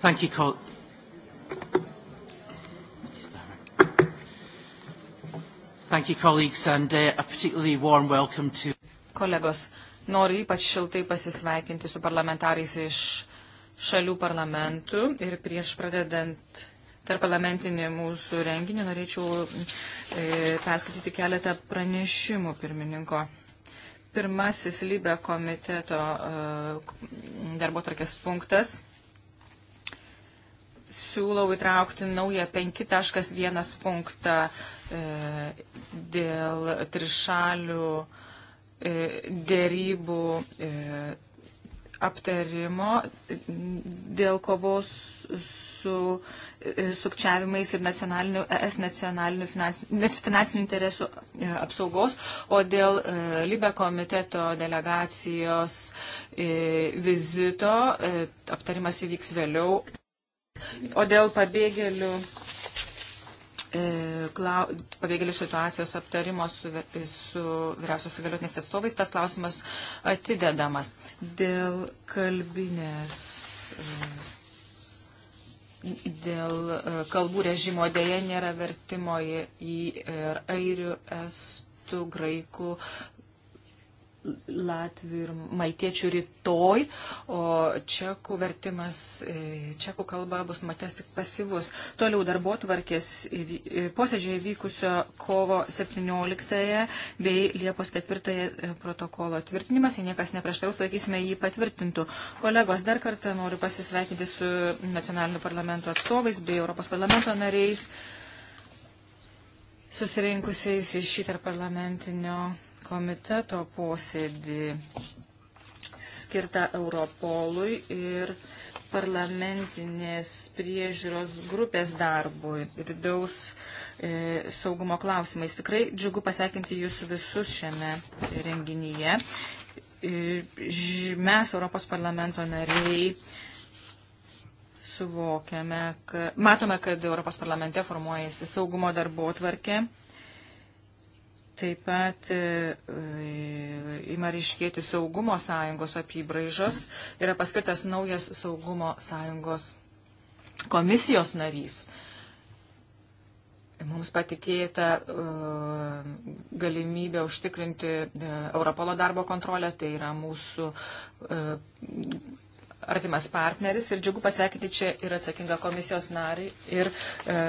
Thank you, Col. Thank you, colleagues, and uh, a particularly warm welcome to. Kolegos, noriu ypač šiltai pasisveikinti su parlamentarais iš šalių parlamentų ir prieš pradedant tarp parlamentinį mūsų renginį norėčiau e, perskaityti keletą pranešimų pirmininko. Pirmasis lybė komiteto e, darbo tarkės punktas siūlau įtraukti naują 5.1 punktą e, dėl trišalių e, dėrybų e, aptarimo, dėl kovos su e, sukčiavimais ir nacionalinių, es nacionalinių finansinių, finansinių interesų e, apsaugos, o dėl e, Libe komiteto delegacijos vizito aptarimas įvyks vėliau. O dėl pabėgėlių, e, klau, pabėgėlių situacijos aptarimo su, su vyriausios įgaliotinės atstovais, tas klausimas atidedamas. Dėl kalbinės. E, dėl e, kalbų režimo dėje nėra vertimo į airių, estų, graikų, latvių ir maltiečių rytoj, o čekų vertimas, e, čekų kalba bus matęs tik pasivus. Toliau darbo tvarkės e, posėdžiai vykusio kovo 17 bei Liepos 4 e, protokolo tvirtinimas, jei niekas neprieštaraus, laikysime jį patvirtintų. Kolegos, dar kartą noriu pasisveikinti su nacionaliniu parlamento atstovais bei Europos parlamento nariais susirinkusiais iš šitą parlamentinio komiteto posėdį skirtą Europolui ir parlamentinės priežiūros grupės darbui vidaus e, saugumo klausimais. Tikrai džiugu pasveikinti jūs visus šiame renginyje. E, mes, Europos parlamento nariai, suvokiame, kad, matome, kad Europos parlamente formuojasi saugumo darbo tvarkė Taip pat e, e, ima ryškėti saugumo sąjungos apibraižos. Yra paskirtas naujas saugumo sąjungos komisijos narys. Mums patikėta e, galimybė užtikrinti Europolo darbo kontrolę, tai yra mūsų artimas partneris ir džiugu pasakyti, čia yra atsakinga komisijos nariai ir e,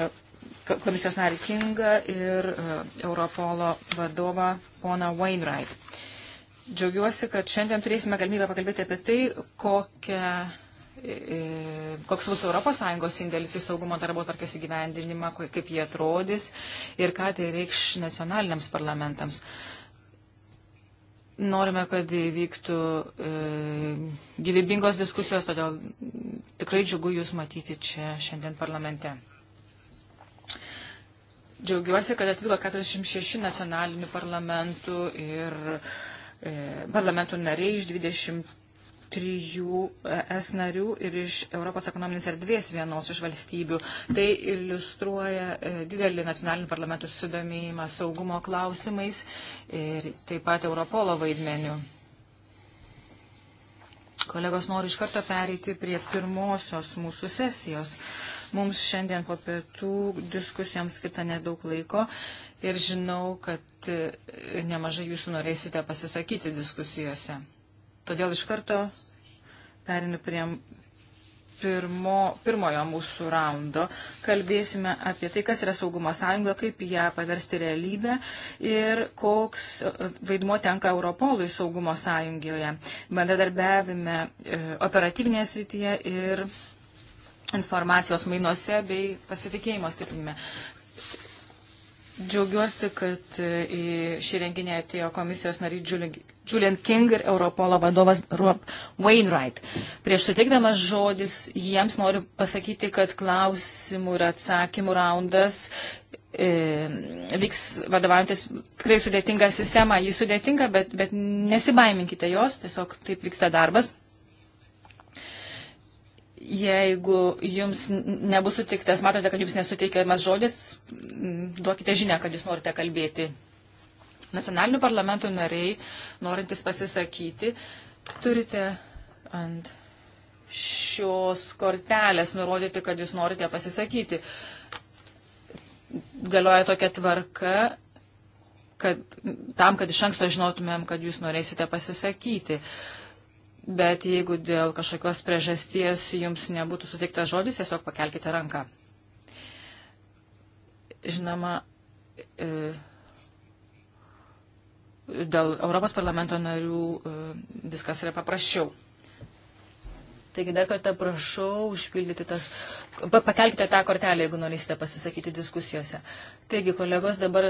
komisijos narį Kingą ir e, Europolo vadovą poną Wainwright. Džiaugiuosi, kad šiandien turėsime galimybę pakalbėti apie tai, kokią, e, e, koks bus ES indėlis į saugumo darbo tvarkės įgyvendinimą, kaip jie atrodys ir ką tai reikš nacionaliniams parlamentams. Norime, kad įvyktų e, gyvybingos diskusijos, todėl tikrai džiugu Jūs matyti čia šiandien parlamente. Džiaugiuosi, kad atvyko 46 nacionalinių parlamentų ir e, parlamentų nariai iš 23 es narių ir iš Europos ekonominės erdvės vienos iš valstybių. Tai iliustruoja e, didelį nacionalinių parlamentų susidomėjimą saugumo klausimais ir taip pat Europolo vaidmeniu. Kolegos, noriu iš karto pereiti prie pirmosios mūsų sesijos. E, Mums šiandien po pietų diskusijoms skirta nedaug laiko ir žinau, kad e, nemažai jūsų norėsite pasisakyti diskusijose. Todėl iš karto perinu prie pirmo, pirmojo mūsų raundo. Kalbėsime apie tai, kas yra saugumo sąjunga, kaip ją paversti realybę ir koks vaidmuo tenka Europolui saugumo sąjungoje, bendradarbiavime e, operatyvinėje srityje ir informacijos mainuose bei pasitikėjimo stiprinime. Džiaugiuosi, kad e, į šį renginį atėjo komisijos nariai Julian King ir Europolo vadovas Rob Wainwright. Prieš suteikdamas žodis jiems noriu pasakyti, kad klausimų ir atsakymų raundas e, vyks vadovaujantis tikrai sudėtinga sistema. Jis sudėtinga, bet, bet nesibaiminkite jos, tiesiog taip vyksta darbas. Jeigu jums nebus sutiktas, matote, kad jums nesuteikiamas žodis, duokite žinę, kad jūs norite kalbėti. Nacionalinių parlamentų nariai, norintys pasisakyti, turite ant šios kortelės nurodyti, kad jūs norite pasisakyti. Galioja tokia tvarka, kad tam, kad iš anksto žinotumėm, kad jūs norėsite pasisakyti. Uh, bet jeigu dėl kažkokios priežasties jums nebūtų suteiktas žodis, tiesiog pakelkite ranką. Žinoma, e, dėl Europos parlamento narių e, viskas yra paprasčiau. Taigi dar kartą prašau užpildyti tas, pakelkite tą kortelę, jeigu norite pasisakyti diskusijose. Taigi, kolegos, dabar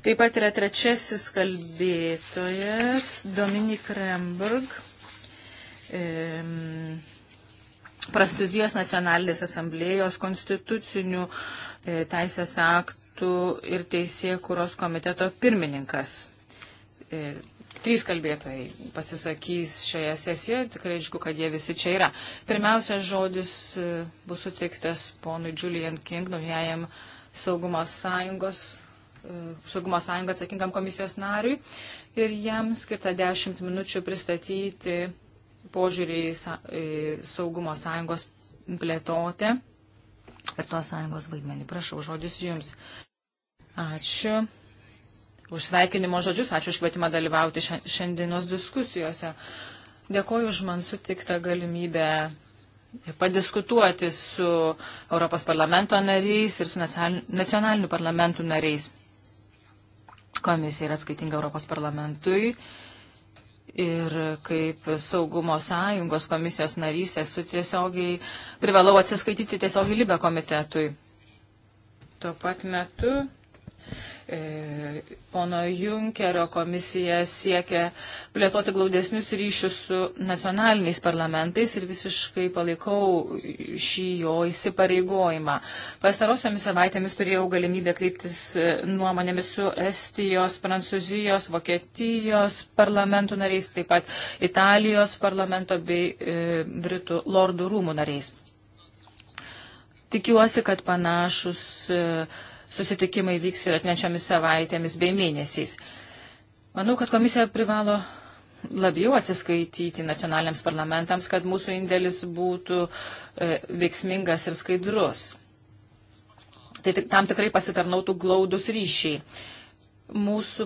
Taip pat yra trečiasis kalbėtojas Dominik Remberg, Prancūzijos nacionalinės asamblėjos konstitucinių e, teisės aktų ir teisėkuros komiteto pirmininkas. E, trys kalbėtojai pasisakys šioje sesijoje, tikrai aišku, kad jie visi čia yra. Pirmiausia, žodis e, bus suteiktas ponui Julian King, naujajam saugumo sąjungos saugumo sąjungą atsakingam komisijos nariui ir jam skirta 10 minučių pristatyti požiūrį į saugumo sąjungos plėtotę ir tuos sąjungos vaidmenį. Prašau, žodis jums. Ačiū už sveikinimo žodžius, ačiū už kvietimą dalyvauti šiandienos diskusijose. Dėkoju už man sutiktą galimybę padiskutuoti su Europos parlamento nariais ir su nacionaliniu parlamentu nariais. Komisija yra atskaitinga Europos parlamentui. Ir kaip saugumo sąjungos komisijos narys esu tiesiogiai, privalau atsiskaityti tiesiogiai Libė komitetui. Tuo pat metu E, pono Junkerio komisija siekia plėtoti glaudesnius ryšius su nacionaliniais parlamentais ir visiškai palaikau šį jo įsipareigojimą. Pastarosiomis savaitėmis turėjau galimybę kreiptis e, nuomonėmis su Estijos, Prancūzijos, Vokietijos parlamentų nariais, taip pat Italijos parlamento bei e, Britų lordų rūmų nariais. Tikiuosi, kad panašus e, susitikimai vyks ir atnešiomis savaitėmis bei mėnesiais. Manau, kad komisija privalo labiau atsiskaityti nacionaliniams parlamentams, kad mūsų indėlis būtų e, veiksmingas ir skaidrus. Tai tik, tam tikrai pasitarnautų glaudus ryšiai. E, mūsų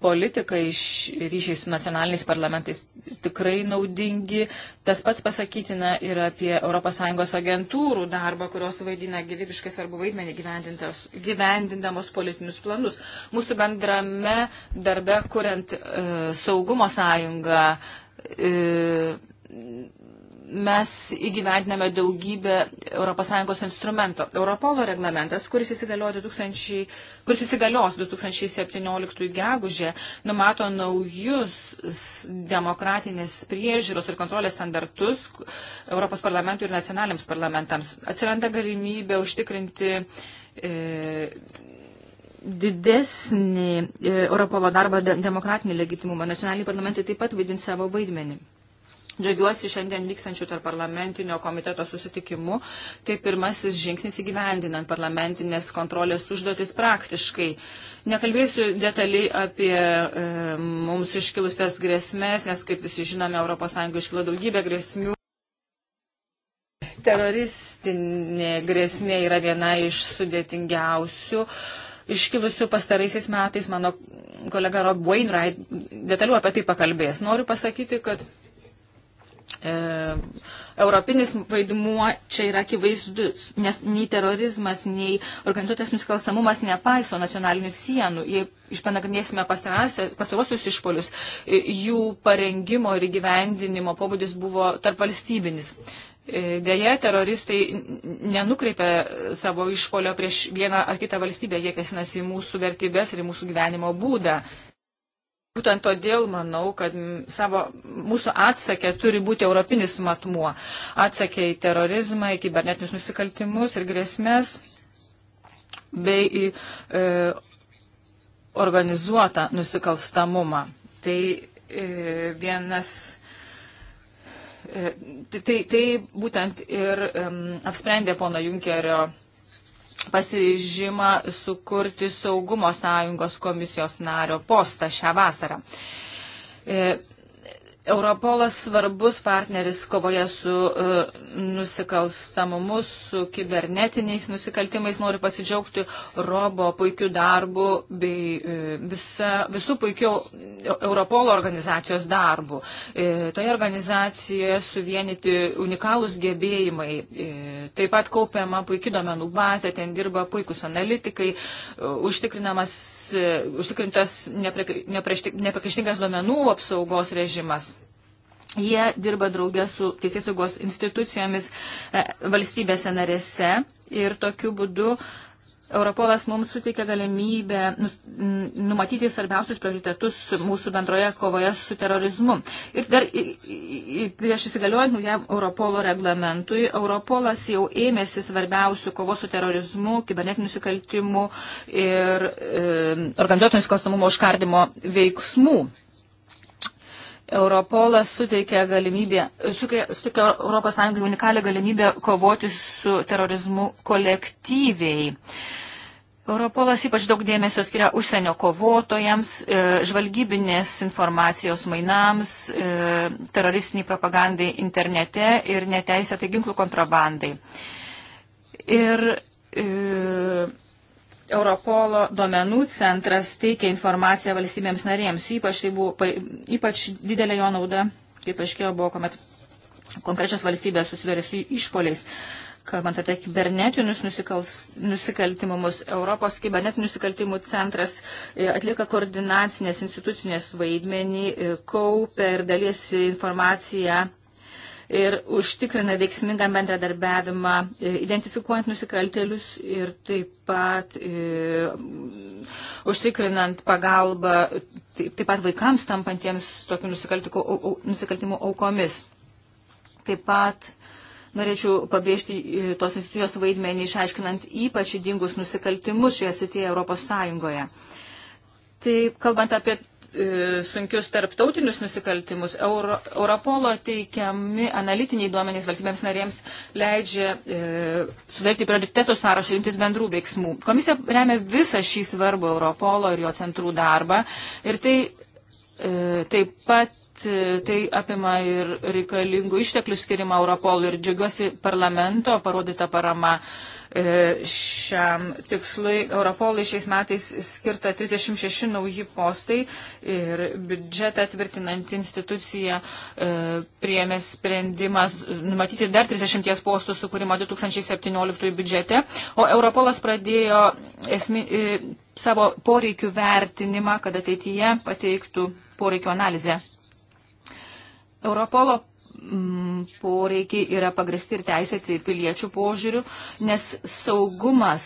politika iš ryšiai su nacionaliniais parlamentais tikrai naudingi. Tas pats pasakytina ir apie ES agentūrų darbą, kurios vaidina gyvybiškai svarbu vaidmenį gyvendindamos politinius planus. Mūsų bendrame darbe, kuriant e, saugumo sąjungą, e, mes įgyvendiname daugybę ES instrumento. Europolo reglamentas, kuris, kuris įsigalios 2017 gegužė, numato naujus demokratinės priežiūros ir kontrolės standartus Europos parlamentui ir nacionaliniams parlamentams. Atsiranda galimybė užtikrinti. E, didesnį e, Europolo darbą demokratinį legitimumą. Nacionaliniai parlamentai taip pat vaidins savo vaidmenį. Džiaugiuosi šiandien vykstančių tarp parlamentinio komiteto susitikimu. Tai pirmasis žingsnis įgyvendinant parlamentinės kontrolės užduotis praktiškai. Nekalbėsiu detaliai apie e, mums iškilusias grėsmės, nes, kaip visi žinome, ES iškilo daugybė grėsmių. Teroristinė grėsmė yra viena iš sudėtingiausių. Iškilusių pastaraisiais metais mano kolega Rob Wainwright detaliu apie tai pakalbės. Noriu pasakyti, kad E, europinis vaidmuo čia yra akivaizdus, nes nei terorizmas, nei organizuotas nusikalstamumas nepaiso nacionalinių sienų. Jei išpanagrinėsime pastarosius išpolius, e, jų parengimo ir gyvendinimo pobūdis buvo tarp valstybinis. E, deja, teroristai nenukreipia savo išpolio prieš vieną ar kitą valstybę, jie kėsinasi į mūsų vertybės ir į mūsų gyvenimo būdą. Būtent todėl manau, kad savo, mūsų atsakė turi būti europinis matmuo. Atsakė į terorizmą, į kibernetinius nusikaltimus ir grėsmės, bei į e, organizuotą nusikalstamumą. Tai e, vienas. E, tai, tai būtent ir um, e, apsprendė pono Junkerio pasiryžimą sukurti saugumo sąjungos komisijos nario postą šią vasarą. E, Europolas svarbus partneris kovoje su uh, nusikalstamumu, su kibernetiniais nusikaltimais. Noriu pasidžiaugti Robo puikiu darbu bei uh, visa, visų puikių Europolo organizacijos darbų. Uh, e, toje organizacijoje suvienyti unikalūs gebėjimai. Uh, taip pat kaupiama puikiai domenų bazė, ten dirba puikus analitikai, uh, užtikrinamas, uh, užtikrintas nepriekaištingas domenų apsaugos režimas. Jie dirba draugė su teisėsaugos institucijomis e, valstybėse narėse ir tokiu būdu Europolas mums suteikia galimybę numatyti svarbiausius prioritetus mūsų bendroje kovoje su terorizmu. Ir dar prieš įsigaliuojant naujam Europolo reglamentui, Europolas jau ėmėsi svarbiausių kovos su terorizmu, kibernetinių nusikaltimų ir e, organizuotų nusikalstamumo užkardimo veiksmų. Europolas suteikia galimybę, suteikia Europos Sąjungai unikalią galimybę kovoti su terorizmu kolektyviai. Europolas ypač daug dėmesio skiria užsienio kovotojams, e, žvalgybinės informacijos mainams, e, teroristiniai propagandai internete ir neteisėtai ginklų kontrabandai. Ir e, Europolo duomenų centras teikia informaciją valstybėms narėms. Ypač, tai buvo, ypač didelė jo nauda, kaip aiškėjo, buvo, kuomet konkrečios valstybės susidarė su išpoliais. Kalbant apie kibernetinius nusikaltimus, Europos kibernetinių nusikaltimų centras e, atlieka koordinacinės institucinės vaidmenį, e, kaupia ir dalysi informaciją ir užtikrina veiksmingą bendradarbiavimą, e, identifikuojant nusikaltelius ir taip pat e, užtikrinant pagalbą taip pat vaikams tampantiems tokių nusikaltimų aukomis. Taip pat norėčiau pabrėžti e, tos institucijos vaidmenį, išaiškinant ypač įdingus nusikaltimus šioje srityje Europos Sąjungoje. Taip, kalbant apie E, sunkius tarptautinius nusikaltimus, Euro, Europolo teikiami analitiniai duomenys valstybėms narėms leidžia e, sudaryti prioritetų sąrašą imtis bendrų veiksmų. Komisija remia visą šį svarbų Europolo ir jo centrų darbą ir tai e, taip pat e, tai apima ir reikalingų išteklių skirimą Europolui ir džiugiuosi parlamento parodyta parama. E, E, šiam tikslui. Europolui šiais metais skirta 36 nauji postai ir biudžetą tvirtinant instituciją e, priėmė sprendimas numatyti dar 30 postų sukūrimo 2017 biudžete, o Europolas pradėjo esmi, e, savo poreikių vertinimą, kad ateityje pateiktų poreikio analizę. Europolo Mm, poreikiai yra pagristi ir teisėti piliečių požiūrių, nes saugumas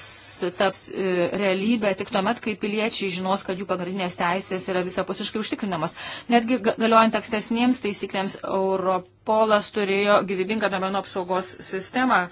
taps e, realybė tik tuomet, kai piliečiai žinos, kad jų pagrindinės teisės yra visapusiškai užtikrinamos. Netgi galiojant ankstesniems taisyklėms Europolas turėjo gyvybingą domenų apsaugos sistemą.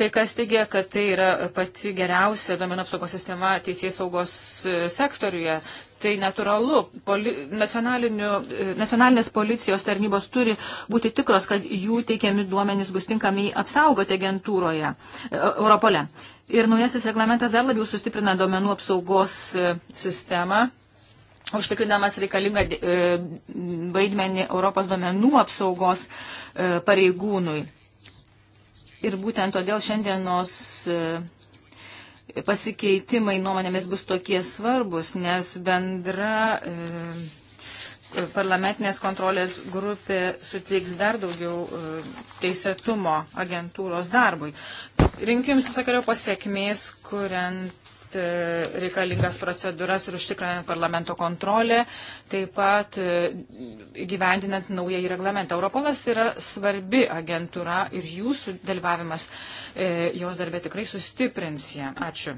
Kai kas teigia, kad tai yra pati geriausia domenų apsaugos sistema teisės saugos e, sektoriuje tai natūralu. Poli, e, nacionalinės policijos tarnybos turi būti tikros, kad jų teikiami duomenys bus tinkami apsaugoti agentūroje, e, Europole. Ir naujasis reglamentas dar labiau sustiprina duomenų apsaugos e, sistemą užtikrinamas reikalingą vaidmenį Europos duomenų apsaugos pareigūnui. Ir būtent todėl šiandienos pasikeitimai nuomonėmis bus tokie svarbus, nes bendra e, parlamentinės kontrolės grupė suteiks dar daugiau e, teisėtumo agentūros darbui. Rinkiu Jums visokio pasiekmės, kuriant pat e, reikalingas procedūras ir užtikrinant parlamento kontrolę, taip pat e, gyvendinant naująjį reglamentą. Europolas yra svarbi agentūra ir jūsų dalyvavimas e, jos darbė tikrai sustiprins ją. Ačiū.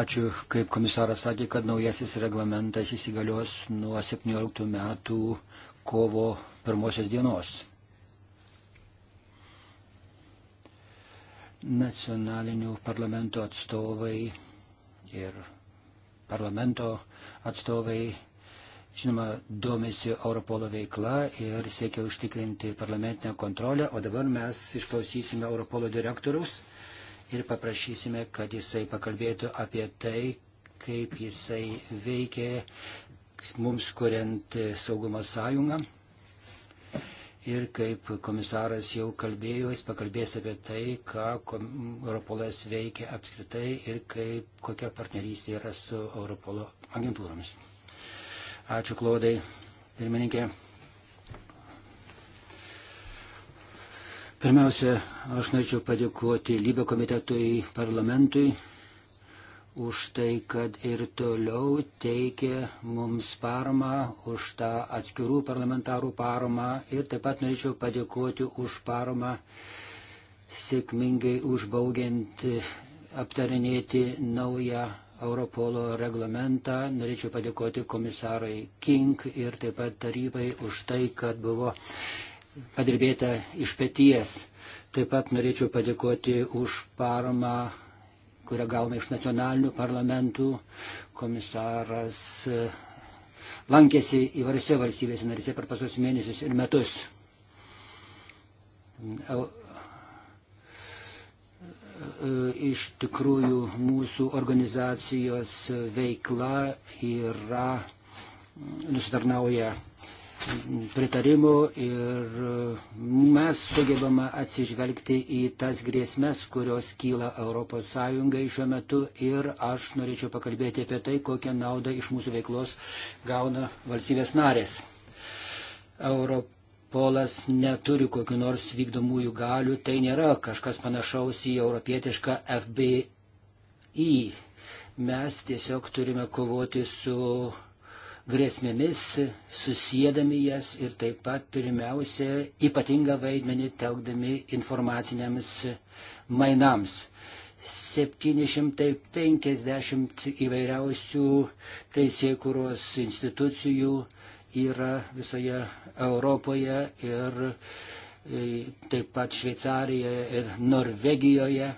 Ačiū, kaip komisaras sakė, kad naujasis reglamentas įsigalios nuo 17 metų kovo pirmosios dienos. nacionalinių parlamento atstovai ir parlamento atstovai, žinoma, domisi Europolo veikla ir siekia užtikrinti parlamentinę kontrolę, o dabar mes išklausysime Europolo direktorius ir paprašysime, kad jisai pakalbėtų apie tai, kaip jisai veikia mums kuriant saugumo sąjungą. Ir kaip komisaras jau kalbėjo, jis pakalbės apie tai, ką Europolas veikia apskritai ir kaip, kokia partnerystė yra su Europolo agentūromis. Ačiū, Klaudai, pirmininkė. Pirmiausia, aš norėčiau padėkoti Lybio komitetui parlamentui už tai, kad ir toliau teikia mums paramą, už tą atskirų parlamentarų paramą ir taip pat norėčiau padėkoti už paramą sėkmingai užbaugiant aptarinėti naują Europolo reglamentą. Norėčiau padėkoti komisarai King ir taip pat tarybai už tai, kad buvo padirbėta iš pėties. Taip pat norėčiau padėkoti už paramą kurią gavome iš nacionalinių parlamentų. Komisaras e, lankėsi įvairiose valstybėse narise per pasos mėnesius ir metus. E, e, iš tikrųjų mūsų organizacijos veikla yra mm, nusitarnauja pritarimo ir mes sugebame atsižvelgti į tas grėsmės, kurios kyla ES šiuo metu ir aš norėčiau pakalbėti apie tai, kokią naudą iš mūsų veiklos gauna valstybės narės. Europolas neturi kokiu nors vykdomųjų galių, tai nėra kažkas panašaus į europietišką FBI. Mes tiesiog turime kovoti su grėsmėmis, susėdami jas ir taip pat pirmiausia ypatingą vaidmenį telkdami informaciniams mainams. 750 įvairiausių teisėkuros institucijų yra visoje Europoje ir e, taip pat Šveicarijoje ir Norvegijoje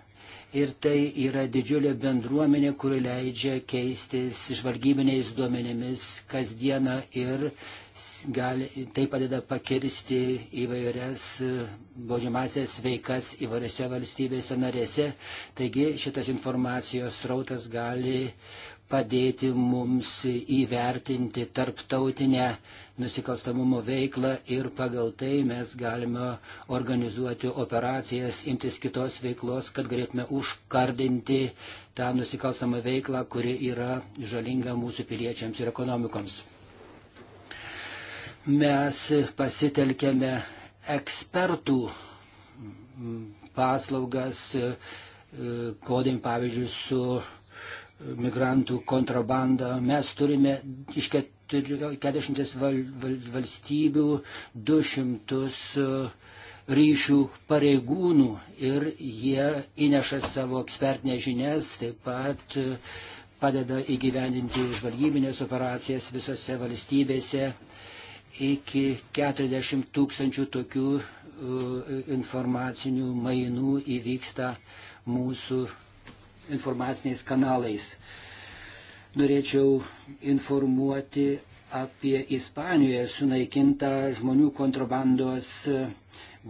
Ir tai yra didžiulė bendruomenė, kuri leidžia keistis žvalgybiniais duomenimis kasdieną ir gali, tai padeda pakirsti įvairias e, baudžiamasias veikas įvairiose valstybėse narėse. Taigi šitas informacijos srautas gali padėti mums įvertinti tarptautinę nusikalstamumo veiklą ir pagal tai mes galime organizuoti operacijas, imtis kitos veiklos, kad galėtume užkardinti tą nusikalstamą veiklą, kuri yra žalinga mūsų piliečiams ir ekonomikoms. Mes pasitelkėme ekspertų paslaugas, kodėm pavyzdžiui su migrantų kontrabandą. Mes turime iš 40 val, val, valstybių 200 e, ryšių pareigūnų ir jie įneša savo ekspertinės žinias, taip pat e, padeda įgyvendinti žvalgybinės operacijas visose valstybėse. Iki 40 tūkstančių tokių e, informacinių mainų įvyksta mūsų informaciniais kanalais. Norėčiau informuoti apie Ispanijoje sunaikintą žmonių kontrabandos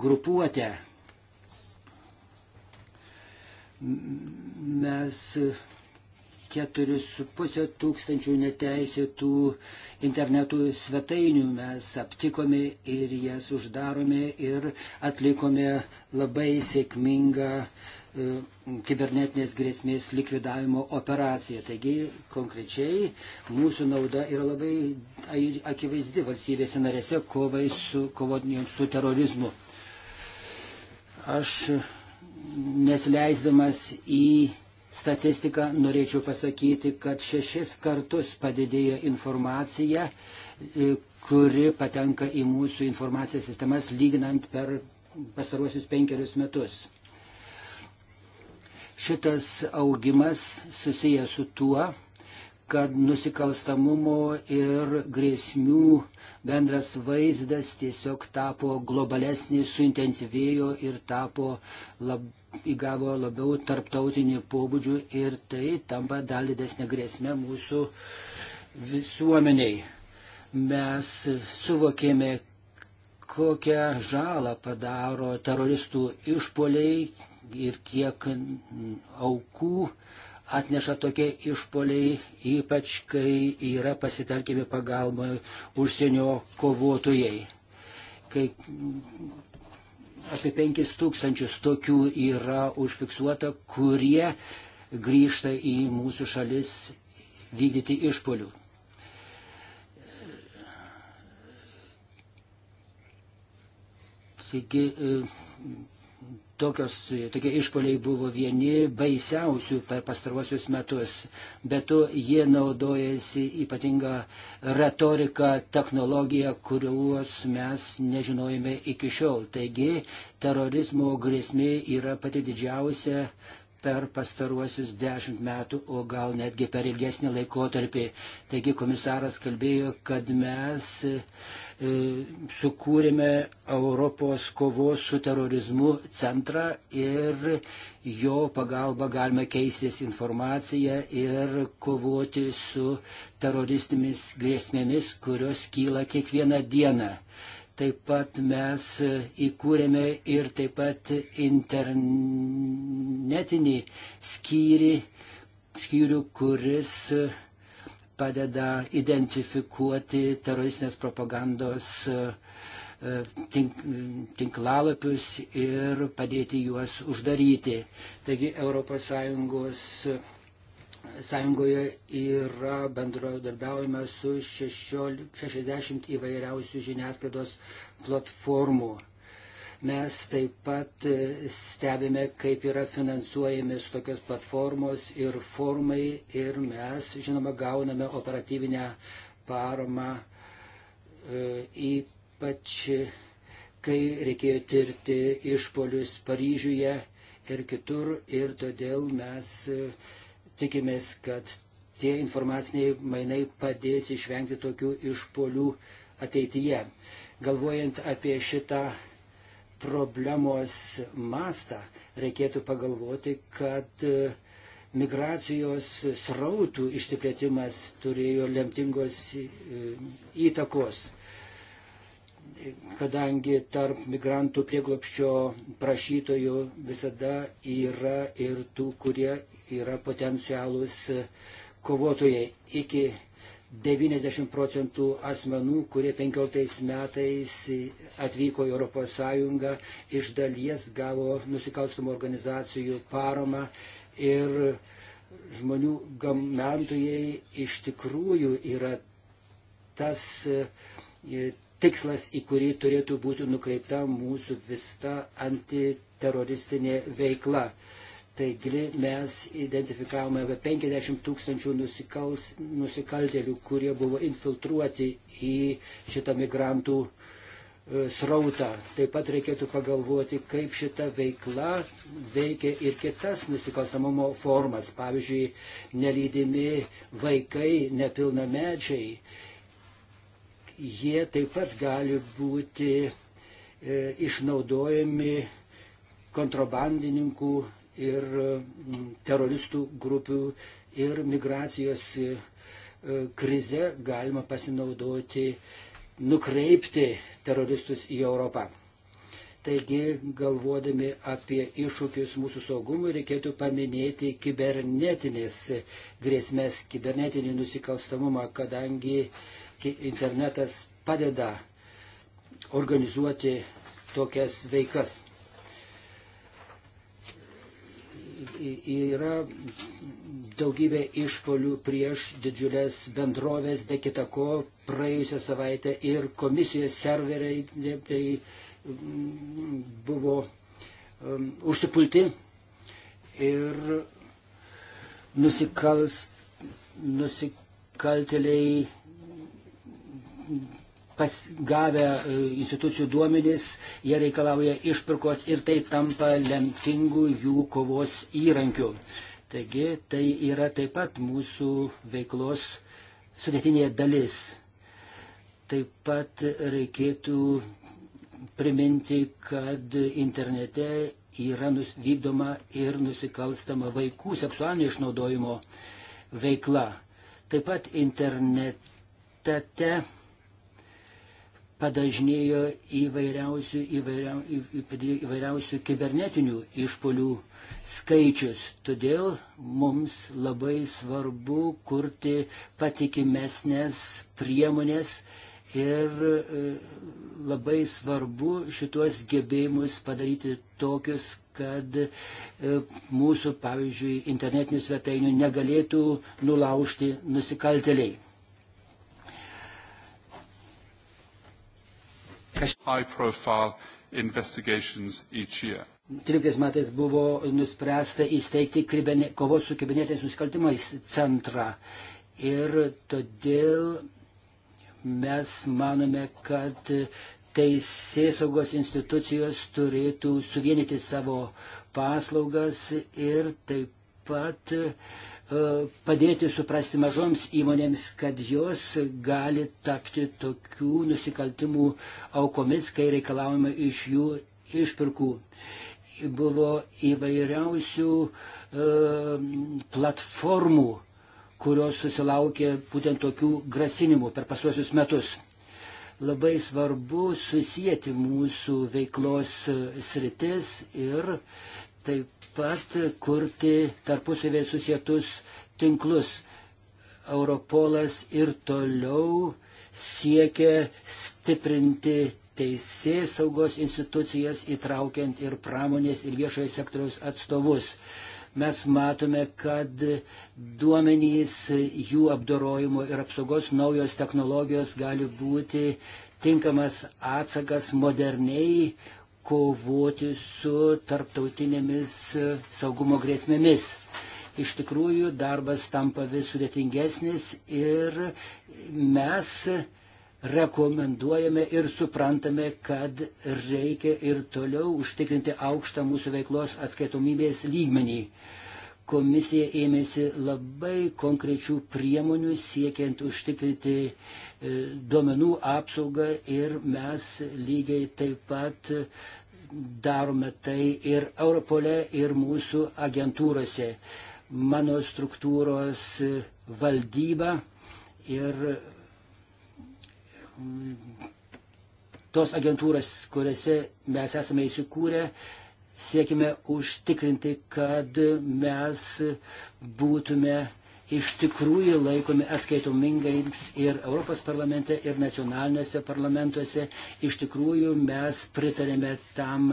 grupuotę. Mes 4,5 tūkstančių neteisėtų internetų svetainių mes aptikome ir jas uždarome ir atlikome labai sėkmingą uh, E, kibernetinės grėsmės likvidavimo operacija. Taigi konkrečiai mūsų nauda yra labai akivaizdi valstybėse narėse kovai su kovotinėms su terorizmu. Aš nesileisdamas į statistiką norėčiau pasakyti, kad šešis kartus padidėjo informacija, e, kuri patenka į mūsų informacijos sistemas lyginant per pastaruosius penkerius metus. Šitas augimas susijęs su tuo, kad nusikalstamumo ir grėsmių bendras vaizdas tiesiog tapo globalesnis, suintensyvėjo ir tapo lab, įgavo labiau tarptautinį pobūdžių ir tai tampa dar didesnė grėsmė mūsų visuomeniai. Mes suvokėme, kokią žalą padaro teroristų išpoliai, ir kiek aukų atneša tokie išpoliai, ypač kai yra pasitelkimi pagalba užsienio kovotojai. Kai apie 5000 tokių yra užfiksuota, kurie grįžta į mūsų šalis vykdyti išpolių. Taigi Tokios, tokie išpoliai buvo vieni baisiausių per pastaruosius metus. Bet to jie naudojasi ypatingą retoriką, technologiją, kuriuos mes nežinojame iki šiol. Taigi terorizmo grėsmė yra pati didžiausia per pastaruosius dešimt metų, o gal netgi per ilgesnį laikotarpį. Taigi komisaras kalbėjo, kad mes E, sukūrėme Europos kovos su terorizmu centrą ir jo pagalba galime keistis informaciją ir kovoti su teroristinėmis grėsmėmis, kurios kyla kiekvieną dieną. Taip pat mes įkūrėme ir taip pat internetinį skyrių, skyrių kuris padeda identifikuoti teroristinės propagandos e, tink, tinklalapius ir padėti juos uždaryti. Taigi ES sąjungoje yra bendradarbiaujama su 60 įvairiausių žiniasklaidos platformų. Mes taip pat e, stebime, kaip yra finansuojami su tokios platformos ir formai ir mes, žinoma, gauname operatyvinę paramą e, ypač, kai reikėjo tirti išpolius Paryžiuje ir kitur ir todėl mes e, tikimės, kad tie informaciniai mainai padės išvengti tokių išpolių ateityje. Galvojant apie šitą problemos mastą, reikėtų pagalvoti, kad e, migracijos srautų išsiplėtimas turėjo lemtingos e, įtakos, kadangi tarp migrantų prieglopščio prašytojų visada yra ir tų, kurie yra potencialūs e, kovotojai. Iki 90 procentų asmenų, kurie 15 metais atvyko į ES, iš dalies gavo nusikalstamų organizacijų paramą ir žmonių gamentojai iš tikrųjų yra tas e, tikslas, į kurį turėtų būti nukreipta mūsų visa antiteroristinė veikla. Taigi mes identifikavome apie 50 tūkstančių nusikals, nusikaltėlių, kurie buvo infiltruoti į šitą migrantų e, srautą. Taip pat reikėtų pagalvoti, kaip šita veikla veikia ir kitas nusikalstamumo formas, pavyzdžiui, nelydimi vaikai, nepilnamečiai. Jie taip pat gali būti e, išnaudojami kontrabandininkų ir mm, teroristų grupių ir migracijos e, krize galima pasinaudoti, nukreipti teroristus į Europą. Taigi, galvodami apie iššūkius mūsų saugumui, reikėtų paminėti kibernetinės grėsmės, kibernetinį nusikalstamumą, kadangi internetas padeda organizuoti tokias veikas. yra daugybė išpolių prieš didžiulės bendrovės, be kita ko, praėjusią savaitę ir komisijos serveriai tai, mm, buvo um, užsipulti ir nusikals, nusikalteliai pas, gavę e, institucijų duomenys, jie reikalauja išpirkos ir tai tampa lemtingu jų kovos įrankiu. Taigi tai yra taip pat mūsų veiklos sudėtinė dalis. Taip pat reikėtų priminti, kad internete yra nus, vykdoma ir nusikalstama vaikų seksualinio išnaudojimo veikla. Taip pat internete padažnėjo įvairiausių, įvairiau, įvairiausių kibernetinių išpolių skaičius. Todėl mums labai svarbu kurti patikimesnės priemonės ir e, labai svarbu šitos gebėjimus padaryti tokius, kad e, mūsų, pavyzdžiui, internetinių svetainių negalėtų nulaužti nusikalteliai. 13 metais buvo nuspręsta įsteigti kribene, kovos su kibernetiniais nusikaltimais centrą. Ir todėl mes manome, kad teisėsaugos institucijos turėtų suvienyti savo paslaugas ir taip pat uh, E, padėti suprasti mažoms įmonėms, kad jos gali tapti tokių nusikaltimų aukomis, kai reikalaujama iš jų išpirkų. Buvo įvairiausių e, platformų, kurios susilaukė būtent tokių grasinimų per pasuosius metus. Labai svarbu susijęti mūsų veiklos e, sritis ir taip pat kurti tarpusavėje susietus tinklus. Europolas ir toliau siekia stiprinti teisės saugos institucijas, įtraukiant ir pramonės ir viešojo sektoriaus atstovus. Mes matome, kad duomenys, jų apdorojimo ir apsaugos naujos technologijos gali būti tinkamas atsakas moderniai kovoti su tarptautinėmis e, saugumo grėsmėmis. Iš tikrųjų, darbas tampa vis sudėtingesnis ir mes rekomenduojame ir suprantame, kad reikia ir toliau užtikrinti aukštą mūsų veiklos atskaitomybės lygmenį komisija ėmėsi labai konkrečių priemonių siekiant užtikrinti E, duomenų apsaugą ir mes lygiai taip pat darome tai ir Europole, ir mūsų agentūrose. Mano struktūros valdyba ir mm, tos agentūros, kuriuose mes esame įsikūrę, siekime užtikrinti, kad mes būtume iš tikrųjų laikomi atskaitomingais ir Europos parlamente, ir nacionaliniuose parlamentuose. Iš tikrųjų mes pritarėme tam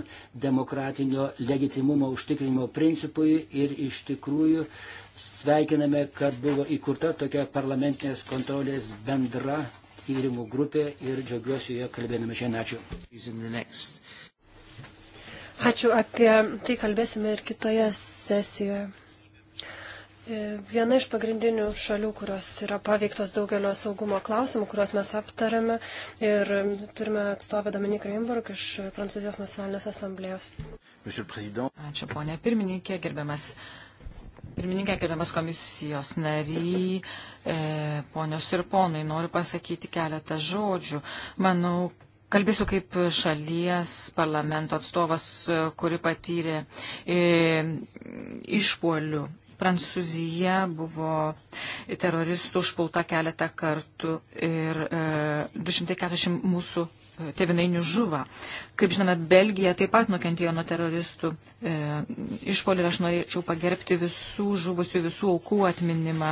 demokratinio legitimumo užtikrinimo principui ir iš tikrųjų sveikiname, kad buvo įkurta tokia parlamentinės kontrolės bendra tyrimų grupė ir džiaugiuosi joje kalbėdami šiandien. Ačiū. Ačiū apie tai kalbėsime ir kitoje sesijoje. E, viena iš pagrindinių šalių, kurios yra paveiktos daugelio saugumo klausimų, kuriuos mes aptarėme ir turime atstovę Dominiką Rimburg iš Prancūzijos nacionalinės asamblėjos. Ačiū, ponė pirmininkė, gerbiamas. Pirmininkė, gerbiamas komisijos nary, e, ponios ir ponai, noriu pasakyti keletą žodžių. Manau, Kalbėsiu kaip šalies parlamento atstovas, kuri patyrė e, išpolių Prancūzija buvo teroristų užpulta keletą kartų ir e, 240 mūsų e, tevinainių žuva. Kaip žinome, Belgija taip pat nukentėjo nuo teroristų e, išpolių ir aš norėčiau pagerbti visų žuvusių, visų aukų atminimą,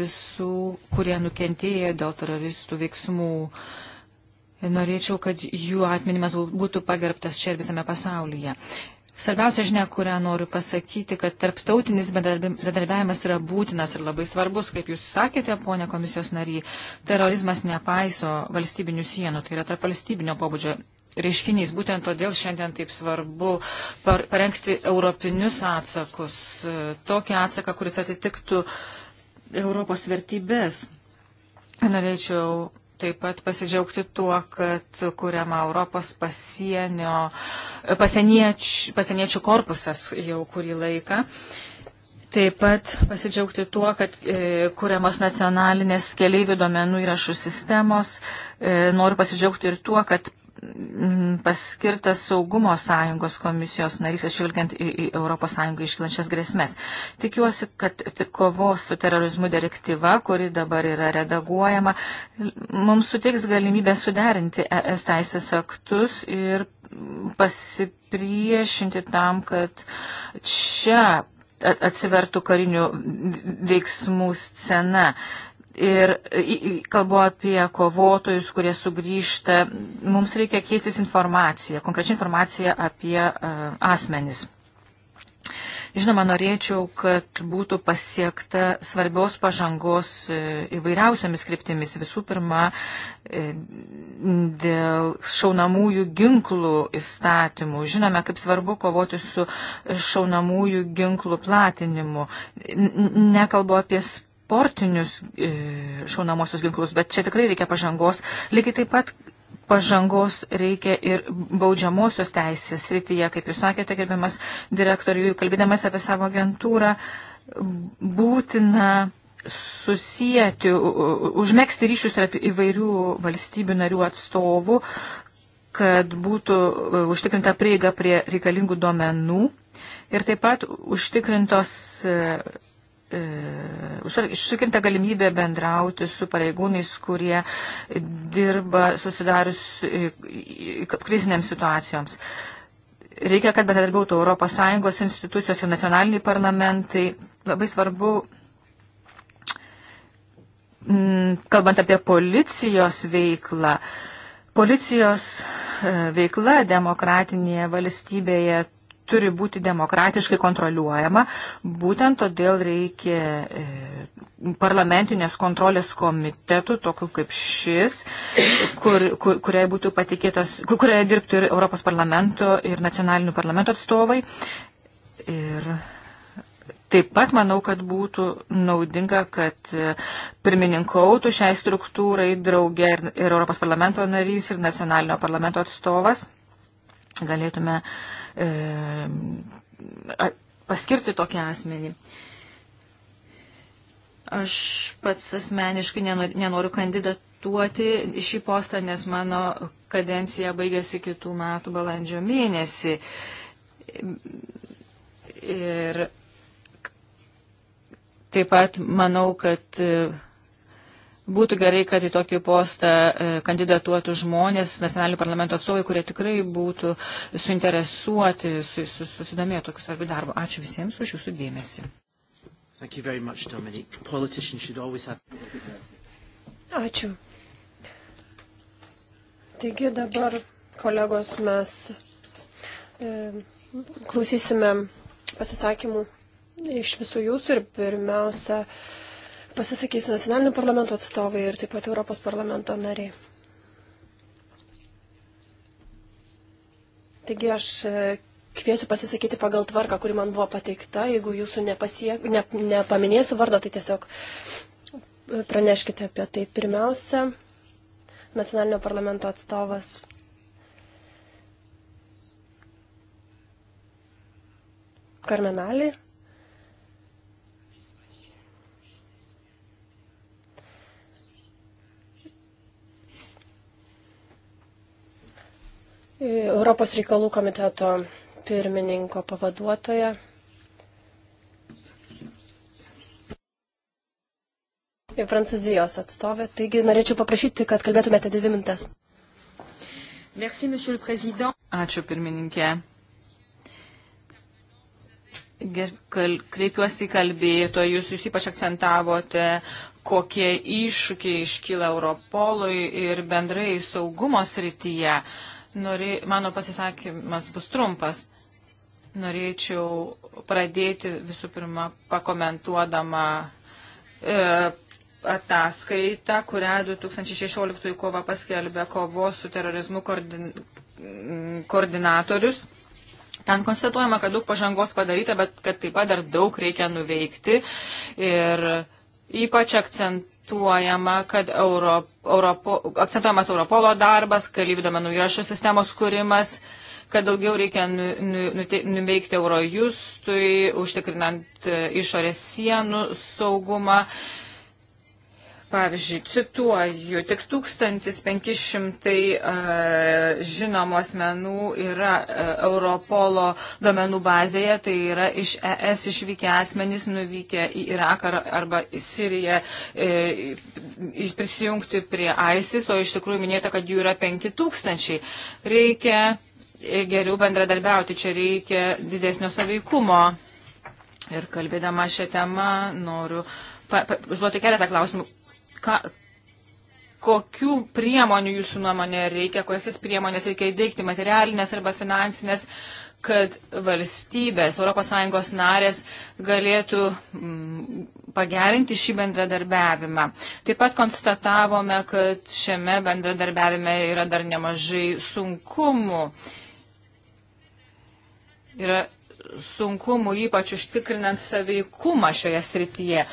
visų, kurie nukentėjo dėl teroristų veiksmų. Norėčiau, kad jų atminimas būtų pagerbtas čia ir visame pasaulyje. Svarbiausia žinia, kurią noriu pasakyti, kad tarptautinis bendradarbiavimas yra būtinas ir labai svarbus, kaip jūs sakėte, ponė komisijos nariai. Terorizmas nepaiso valstybinių sienų, tai yra tarp valstybinio pobūdžio reiškinys. Būtent todėl šiandien taip svarbu par parengti europinius atsakus, e, tokį atsaką, kuris atitiktų Europos vertybės. Norėčiau taip pat pasidžiaugti tuo, kad kuriama Europos pasienio, pasieniečių, pasieniečių korpusas jau kurį laiką. Taip pat pasidžiaugti tuo, kad e, kuriamos nacionalinės keliaivių duomenų įrašų sistemos. E, noriu pasidžiaugti ir tuo, kad paskirtas saugumo sąjungos komisijos narys, išvilgiant į, į Europos sąjungą iškilančias grėsmės. Tikiuosi, kad kovos su terorizmu direktyva, kuri dabar yra redaguojama, mums suteiks galimybę suderinti ES teisės aktus ir pasipriešinti tam, kad čia atsivertų karinių veiksmų scena ir kalbu apie kovotojus, kurie sugrįžta. Mums reikia keistis informaciją, konkrečią informaciją apie uh, asmenis. Žinoma, norėčiau, kad būtų pasiekta svarbios pažangos e, įvairiausiamis kryptimis. Visų pirma, e, dėl šaunamųjų ginklų įstatymų. Žinome, kaip svarbu kovoti su šaunamųjų ginklų platinimu. Nekalbu apie sportinius e, šaunamosius ginklus, bet čia tikrai reikia pažangos. Lygiai taip pat pažangos reikia ir baudžiamosios teisės rytyje, kaip jūs sakėte, gerbiamas direktoriui, kalbėdamas apie savo agentūrą, būtina susijęti, užmėgsti ryšius tarp įvairių valstybių narių atstovų, kad būtų e, užtikrinta prieiga prie reikalingų duomenų ir taip pat užtikrintos e, išsukinta e, galimybė bendrauti su pareigūnais, kurie dirba susidarius e, e, kriziniams situacijoms. Reikia, kad bendradarbiautų ES institucijos ir nacionaliniai parlamentai. Labai svarbu, mm, kalbant apie policijos veiklą, policijos veikla demokratinėje valstybėje turi būti demokratiškai kontroliuojama. Būtent todėl reikia e, parlamentinės kontrolės komitetų, tokių kaip šis, kur, kur, kuriai būtų patikėtas, kur, kurioje dirbtų ir Europos parlamento, ir nacionalinių parlamento atstovai. Ir taip pat manau, kad būtų naudinga, kad e, pirmininkautų šiai struktūrai draugė ir, ir Europos parlamento narys, ir nacionalinio parlamento atstovas. Galėtume uh, e, paskirti tokį asmenį. Aš pats asmeniškai nenoriu, nenoriu kandidatuoti į šį postą, nes mano kadencija baigėsi kitų metų balandžio mėnesį. Ir taip pat manau, kad Būtų gerai, kad į tokį postą e, kandidatuotų žmonės, nacionalinių parlamento atstovai, kurie tikrai būtų suinteresuoti, susidomėję tokiu svarbiu darbu. Ačiū visiems už jūsų dėmesį. Much, have... Ačiū. Taigi dabar, kolegos, mes e, klausysime pasisakymų iš visų jūsų ir pirmiausia. E, pasisakys nacionalinių parlamento atstovai ir taip pat Europos parlamento nariai. Taigi aš e, kviesiu pasisakyti pagal tvarką, kuri man buvo pateikta. Jeigu jūsų nepasiek, ne, nepaminėsiu vardo, tai tiesiog e, praneškite apie tai. Pirmiausia, nacionalinio parlamento atstovas. Karmenalį. Europos reikalų komiteto pirmininko pavaduotoja. Ir Prancūzijos atstovė. Taigi norėčiau paprašyti, kad kalbėtumėte dvi mintas. Merci, monsieur le président. Ačiū, pirmininkė. Ger, kal, kreipiuosi kalbėtojus, jūs ypač akcentavote, kokie iššūkiai iškyla Europolui ir bendrai saugumo srityje. Uh, Norė, mano pasisakymas bus trumpas. Norėčiau pradėti visų pirma pakomentuodama e, ataskaitą, kurią 2016 kova paskelbė kovos su terorizmu koordin, koordinatorius. Ten konstatuojama, kad daug pažangos padaryta, bet kad taip pat dar daug reikia nuveikti. Ir ypač akcent, akcentuojama, kad Euro, Europo, akcentuojamas Europolo darbas, kalyvių domenų įrašų sistemos kūrimas, kad daugiau reikia nu, nu, nuveikti Eurojustui, užtikrinant e, išorės sienų saugumą, Pavyzdžiui, cituoju, tik 1500 uh, e, žinomų asmenų yra uh, Europolo domenų bazėje, tai yra iš ES išvykę asmenys nuvykę į Iraką arba į Siriją uh, prisijungti prie ISIS, o iš tikrųjų minėta, kad jų yra 5000. Reikia geriau bendradarbiauti, čia reikia didesnio saveikumo. Ir kalbėdama šią temą noriu užduoti keletą klausimų Ka, kokių priemonių jūsų nuomonė reikia, kokias priemonės reikia įveikti, materialinės arba finansinės, kad valstybės, ES narės galėtų mm, pagerinti šį bendradarbiavimą. Taip pat konstatavome, kad šiame bendradarbiavime yra dar nemažai sunkumų. Yra sunkumų ypač užtikrinant saveikumą šioje srityje.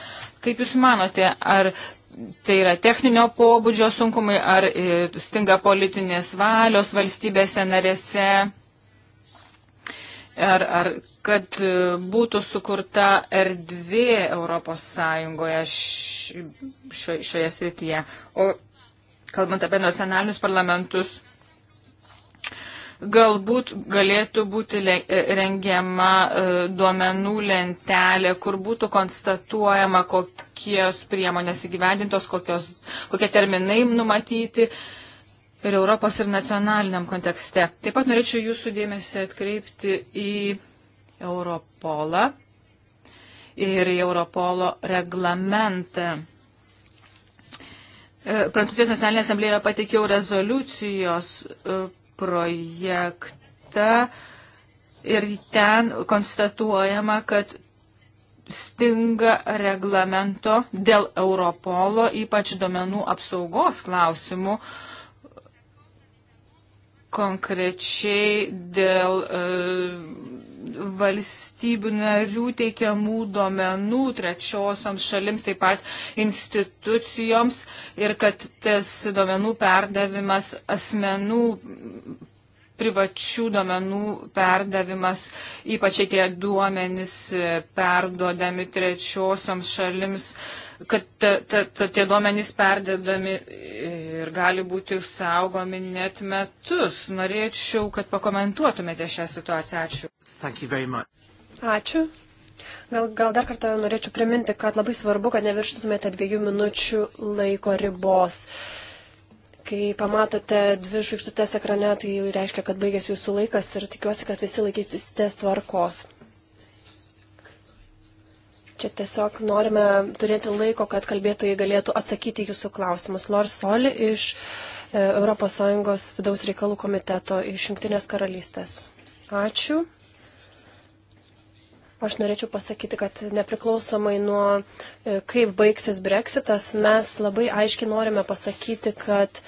Kaip Jūs manote, ar tai yra techninio pobūdžio sunkumai, ar e, stinga politinės valios valstybėse narėse, ar, ar kad e, būtų sukurta erdvė Europos Sąjungoje šioje srityje. O kalbant apie nacionalinius parlamentus, Galbūt galėtų būti e, rengiama e, duomenų lentelė, kur būtų konstatuojama, kokios priemonės įgyvendintos, kokios, kokie terminai numatyti ir Europos ir nacionaliniam kontekste. Taip pat norėčiau jūsų dėmesį atkreipti į Europolą ir į Europolo reglamentą. E, Prancūzijos nacionalinė asamblėje pateikiau rezoliucijos projektą ir ten konstatuojama, kad stinga reglamento dėl Europolo, ypač domenų apsaugos klausimų, konkrečiai dėl e, valstybių narių teikiamų duomenų trečiosioms šalims, taip pat institucijoms ir kad tas duomenų perdavimas asmenų privačių duomenų perdavimas, ypač tie duomenys e, perduodami trečiosioms šalims, kad ta, ta, ta, tie duomenys perdedami e, ir gali būti saugomi net metus. Norėčiau, kad pakomentuotumėte šią situaciją. Ačiū. Ačiū. Gal, gal dar kartą norėčiau priminti, kad labai svarbu, kad neviršytumėte dviejų minučių laiko ribos. Uh, Kai pamatote dvi žvaigždutės ekrane, tai reiškia, kad baigės jūsų laikas ir tikiuosi, kad visi laikytysitės tvarkos. Čia tiesiog norime turėti laiko, kad kalbėtojai galėtų atsakyti jūsų klausimus. Lors Soli iš ES vidaus reikalų komiteto iš Junktinės karalystės. Ačiū. Aš norėčiau pasakyti, kad nepriklausomai nuo e, kaip baigsis breksitas, mes labai aiškiai norime pasakyti, kad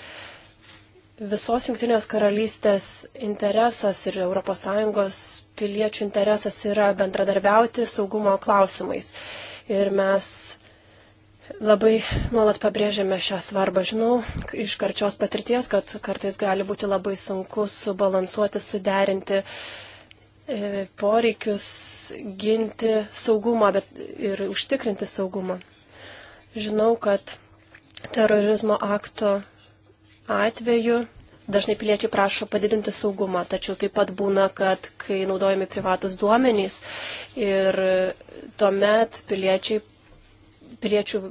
visos Junktinės karalystės interesas ir ES piliečių interesas yra bendradarbiauti saugumo klausimais. Ir mes labai nuolat pabrėžiame šią svarbą. Žinau iš karčios patirties, kad kartais gali būti labai sunku subalansuoti, suderinti E, poreikius ginti saugumą bet ir užtikrinti saugumą. Žinau, kad terorizmo akto atveju dažnai piliečiai prašo padidinti saugumą, tačiau taip pat būna, kad kai naudojami privatus duomenys ir tuomet piliečiai, piliečių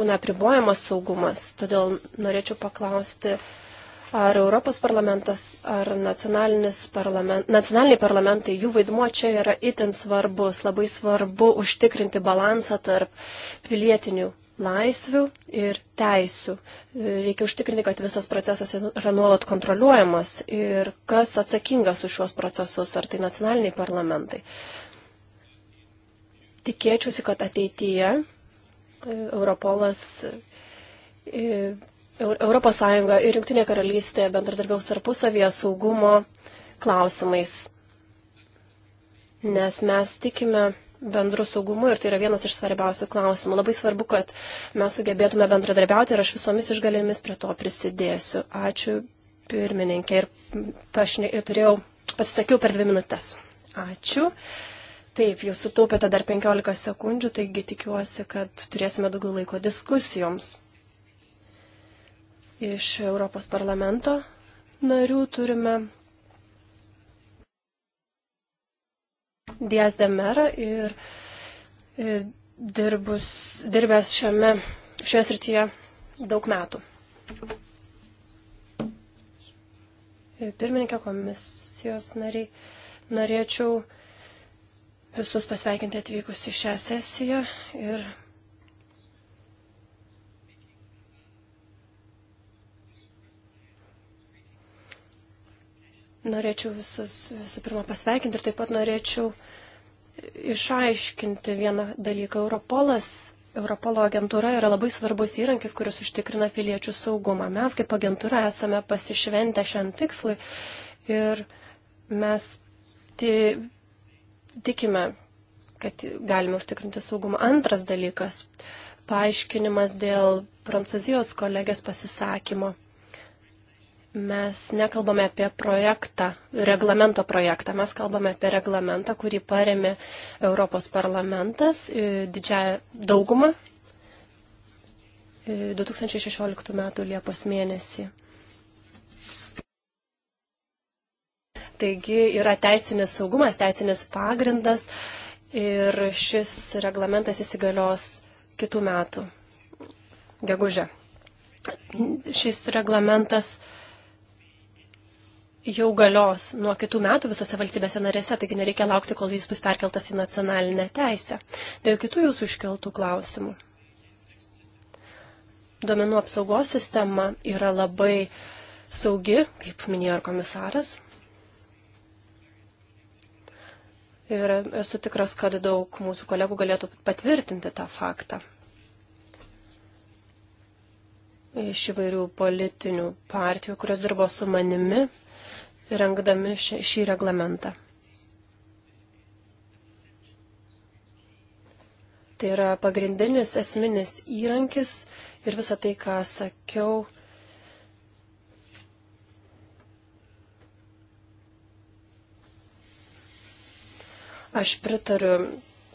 būna apribojamas saugumas. Todėl norėčiau paklausti, Ar Europos parlamentas, ar parlament, nacionaliniai parlamentai, jų vaidmuo čia yra itin svarbus. Labai svarbu užtikrinti balansą tarp pilietinių laisvių ir teisių. Reikia užtikrinti, kad visas procesas yra nuolat kontroliuojamas ir kas atsakingas už šios procesus, ar tai nacionaliniai parlamentai. Tikėčiausi, kad ateityje e, Europolas e, ES ir Junktinė karalystė bendradarbiaus tarpusavėje saugumo klausimais, nes mes tikime bendru saugumu ir tai yra vienas iš svarbiausių klausimų. Labai svarbu, kad mes sugebėtume bendradarbiauti ir aš visomis išgalėmis prie to prisidėsiu. Ačiū pirmininkė ir, pašne, ir turėjau, pasisakiau per dvi minutės. Ačiū. Taip, jūs sutaupėte dar 15 sekundžių, taigi tikiuosi, kad turėsime daugiau laiko diskusijoms iš Europos parlamento narių turime Dies Demerą ir e, dirbus, dirbęs šiame, šioje srityje daug metų. Pirmininkė komisijos nariai, norėčiau visus pasveikinti atvykus į šią sesiją ir Norėčiau visus visų pirma pasveikinti ir taip pat norėčiau išaiškinti vieną dalyką. Europolas, Europolo agentūra yra labai svarbus įrankis, kuris užtikrina piliečių saugumą. Mes kaip agentūra esame pasišventę šiam tikslui ir mes tikime, kad galime užtikrinti saugumą. Antras dalykas - paaiškinimas dėl prancūzijos kolegės pasisakymo mes nekalbame apie projektą, reglamento projektą, mes kalbame apie reglamentą, kurį paremė Europos parlamentas e, didžiąją daugumą 2016 e, m. Liepos mėnesį. Taigi yra teisinis saugumas, teisinis pagrindas ir šis reglamentas įsigalios kitų metų, gegužę. Šis reglamentas uh, jau galios nuo kitų metų visose valstybėse narėse, taigi nereikia laukti, kol jis bus perkeltas į nacionalinę teisę. Dėl kitų jūsų iškeltų klausimų. Duomenų apsaugos sistema yra labai saugi, kaip minėjo ir komisaras. Ir esu tikras, kad daug mūsų kolegų galėtų patvirtinti tą faktą. Iš įvairių politinių partijų, kurios dirbo su manimi, rengdami šį reglamentą. Tai yra pagrindinis esminis įrankis ir visą tai, ką sakiau, aš pritariu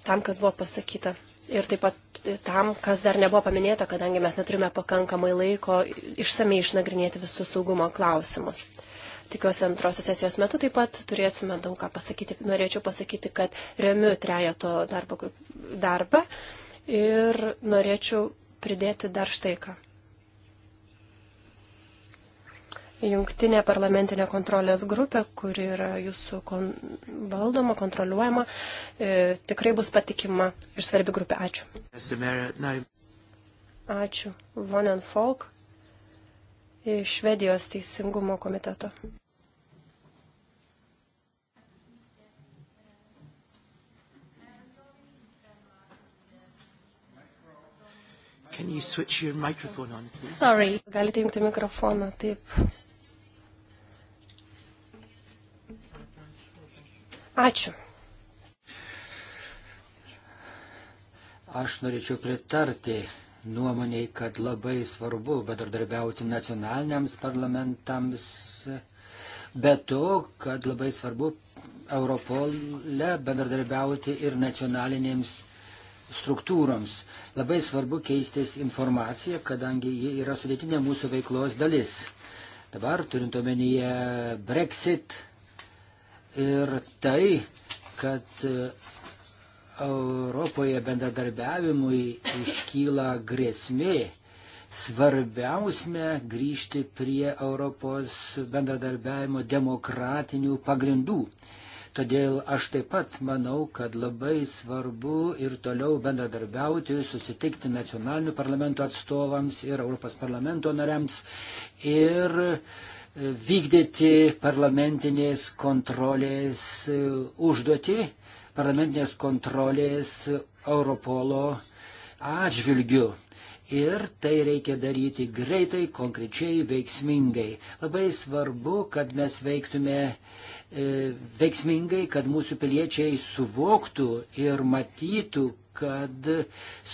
tam, kas buvo pasakyta. Ir taip pat tam, kas dar nebuvo paminėta, kadangi mes neturime pakankamai laiko išsamei išnagrinėti visus saugumo klausimus. Tikiuosi antrosios sesijos metu taip pat turėsime daug ką pasakyti. Norėčiau pasakyti, kad remiu trejato darbo, darbą ir norėčiau pridėti dar štai ką. Jungtinė parlamentinė kontrolės grupė, kuri yra jūsų kon valdoma, kontroliuojama, e, tikrai bus patikima ir svarbi grupė. Ačiū. Ačiū. Vonen Folk iš Švedijos teisingumo komiteto. Can you switch your microphone on, please? Sorry. Galite jungti mikrofoną, taip. Ačiū. Aš norėčiau pritarti nuomoniai, kad labai svarbu bendradarbiauti nacionaliniams parlamentams, bet to, kad labai svarbu Europole bendradarbiauti ir nacionalinėms struktūroms. Labai svarbu keistis informacija, kadangi ji yra sudėtinė mūsų veiklos dalis. Dabar turint omenyje Brexit ir tai, kad Europoje bendradarbiavimui iškyla grėsmė. Svarbiausia grįžti prie Europos bendradarbiavimo demokratinių pagrindų. Todėl aš taip pat manau, kad labai svarbu ir toliau bendradarbiauti, susitikti nacionalinių parlamento atstovams ir Europos parlamento nariams ir e, vykdyti parlamentinės kontrolės e, užduoti parlamentinės kontrolės Europolo atžvilgiu. Ir tai reikia daryti greitai, konkrečiai, veiksmingai. Labai svarbu, kad mes veiktume e, veiksmingai, kad mūsų piliečiai suvoktų ir matytų, kad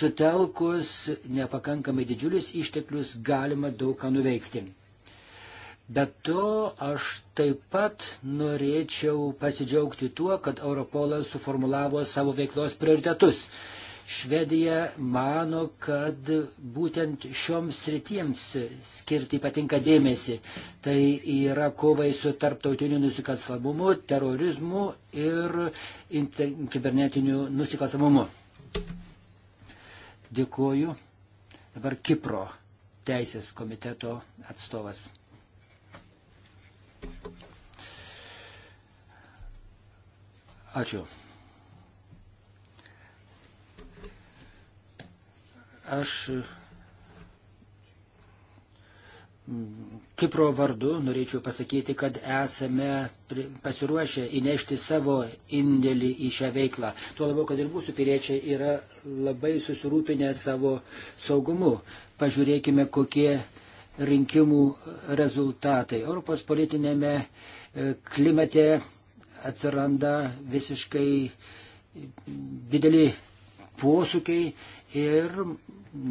sutelkus nepakankamai didžiulius išteklius galima daug ką nuveikti. Bet to aš taip pat norėčiau pasidžiaugti tuo, kad Europolas suformulavo savo veiklos prioritetus. Švedija mano, kad būtent šioms sritims skirti ypatinką dėmesį. Tai yra kovai su tarptautiniu nusikalstamumu, terorizmu ir kibernetiniu nusikalstamumu. Dėkuoju. Dabar Kipro teisės komiteto atstovas. Ačiū. Aš mm, Kipro vardu norėčiau pasakyti, kad esame pasiruošę įnešti savo indėlį į šią veiklą. Tuo labiau, kad ir mūsų piliečiai yra labai susirūpinę savo saugumu. Pažiūrėkime, kokie rinkimų rezultatai. Europos politinėme e, klimate atsiranda visiškai dideli posūkiai ir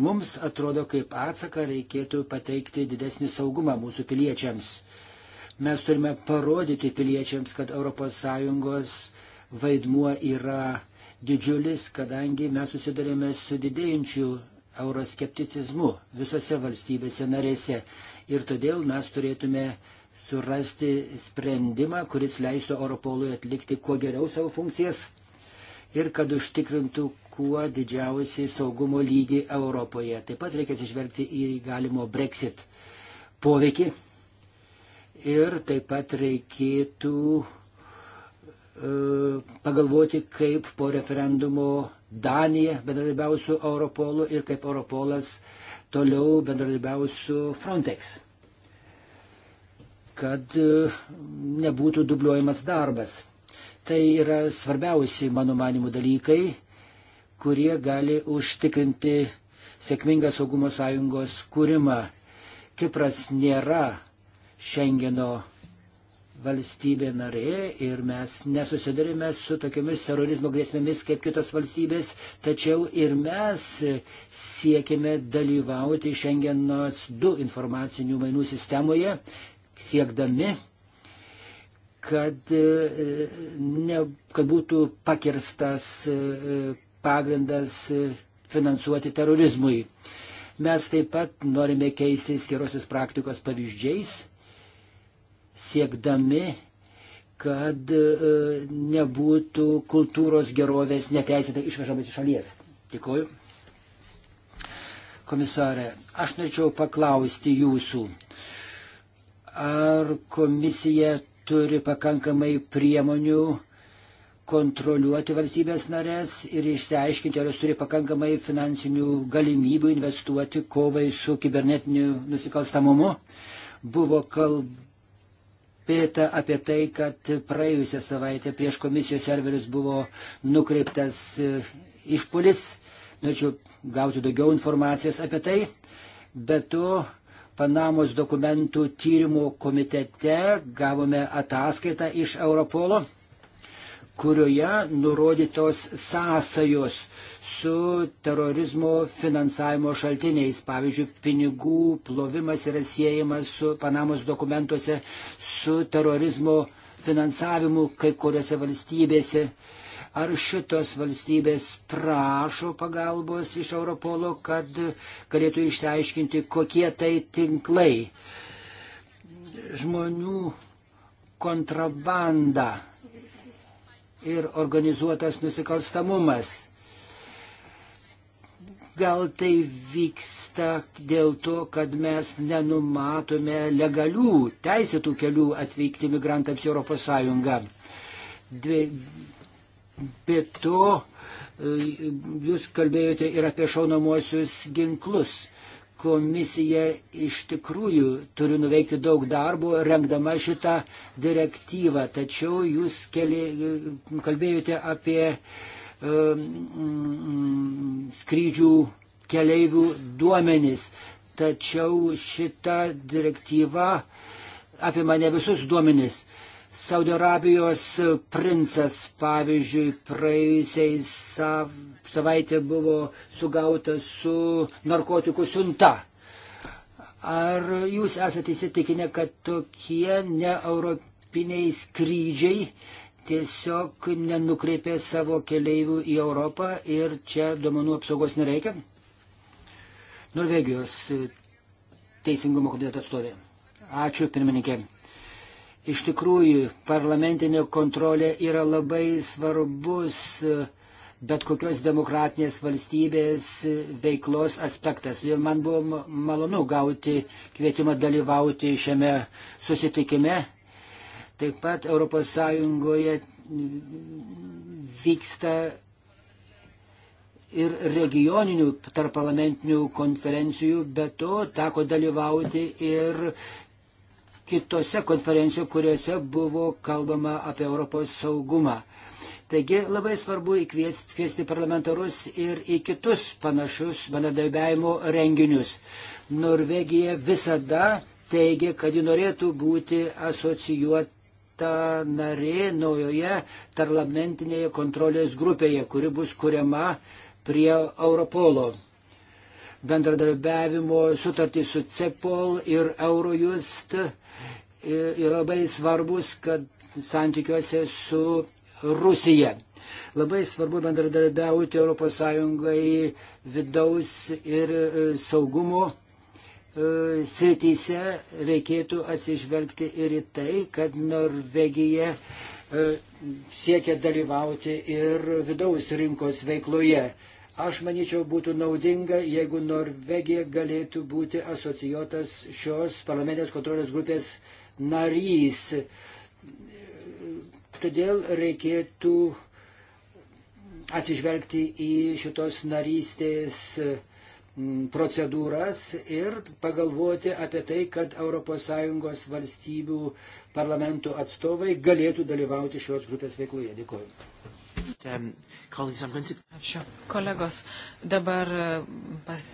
mums atrodo, kaip atsaką reikėtų pateikti didesnį saugumą mūsų piliečiams. Mes turime parodyti piliečiams, kad ES vaidmuo yra didžiulis, kadangi mes susidarėme su didėjančiu euroskepticizmu visose valstybėse narėse. Ir todėl mes turėtume uh, surasti sprendimą, kuris leistų Europolui atlikti kuo geriau savo funkcijas ir kad užtikrintų kuo didžiausią saugumo lygį Europoje. Taip pat reikia atsižvelgti į galimo Brexit poveikį. Ir taip pat reikėtų e, pagalvoti, kaip po referendumo Danija bendradarbiaus su Europolu ir kaip Europolas toliau bendradarbiaus su Frontex kad e, nebūtų dubliuojamas darbas. Tai yra svarbiausi, mano manimų, dalykai, kurie gali užtikrinti sėkmingą saugumo sąjungos kūrimą. Kipras nėra Šengeno valstybė narė ir mes nesusidurime su tokiamis terorizmo grėsmėmis kaip kitos valstybės, tačiau ir mes siekime dalyvauti Šengenos du informacinių mainų sistemoje siekdami, kad, e, ne, kad būtų pakirstas e, pagrindas e, finansuoti terorizmui. Mes taip pat norime keistis gerosios praktikos pavyzdžiais, siekdami, kad nebūtų kultūros gerovės neteisėtai išvežamas iš šalies. Dėkuoju. Komisarė, aš norėčiau paklausti jūsų, ar komisija turi pakankamai priemonių kontroliuoti valstybės narės ir išsiaiškinti, ar jos turi pakankamai finansinių galimybių investuoti kovai su kibernetiniu nusikalstamumu. Buvo kalbėta apie tai, kad praėjusią savaitę prieš komisijos serverius buvo nukreiptas e, išpolis. Norėčiau gauti daugiau informacijos apie tai. Bet to Panamos dokumentų tyrimo komitete gavome ataskaitą iš Europolo, kurioje nurodytos sąsajos su terorizmo finansavimo šaltiniais. Pavyzdžiui, pinigų plovimas yra siejamas su Panamos dokumentuose su terorizmo finansavimu kai kuriuose valstybėse. Ar šitos valstybės prašo pagalbos iš Europolo, kad galėtų išsiaiškinti, kokie tai tinklai? Žmonių kontrabanda ir organizuotas nusikalstamumas. Gal tai vyksta dėl to, kad mes nenumatome legalių, teisėtų kelių atvykti migrantams į ES. Bet to e, jūs kalbėjote ir apie šaunamuosius ginklus. Komisija iš tikrųjų turi nuveikti daug darbo, rengdama šitą direktyvą. Tačiau jūs keli, e, kalbėjote apie um, skrydžių keleivių duomenis. Tačiau šita direktyva apima ne visus duomenis. Uh, Saudo Arabijos princas, pavyzdžiui, praėjusiais sav... savaitė buvo sugautas su narkotikų siunta. Ar jūs esate įsitikinę, kad tokie neeuropiniai skrydžiai tiesiog nenukreipė savo keleivių į Europą ir čia duomenų apsaugos nereikia? Norvegijos teisingumo komiteto atstovė. Ačiū, pirmininkė. Iš tikrųjų, parlamentinė kontrolė yra labai svarbus e, bet kokios demokratinės valstybės e, veiklos aspektas. Todėl man buvo malonu gauti kvietimą dalyvauti šiame susitikime. Taip pat ES vyksta ir regioninių tarparlamentinių konferencijų, bet to teko dalyvauti ir kitose konferencijų, kuriuose buvo kalbama apie Europos saugumą. Taigi labai svarbu įkviesti kviesti parlamentarus ir į kitus panašius bendradarbiavimo renginius. Norvegija visada teigia, kad ji norėtų būti asocijuota narė naujoje parlamentinėje kontrolės grupėje, kuri bus kuriama prie Europolo. Bendradarbiavimo sutartys su CEPOL ir Eurojust yra labai svarbus, kad santykiuose su Rusija. Labai svarbu bendradarbiauti ES vidaus ir e, saugumo e, srityse. Reikėtų atsižvelgti ir į tai, kad Norvegija e, siekia dalyvauti ir vidaus rinkos veikloje. Aš manyčiau būtų naudinga, jeigu Norvegija galėtų būti asocijuotas šios parlamentės kontrolės grupės uh, narys. Todėl reikėtų atsižvelgti į šitos narystės procedūras ir pagalvoti apie tai, kad ES valstybių parlamentų atstovai galėtų dalyvauti šios grupės veikloje. Dėkuoju. Um, Ačiū. Kolegos, dabar e, pas,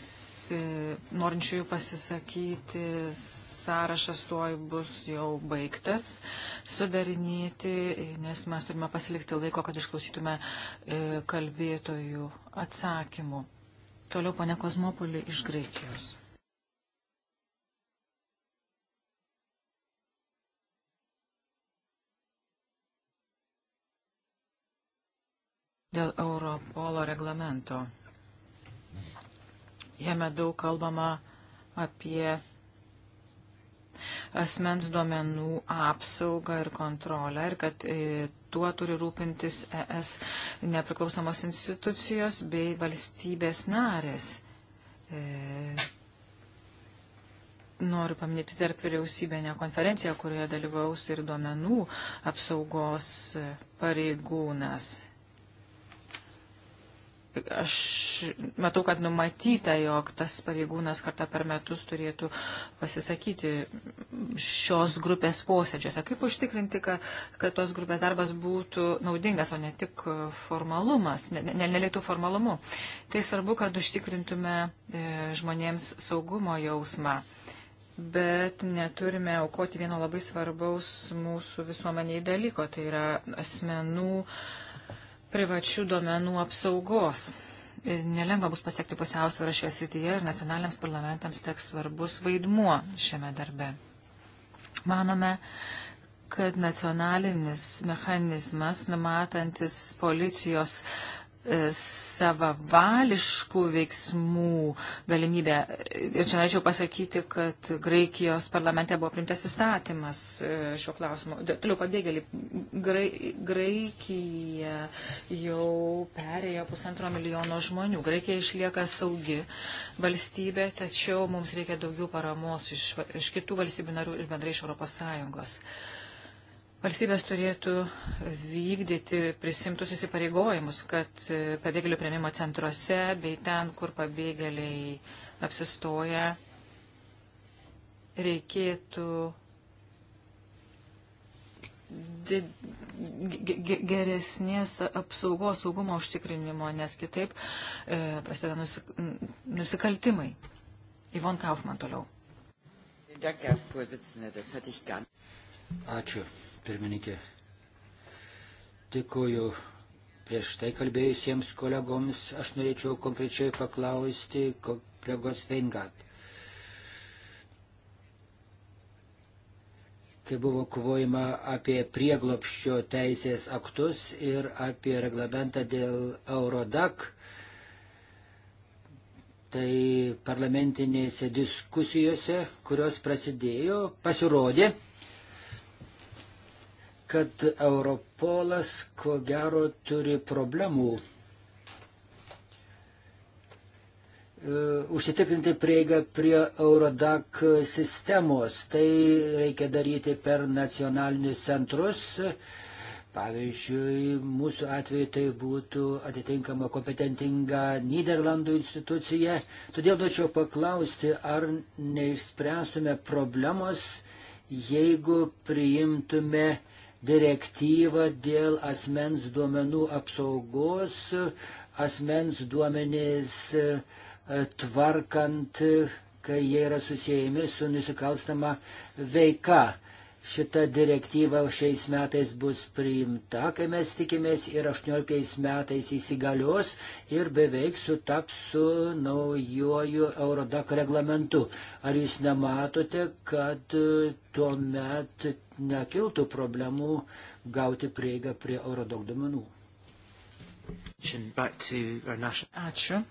norinčiųjų pasisakyti sąrašas tuoj bus jau baigtas sudarinėti, nes mes turime pasilikti laiko, kad išklausytume e, kalbėtojų atsakymų. Toliau pane Kozmopolį iš Graikijos. Dėl Europolo reglamento. Jame daug kalbama apie asmens duomenų apsaugą ir kontrolę ir kad e, tuo turi rūpintis ES nepriklausomos institucijos bei valstybės narės. E, noriu paminėti tarp vyriausybinę konferenciją, kurioje dalyvaus ir duomenų apsaugos e, pareigūnas aš matau, kad numatyta, jog tas pareigūnas kartą per metus turėtų pasisakyti šios grupės posėdžiuose. Kaip užtikrinti, kad, kad tos grupės darbas būtų naudingas, o ne tik formalumas, nelėtų ne, ne formalumu. Tai svarbu, kad užtikrintume e, žmonėms saugumo jausmą. Bet neturime aukoti vieno labai svarbaus mūsų visuomeniai dalyko, tai yra asmenų uh, privačių duomenų apsaugos. Nelengva bus pasiekti pusiausvyrą šioje srityje ir nacionaliniams parlamentams teks svarbus vaidmuo šiame darbe. Manome, kad nacionalinis mechanizmas, numatantis policijos E, savavališkų veiksmų galimybę. Ir čia norėčiau pasakyti, kad Graikijos parlamente buvo primtas įstatymas e, šiuo klausimu. Toliau pabėgėliai. Grai, Graikija jau perėjo pusantro milijono žmonių. Graikija išlieka saugi valstybė, tačiau mums reikia daugiau paramos iš, iš kitų valstybių narių ir bendrai iš Europos Sąjungos. Uh, Valstybės turėtų vykdyti prisimtus įsipareigojimus, kad e, pabėgėlių prieimimo centruose bei ten, kur pabėgėliai apsistoja, reikėtų geresnės apsaugos saugumo užtikrinimo, nes kitaip e, prasideda nusik nusikaltimai. Ivon Kaufman toliau. Ačiū pirmininkė. Dėkuoju prieš tai kalbėjusiems kolegoms. Aš norėčiau konkrečiai paklausti kolegos Vengat. kai buvo kovojama apie prieglopščio teisės aktus ir apie reglamentą dėl Eurodak, tai parlamentinėse diskusijose, kurios prasidėjo, pasirodė, kad Europolas ko gero turi problemų e, užsitikrinti prieigą prie Eurodac sistemos. Tai reikia daryti per nacionalinius centrus. Pavyzdžiui, mūsų atveju tai būtų atitinkama kompetentinga Niderlandų institucija. Todėl norėčiau paklausti, ar neišspręstume problemos, jeigu priimtume direktyvą dėl asmens duomenų apsaugos, asmens duomenys e, tvarkant, kai jie yra susijęmi su nusikalstama veika šita direktyva šiais metais bus priimta, kai mes tikimės, ir 18 metais įsigalios ir beveik sutaps su naujoju Eurodak reglamentu. Ar jūs nematote, kad e, tuo met nekiltų problemų gauti prieigą prie Eurodak duomenų? Ačiū.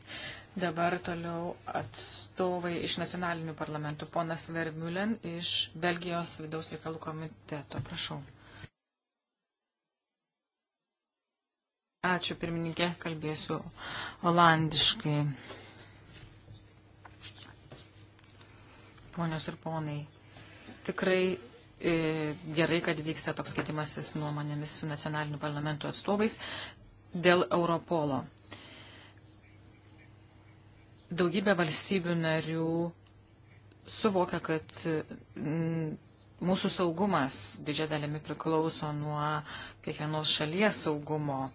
Dabar toliau atstovai iš nacionalinių parlamentų. Ponas Vermulen iš Belgijos vidaus reikalų komiteto. Prašau. Ačiū pirmininkė, kalbėsiu olandiškai. Ponios ir ponai, tikrai e, gerai, kad vyksta toks skaitimasis nuomonėmis su nacionaliniu parlamentu atstovais dėl Europolo daugybė valstybių narių suvokia, kad mm, mūsų saugumas didžia dalimi priklauso nuo kiekvienos šalies saugumo.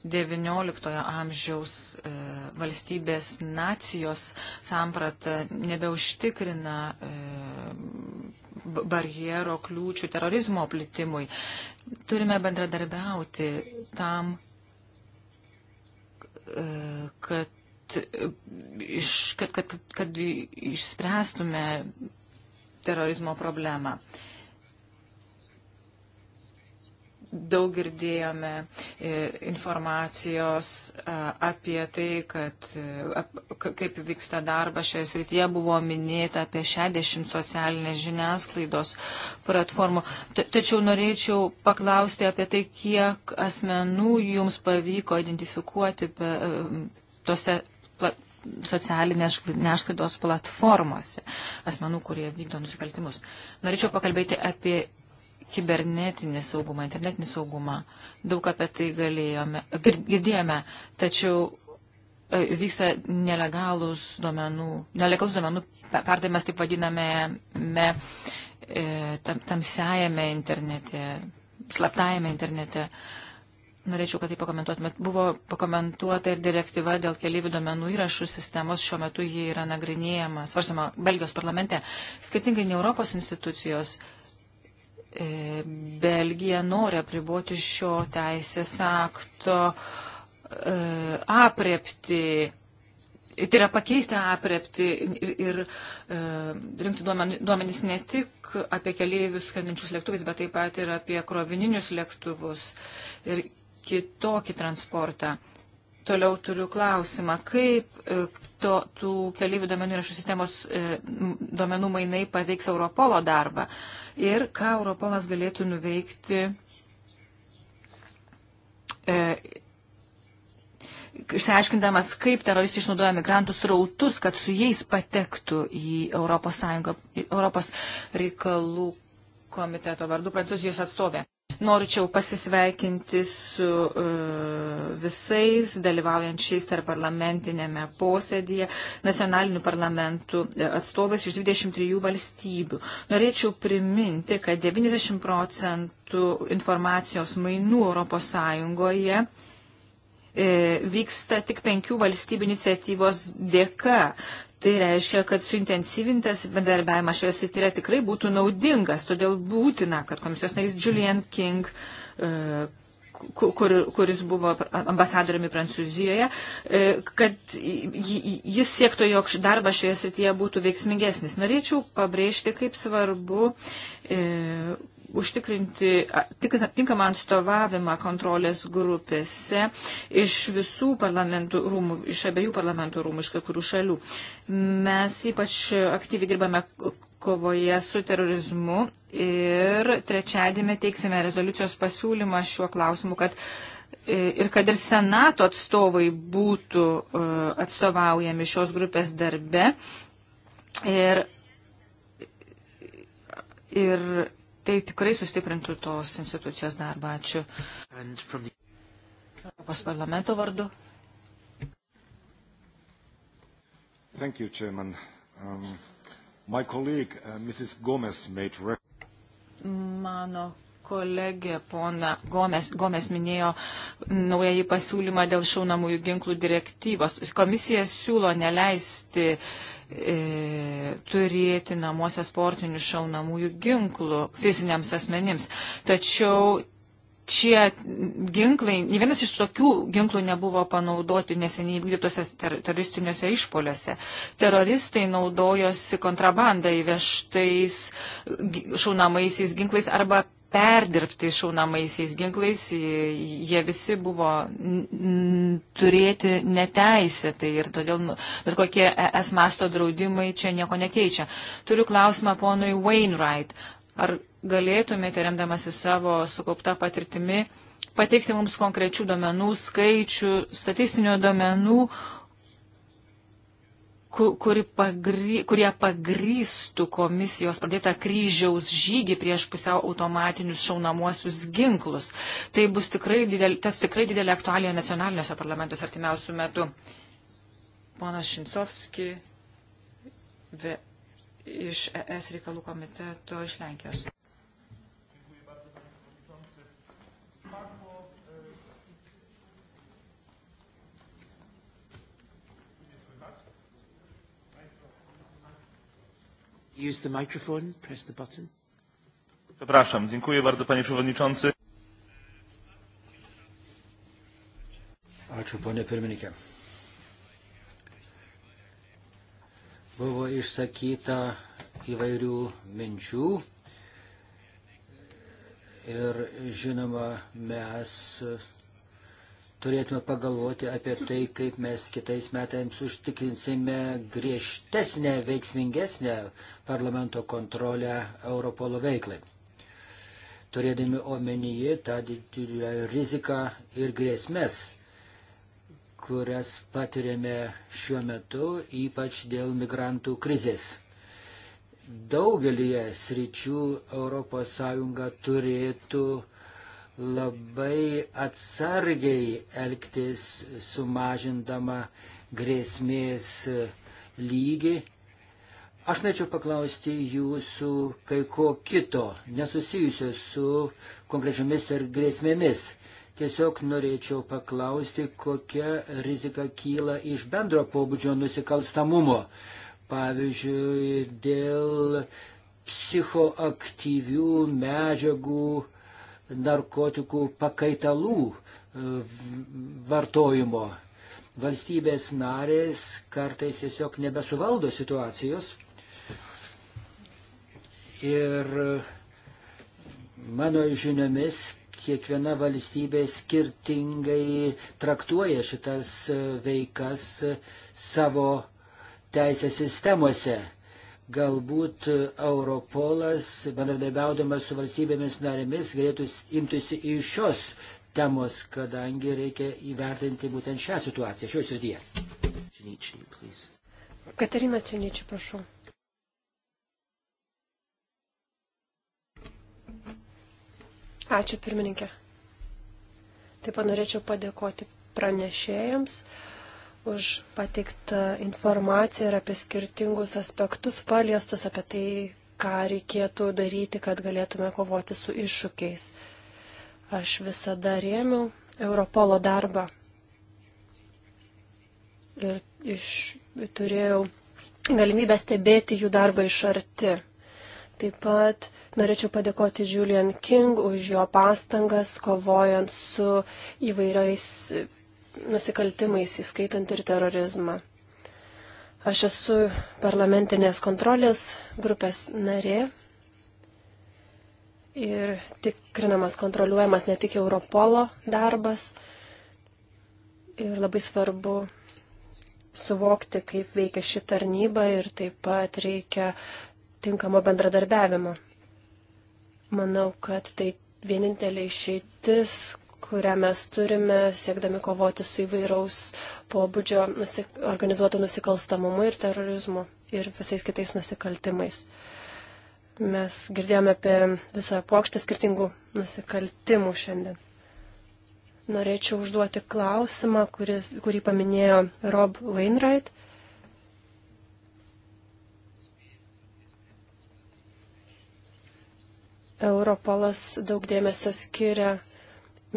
XIX amžiaus e, valstybės nacijos samprata nebeužtikrina e, barjero kliūčių terorizmo plitimui. Turime bendradarbiauti tam, e, kad iš, kad, kad, kad išspręstume terorizmo problemą. Daug girdėjome e, informacijos e, apie tai, kad e, kaip vyksta darbas šioje srityje, buvo minėta apie 60 socialinės žiniasklaidos platformų. Tačiau norėčiau paklausti apie tai, kiek asmenų jums pavyko identifikuoti tose socialinės nešklaidos platformose asmenų, kurie vykdo nusikaltimus. Norėčiau pakalbėti apie kibernetinį saugumą, internetinį saugumą. Daug apie tai galėjome, girdėjome, tačiau e, vyksta nelegalus duomenų, nelegalus duomenų perdavimas, taip vadiname, me, e, tam, tamsiajame internete, slaptajame internete. Uh, norėčiau, kad tai pakomentuotumėt. Buvo pakomentuota ir direktyva dėl keliaivių duomenų įrašų sistemos, šiuo metu ji yra nagrinėjama, svarstama Belgijos parlamente. Skirtingai nei Europos institucijos, e, Belgija nori apriboti šio teisės akto e, apriepti. Tai yra pakeisti aprepti ir, ir e, rinkti duomenys ne tik apie keleivius skrendančius lėktuvais, bet taip pat ir apie krovininius lėktuvus. Ir kitokį transportą. Toliau turiu klausimą, kaip e, to, tų keliaivių duomenų įrašų sistemos e, duomenų mainai paveiks Europolo darbą ir ką Europolas galėtų nuveikti e, išsiaiškindamas, kaip teroristai išnaudoja migrantų srautus, kad su jais patektų į Europos, Sąjungo, Europos reikalų komiteto vardu Prancūzijos atstovė. Norčiau pasisveikinti su uh, visais dalyvaujančiais tarp parlamentinėme posėdėje nacionalinių parlamentų e, atstovais iš 23 valstybių. Norėčiau priminti, kad 90 procentų informacijos mainų ES e, vyksta tik penkių valstybių iniciatyvos dėka. Tai reiškia, kad suintensyvintas bendarbiavimas šioje srityje tikrai būtų naudingas, todėl būtina, kad komisijos narys Julian King, e, kur, kuris buvo ambasadoriumi Prancūzijoje, e, kad jis siektų, jog darbas šioje srityje būtų veiksmingesnis. Norėčiau pabrėžti, kaip svarbu e, užtikrinti tinkamą atstovavimą kontrolės grupėse iš visų parlamentų rūmų, iš abiejų parlamentų rūmų, iš kai kurių šalių. Mes ypač aktyviai dirbame kovoje su terorizmu ir trečiadienį teiksime rezoliucijos pasiūlymą šiuo klausimu, kad e, ir kad ir Senato atstovai būtų e, atstovaujami šios grupės darbe. Ir, ir tai tikrai sustiprintų tos institucijos darbą. Ačiū. Europos parlamento vardu. Thank you, Chairman. Um, my colleague, uh, Mrs. Gomez, made Mano kolegė pona Gomes, Gomes minėjo naująjį pasiūlymą dėl šaunamųjų ginklų direktyvos. Komisija siūlo neleisti uh, e, turėti namuose sportinių šaunamųjų ginklų fiziniams asmenims. Tačiau šie ginklai, ne vienas iš tokių ginklų nebuvo panaudoti neseniai vykdytose ter teroristiniuose išpoliuose. Teroristai naudojosi kontrabandą įvežtais šaunamaisiais ginklais arba perdirbti šaunamaisiais ginklais, jie visi buvo turėti neteisėtai ir todėl nu, bet kokie es masto draudimai čia nieko nekeičia. Turiu klausimą ponui Wainwright. Ar galėtumėte, remdamasi savo sukauptą patirtimi, pateikti mums konkrečių duomenų, skaičių, statistinio duomenų, kuri pagry, kurie pagrystų komisijos pradėtą kryžiaus žygį prieš pusiau automatinius šaunamuosius ginklus. Tai bus tikrai, didel, tikrai didelė aktualija nacionaliniuose parlamentuose artimiausių metų. Ponas Šinsovski v, iš ES reikalų komiteto iš Lenkijos. Use the microphone, press the button. Przepraszam, dziękuję bardzo panie przewodniczący. Ačiū, ponė pirmininkė. Buvo išsakyta įvairių minčių ir žinoma, mes turėtume pagalvoti apie tai, kaip mes kitais metais užtikrinsime griežtesnę, veiksmingesnę parlamento kontrolę Europolo veiklai. Turėdami omenyje tą didžiulę riziką ir grėsmės, kurias patiriame šiuo metu, ypač dėl migrantų krizės. Daugelį sričių ES turėtų labai atsargiai elgtis sumažindama grėsmės lygį. Aš norėčiau paklausti jūsų kai ko kito, nesusijusio su konkrečiomis ir grėsmėmis. Tiesiog norėčiau paklausti, kokia rizika kyla iš bendro pobūdžio nusikalstamumo. Pavyzdžiui, dėl psichoaktyvių medžiagų narkotikų pakaitalų e, vartojimo. Valstybės narės kartais tiesiog nebesuvaldo situacijos. Ir mano žiniomis kiekviena valstybė skirtingai traktuoja šitas veikas savo teisės sistemuose. Galbūt Europolas, bendradarbiaudamas su valstybėmis narėmis, galėtų imtųsi iš šios temos, kadangi reikia įvertinti būtent šią situaciją, šios srityje. Katarina Čiuničių, prašau. Ačiū pirmininkė. Taip pat norėčiau padėkoti pranešėjams. Uh, už pateiktą informaciją ir apie skirtingus aspektus paliestus, apie tai, ką reikėtų daryti, kad galėtume kovoti su iššūkiais. Aš visada rėmiau Europolo darbą ir iš, turėjau galimybę stebėti jų darbą iš arti. Taip pat norėčiau padėkoti Julian King už jo pastangas, kovojant su įvairiais nusikaltimais, įskaitant ir terorizmą. Aš esu parlamentinės kontrolės grupės narė ir tikrinamas, kontroliuojamas ne tik Europolo darbas. Ir labai svarbu suvokti, kaip veikia ši tarnyba ir taip pat reikia tinkamo bendradarbiavimo. Manau, kad tai vienintelė išeitis, kurią mes turime, siekdami kovoti su įvairaus pobūdžio nusik organizuotų nusikalstamumu ir terorizmu ir visais kitais nusikaltimais. Mes girdėjome apie visą plokštę skirtingų nusikaltimų šiandien. Norėčiau užduoti klausimą, kuris, kurį paminėjo Rob Wainwright. Europolas daug dėmesio skiria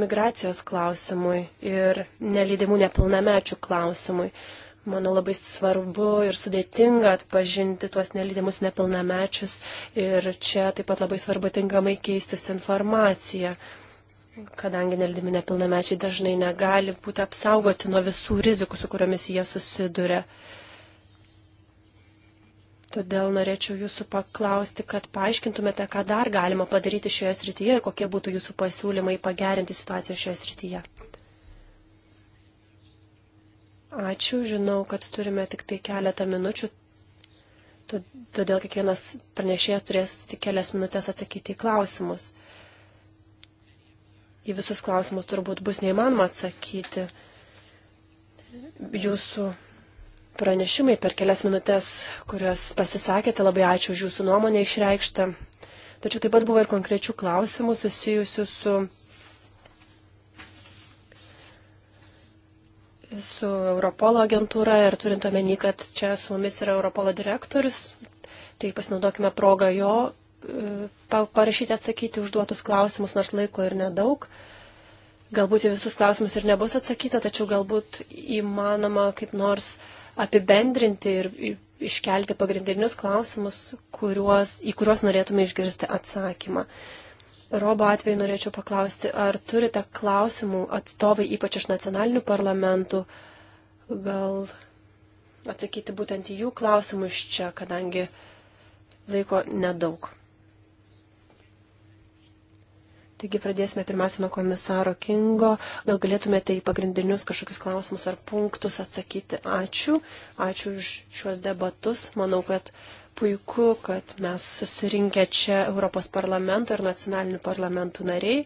migracijos klausimui ir nelydimų nepilnamečių klausimui. Manau, labai svarbu ir sudėtinga atpažinti tuos nelydimus nepilnamečius ir čia taip pat labai svarbu tinkamai keistis informaciją, kadangi nelydimi nepilnamečiai dažnai negali būti apsaugoti nuo visų rizikų, su kuriomis jie susiduria. Uh, Todėl norėčiau jūsų paklausti, kad paaiškintumėte, ką dar galima padaryti šioje srityje ir kokie būtų jūsų pasiūlymai pagerinti situaciją šioje srityje. Ačiū, žinau, kad turime tik tai keletą minučių, todėl kiekvienas pranešėjas turės tik kelias minutės atsakyti į klausimus. Į visus klausimus turbūt bus neįmanoma atsakyti. Jūsų pranešimai per kelias minutės, kurias pasisakėte, labai ačiū už jūsų nuomonę išreikštą. Tačiau taip pat buvo ir konkrečių klausimų susijusių su, su Europolo agentūra ir turint omeny, kad čia su mumis yra Europolo direktorius, tai pasinaudokime progą jo e, parašyti atsakyti užduotus klausimus, nors laiko ir nedaug. Galbūt į visus klausimus ir nebus atsakyta, tačiau galbūt įmanoma kaip nors uh, apibendrinti ir iškelti pagrindinius klausimus, kuriuos, į kuriuos norėtume išgirsti atsakymą. Robo atveju norėčiau paklausti, ar turite klausimų atstovai, ypač iš nacionalinių parlamentų, gal atsakyti būtent į jų klausimus čia, kadangi laiko nedaug. Taigi pradėsime pirmiausia nuo komisaro Kingo. Gal galėtumėte į pagrindinius kažkokius klausimus ar punktus atsakyti. Ačiū. Ačiū už šiuos debatus. Manau, kad puiku, kad mes susirinkę čia Europos parlamento ir nacionalinių parlamentų nariai.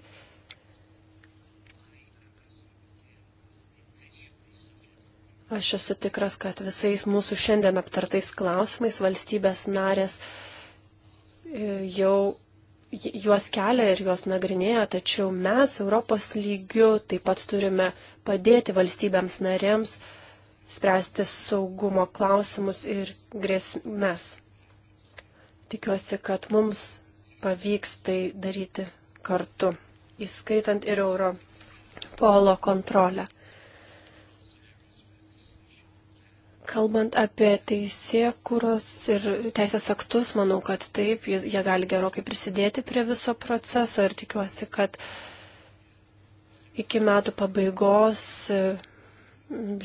Aš esu tikras, kad visais mūsų šiandien aptartais klausimais valstybės narės e, jau juos kelia ir juos nagrinėja, tačiau mes Europos lygiu taip pat turime padėti valstybėms narėms spręsti saugumo klausimus ir grėsmes. Tikiuosi, kad mums pavyks tai daryti kartu, įskaitant ir Europolo kontrolę. Kalbant apie teisėkuros ir teisės aktus, manau, kad taip, jie gali gerokai prisidėti prie viso proceso ir tikiuosi, kad iki metų pabaigos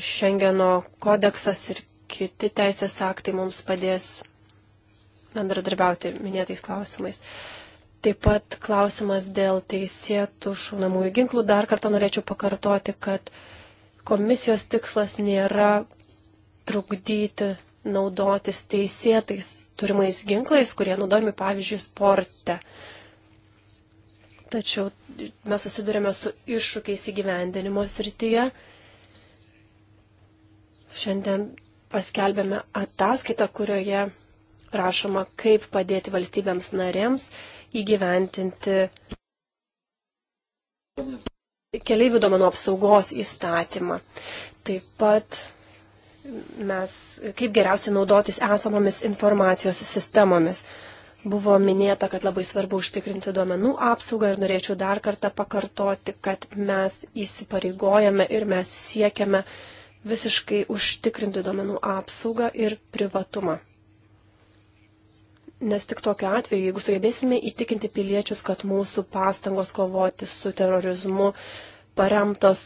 Šengeno kodeksas ir kiti teisės aktai mums padės bendradarbiauti minėtais klausimais. Taip pat klausimas dėl teisėtų šaunamųjų ginklų. Dar kartą norėčiau pakartoti, kad komisijos tikslas nėra trukdyti naudotis teisėtais turimais ginklais, kurie naudojami, pavyzdžiui, sporte. Tačiau mes susidurėme su iššūkiais įgyvendinimo srityje. Šiandien paskelbėme ataskaitą, kurioje rašoma, kaip padėti valstybėms narėms įgyventinti keliaivių domenų apsaugos įstatymą. Taip pat mes, kaip geriausiai naudotis esamomis informacijos sistemomis. Buvo minėta, kad labai svarbu užtikrinti duomenų apsaugą ir norėčiau dar kartą pakartoti, kad mes įsipareigojame ir mes siekiame visiškai užtikrinti duomenų apsaugą ir privatumą. Nes tik tokiu atveju, jeigu sugebėsime įtikinti piliečius, kad mūsų pastangos kovoti su terorizmu paremtos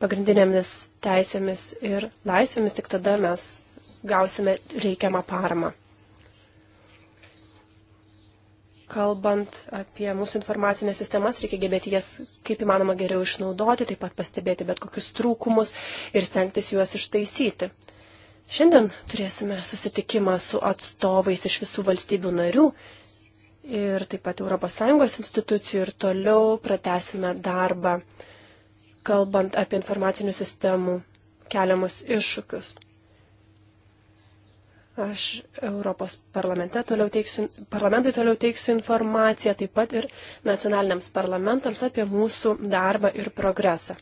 pagrindinėmis teisėmis ir laisvėmis, tik tada mes gausime reikiamą paramą. Kalbant apie mūsų informacinės sistemas, reikia gebėti jas kaip įmanoma geriau išnaudoti, taip pat pastebėti bet kokius trūkumus ir stengtis juos ištaisyti. Šiandien turėsime susitikimą su atstovais iš visų valstybių narių ir taip pat ES institucijų ir toliau pratesime darbą kalbant apie informacinių sistemų keliamus iššūkius. Aš Europos parlamente toliau teiksiu, parlamentui toliau teiksiu informaciją, taip pat ir nacionaliniams parlamentams apie mūsų darbą ir progresą.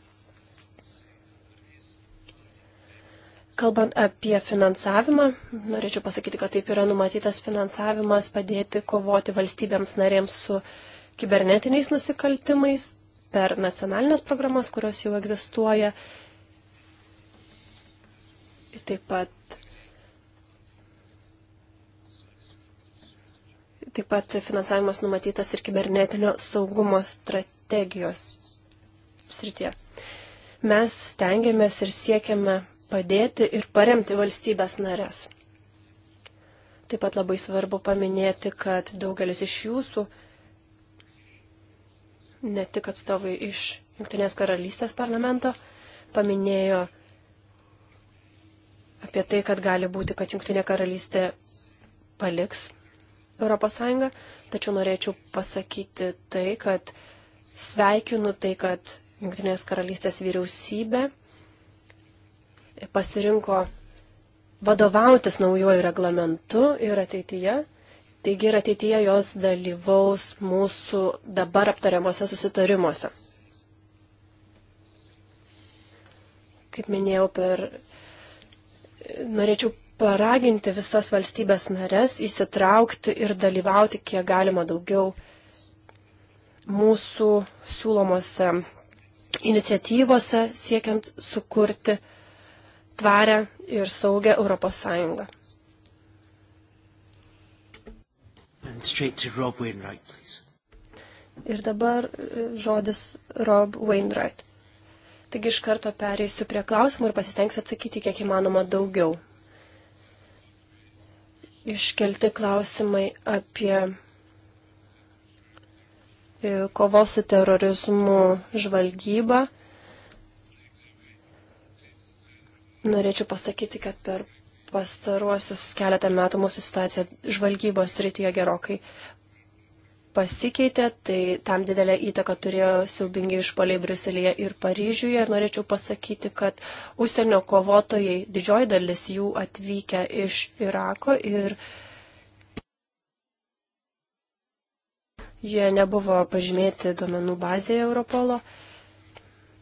Kalbant apie finansavimą, norėčiau pasakyti, kad taip yra numatytas finansavimas padėti kovoti valstybėms narėms su kibernetiniais nusikaltimais, per nacionalinės programas, kurios jau egzistuoja. Taip pat, taip pat finansavimas numatytas ir kibernetinio saugumo strategijos srityje. Mes stengiamės ir siekiame padėti ir paremti valstybės narės. Taip pat labai svarbu paminėti, kad daugelis iš jūsų ne tik atstovai iš Junktinės karalystės parlamento paminėjo apie tai, kad gali būti, kad Junktinė karalystė paliks ES, tačiau norėčiau pasakyti tai, kad sveikinu tai, kad Junktinės karalystės vyriausybė pasirinko vadovautis naujojų reglamentu ir ateityje Taigi ir ateityje jos dalyvaus mūsų dabar aptariamuose susitarimuose. Kaip minėjau, per... norėčiau paraginti visas valstybės nares įsitraukti ir dalyvauti kiek galima daugiau mūsų siūlomose iniciatyvose siekiant sukurti tvarę ir saugę Europos Sąjungą. And straight to Rob Wainwright, please. Ir dabar e, žodis Rob Wainwright. Taigi iš karto pereisiu prie klausimų ir pasistengsiu atsakyti kiek įmanoma daugiau. Iškelti klausimai apie e, kovos su terorizmu žvalgybą. Norėčiau pasakyti, kad per pastaruosius keletą metų mūsų situacija žvalgybos rytyje gerokai pasikeitė, tai tam didelę įtaką turėjo siaubingi išpoliai Briuselėje ir Paryžiuje. Norėčiau pasakyti, kad užsienio kovotojai, didžioji dalis jų atvykę iš Irako ir jie nebuvo pažymėti duomenų bazėje Europolo.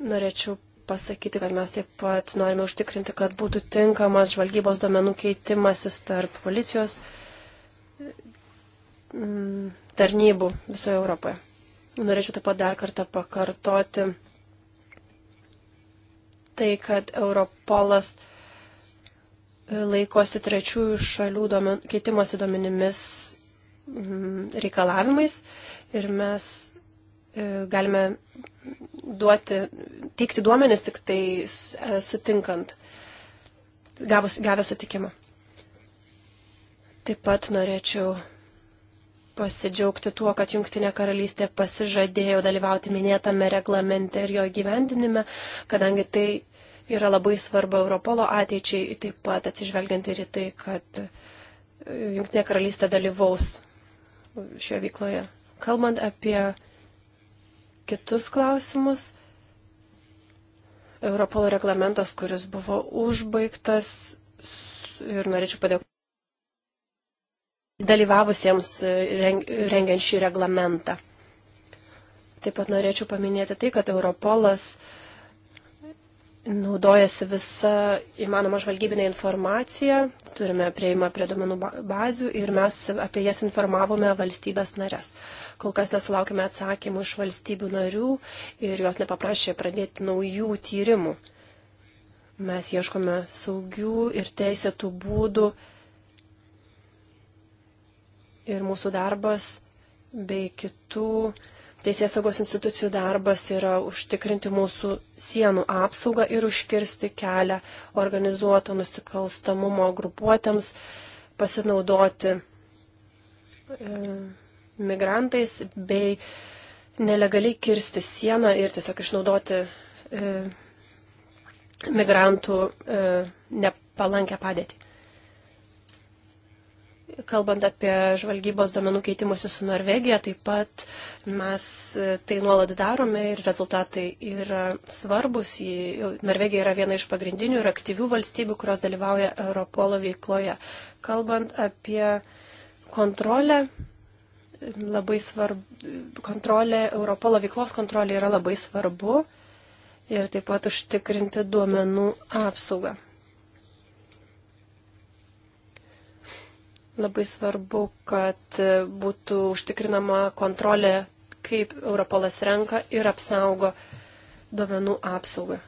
Norėčiau pasakyti, kad mes taip pat norime užtikrinti, kad būtų tinkamas žvalgybos duomenų keitimasis tarp policijos mm, tarnybų visoje Europoje. Norėčiau taip pat dar kartą pakartoti tai, kad Europolas e, laikosi trečiųjų šalių duomen, keitimosi duomenimis mm, reikalavimais ir mes e, galime duoti, teikti duomenis tik tai e, sutinkant, gavus, gavę sutikimą. Taip pat norėčiau pasidžiaugti tuo, kad Junktinė karalystė pasižadėjo dalyvauti minėtame reglamente ir jo gyvendinime, kadangi tai yra labai svarbu Europolo ateičiai, taip pat atsižvelgiant ir į tai, kad Junktinė karalystė dalyvaus šioje veikloje. Kalbant apie kitus klausimus. Europolo reglamentas, kuris buvo užbaigtas ir norėčiau padėkoti dalyvavusiems e, rengiant šį reglamentą. Taip pat norėčiau paminėti tai, kad Europolas uh, naudojasi visa įmanoma žvalgybinė informacija, turime prieimą prie domenų bazių ir mes apie jas informavome valstybės narės. Kol kas nesulaukime atsakymų iš valstybių narių ir jos nepaprašė pradėti naujų tyrimų. Mes ieškome saugių ir teisėtų būdų ir mūsų darbas bei kitų Teisės saugos institucijų darbas yra užtikrinti mūsų sienų apsaugą ir užkirsti kelią organizuoto nusikalstamumo grupuotėms pasinaudoti e, migrantais bei nelegaliai kirsti sieną ir tiesiog išnaudoti e, migrantų e, nepalankę padėtį kalbant apie žvalgybos domenų keitimusi su Norvegija, taip pat mes e, tai nuolat darome ir rezultatai yra svarbus. Norvegija yra viena iš pagrindinių ir aktyvių valstybių, kurios dalyvauja Europolo veikloje. Kalbant apie kontrolę, labai svarbu, kontrolė, Europolo veiklos kontrolė yra labai svarbu ir taip pat užtikrinti duomenų apsaugą. Labai svarbu, kad būtų užtikrinama kontrolė, kaip Europolas renka ir apsaugo duomenų apsaugą.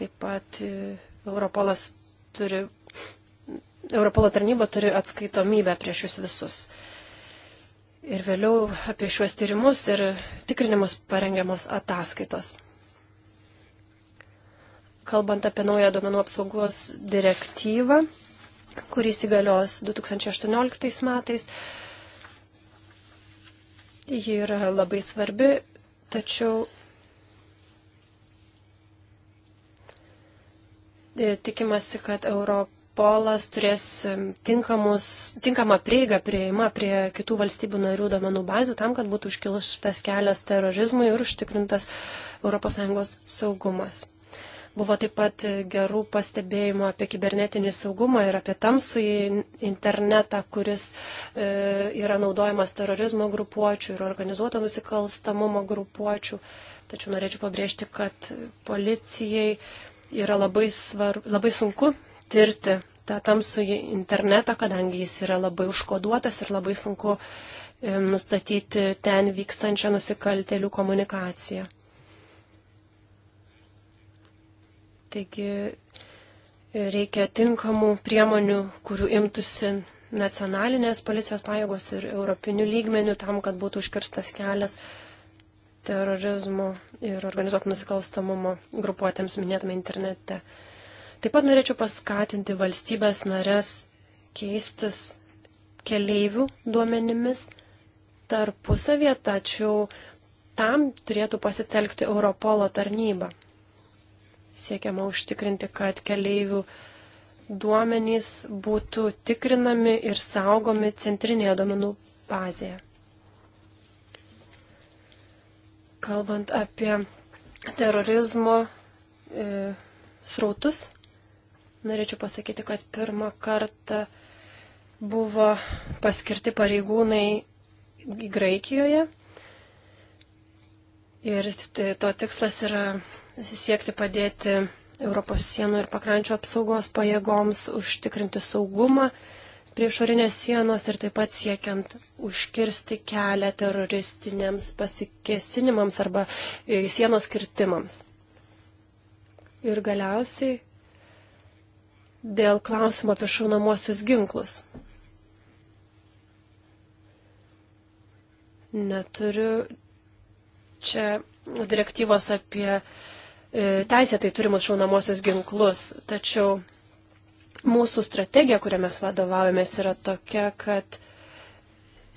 Taip pat e, Europolas turi, Europolo tarnyba turi atskaitomybę prieš jūs visus. Ir vėliau apie šiuos tyrimus ir tikrinimus parengiamos ataskaitos. Kalbant apie naują duomenų apsaugos direktyvą, kuris įgalios 2018 metais. Ji yra labai svarbi, tačiau e, tikimasi, kad Europolas turės e, tinkamus, tinkamą prieigą prieima prie kitų valstybių narių domenų bazių tam, kad būtų užkilus tas kelias terorizmui ir užtikrintas ES saugumas. Buvo taip pat gerų pastebėjimų apie kibernetinį saugumą ir apie tamsųjį internetą, kuris e, yra naudojamas terorizmo grupuočių ir organizuoto nusikalstamumo grupuočių. Tačiau norėčiau pabrėžti, kad policijai yra labai, svar, labai sunku tirti tą tamsųjį internetą, kadangi jis yra labai užkoduotas ir labai sunku e, nustatyti ten vykstančią nusikaltelių komunikaciją. Taigi reikia tinkamų priemonių, kurių imtųsi nacionalinės policijos pajėgos ir europinių lygmenių tam, kad būtų užkirstas kelias terorizmo ir organizuotų nusikalstamumo grupuotėms minėtame internete. Taip pat norėčiau paskatinti valstybės narės keistis keleivių duomenimis tarpusavie, tačiau tam turėtų pasitelkti Europolo tarnybą. Siekiama užtikrinti, kad keleivių duomenys būtų tikrinami ir saugomi centrinėje duomenų bazėje. Kalbant apie terorizmo e, srautus, norėčiau pasakyti, kad pirmą kartą buvo paskirti pareigūnai Graikijoje. Ir to tikslas yra siekti padėti Europos sienų ir pakrančio apsaugos pajėgoms užtikrinti saugumą prie išorinės sienos ir taip pat siekiant užkirsti kelią teroristiniams pasikesinimams arba e, sienos kirtimams. Ir galiausiai dėl klausimo apie šaunamosius ginklus. Neturiu čia direktyvos apie uh, E, teisėtai turimus šaunamosius ginklus. Tačiau mūsų strategija, kurią mes vadovaujamės, yra tokia, kad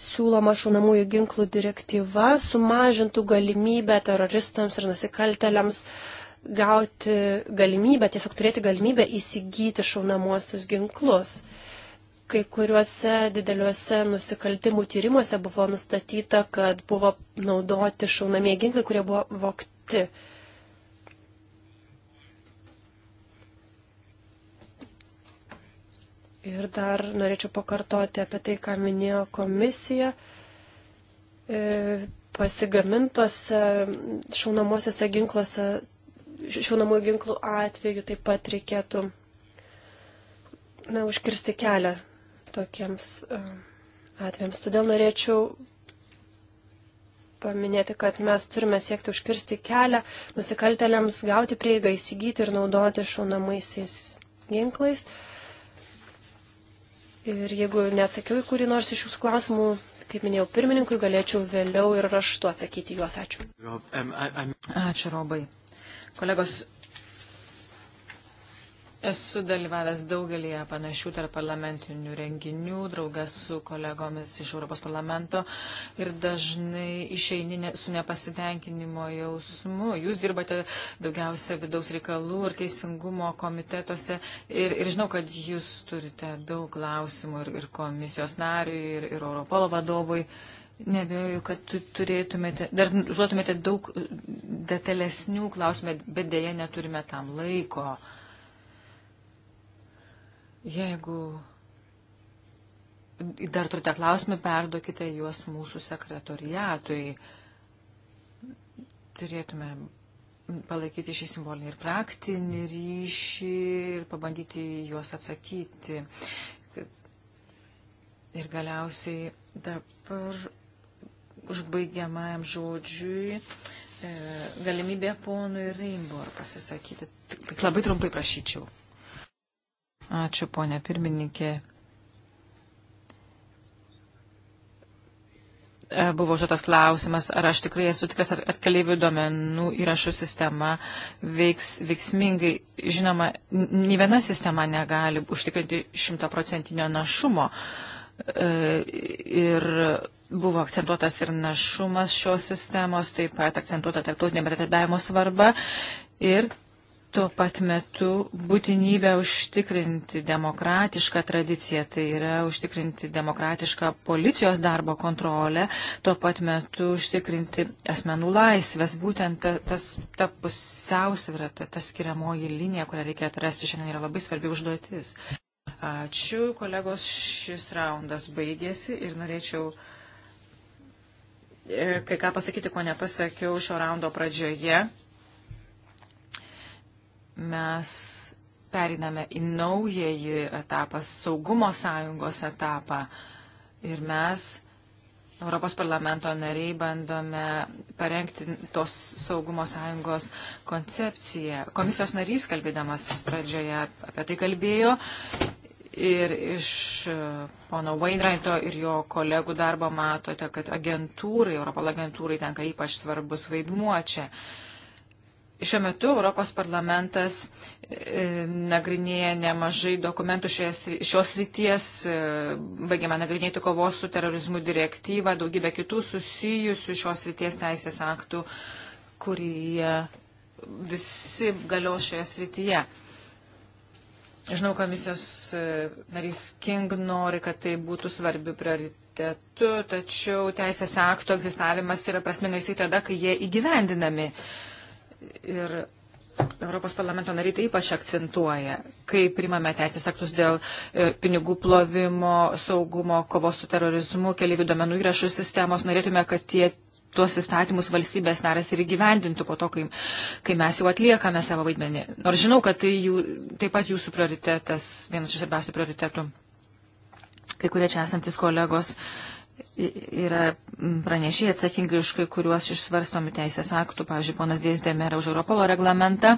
siūloma šaunamųjų ginklų direktyva sumažintų galimybę teroristams ir nusikalteliams gauti galimybę, tiesiog turėti galimybę įsigyti šaunamuosius ginklus. Kai kuriuose dideliuose nusikaltimų tyrimuose buvo nustatyta, kad buvo naudoti šaunamieji ginklai, kurie buvo vokti. Uh, Ir dar norėčiau pakartoti apie tai, ką minėjo komisija. E, pasigamintose šaunamosiose ginkluose, šaunamųjų ginklų atveju taip pat reikėtų na, užkirsti kelią tokiems e, atvejams. Todėl norėčiau paminėti, kad mes turime siekti užkirsti kelią nusikaltelėms gauti prieigą, įsigyti ir naudoti šaunamaisiais ginklais. Uh, Ir jeigu neatsakiau į kurį nors iš jūsų klausimų, kaip minėjau pirmininkui, galėčiau vėliau ir raštu atsakyti juos. Ačiū. Ačiū, Robai. Kolegos, Esu dalyvavęs daugelįje panašių tarp parlamentinių renginių, draugas su kolegomis iš Europos parlamento ir dažnai išeini ne, su nepasitenkinimo jausmu. Jūs dirbate daugiausia vidaus reikalų ir teisingumo komitetuose ir, ir žinau, kad jūs turite daug klausimų ir, ir komisijos nariui, ir, ir Europolo vadovui. Nebejoju, kad turėtumėte, dar žuotumėte daug detalesnių klausimų, bet dėja neturime tam laiko. Jeigu dar turite klausimų, perduokite juos mūsų sekretoriatui. Turėtume palaikyti šį simbolinį ir praktinį ryšį ir pabandyti juos atsakyti. Ir galiausiai dabar užbaigiamajam žodžiui e, galimybė ponui Reimbor pasisakyti. Tik labai trumpai prašyčiau. Ačiū, ponė pirmininkė. E, buvo žotas klausimas, ar aš tikrai esu tikras, ar, ar keliaivių duomenų įrašų sistema veiks veiksmingai. Žinoma, nė viena sistema negali užtikrinti šimtaprocentinio našumo. E, ir buvo akcentuotas ir našumas šios sistemos, taip pat akcentuota tarptautinė bendradarbiavimo svarba ir tuo pat metu būtinybę užtikrinti demokratišką tradiciją, tai yra užtikrinti demokratišką policijos darbo kontrolę, tuo pat metu užtikrinti asmenų laisvės, būtent ta, tas, ta pusiausvyrą, ta, ta skiriamoji linija, kurią reikia atrasti šiandien yra labai svarbi užduotis. Ačiū, kolegos, šis raundas baigėsi ir norėčiau e, kai ką pasakyti, ko nepasakiau šio raundo pradžioje mes periname į naująjį etapą, saugumo sąjungos etapą. Ir mes, Europos parlamento nariai, bandome parengti tos saugumo sąjungos koncepciją. Komisijos narys, kalbėdamas pradžioje, apie tai kalbėjo. Ir iš e, pono Wainwrighto ir jo kolegų darbo matote, kad agentūrai, Europol agentūrai tenka ypač svarbus vaidmuo čia. Uh, Šiuo metu Europos parlamentas e, nagrinėja nemažai dokumentų šios, šios ryties, e, baigiame nagrinėti kovos su terorizmu direktyvą, daugybę kitų susijusių šios ryties teisės aktų, kurie visi galios šioje srityje. Žinau, komisijos e, narys King nori, kad tai būtų svarbių prioritetų, tačiau teisės aktų egzistavimas yra prasmingas į tada, kai jie įgyvendinami. Uh, ir Europos parlamento nariai tai ypač akcentuoja, kai primame teisės aktus dėl e, pinigų plovimo, saugumo, kovos su terorizmu, keliaivių domenų įrašų sistemos, norėtume, kad tie tuos įstatymus valstybės narės ir įgyvendintų po to, kai, kai mes jau atliekame savo vaidmenį. Nors žinau, kad tai jų, taip pat jūsų prioritetas, vienas iš svarbiausių prioritetų. Kai kurie čia esantis kolegos yra pranešiai atsakingi už kai kuriuos išsvarstomi teisės aktų, pavyzdžiui, ponas Dėsdėmė yra už Europolo reglamentą.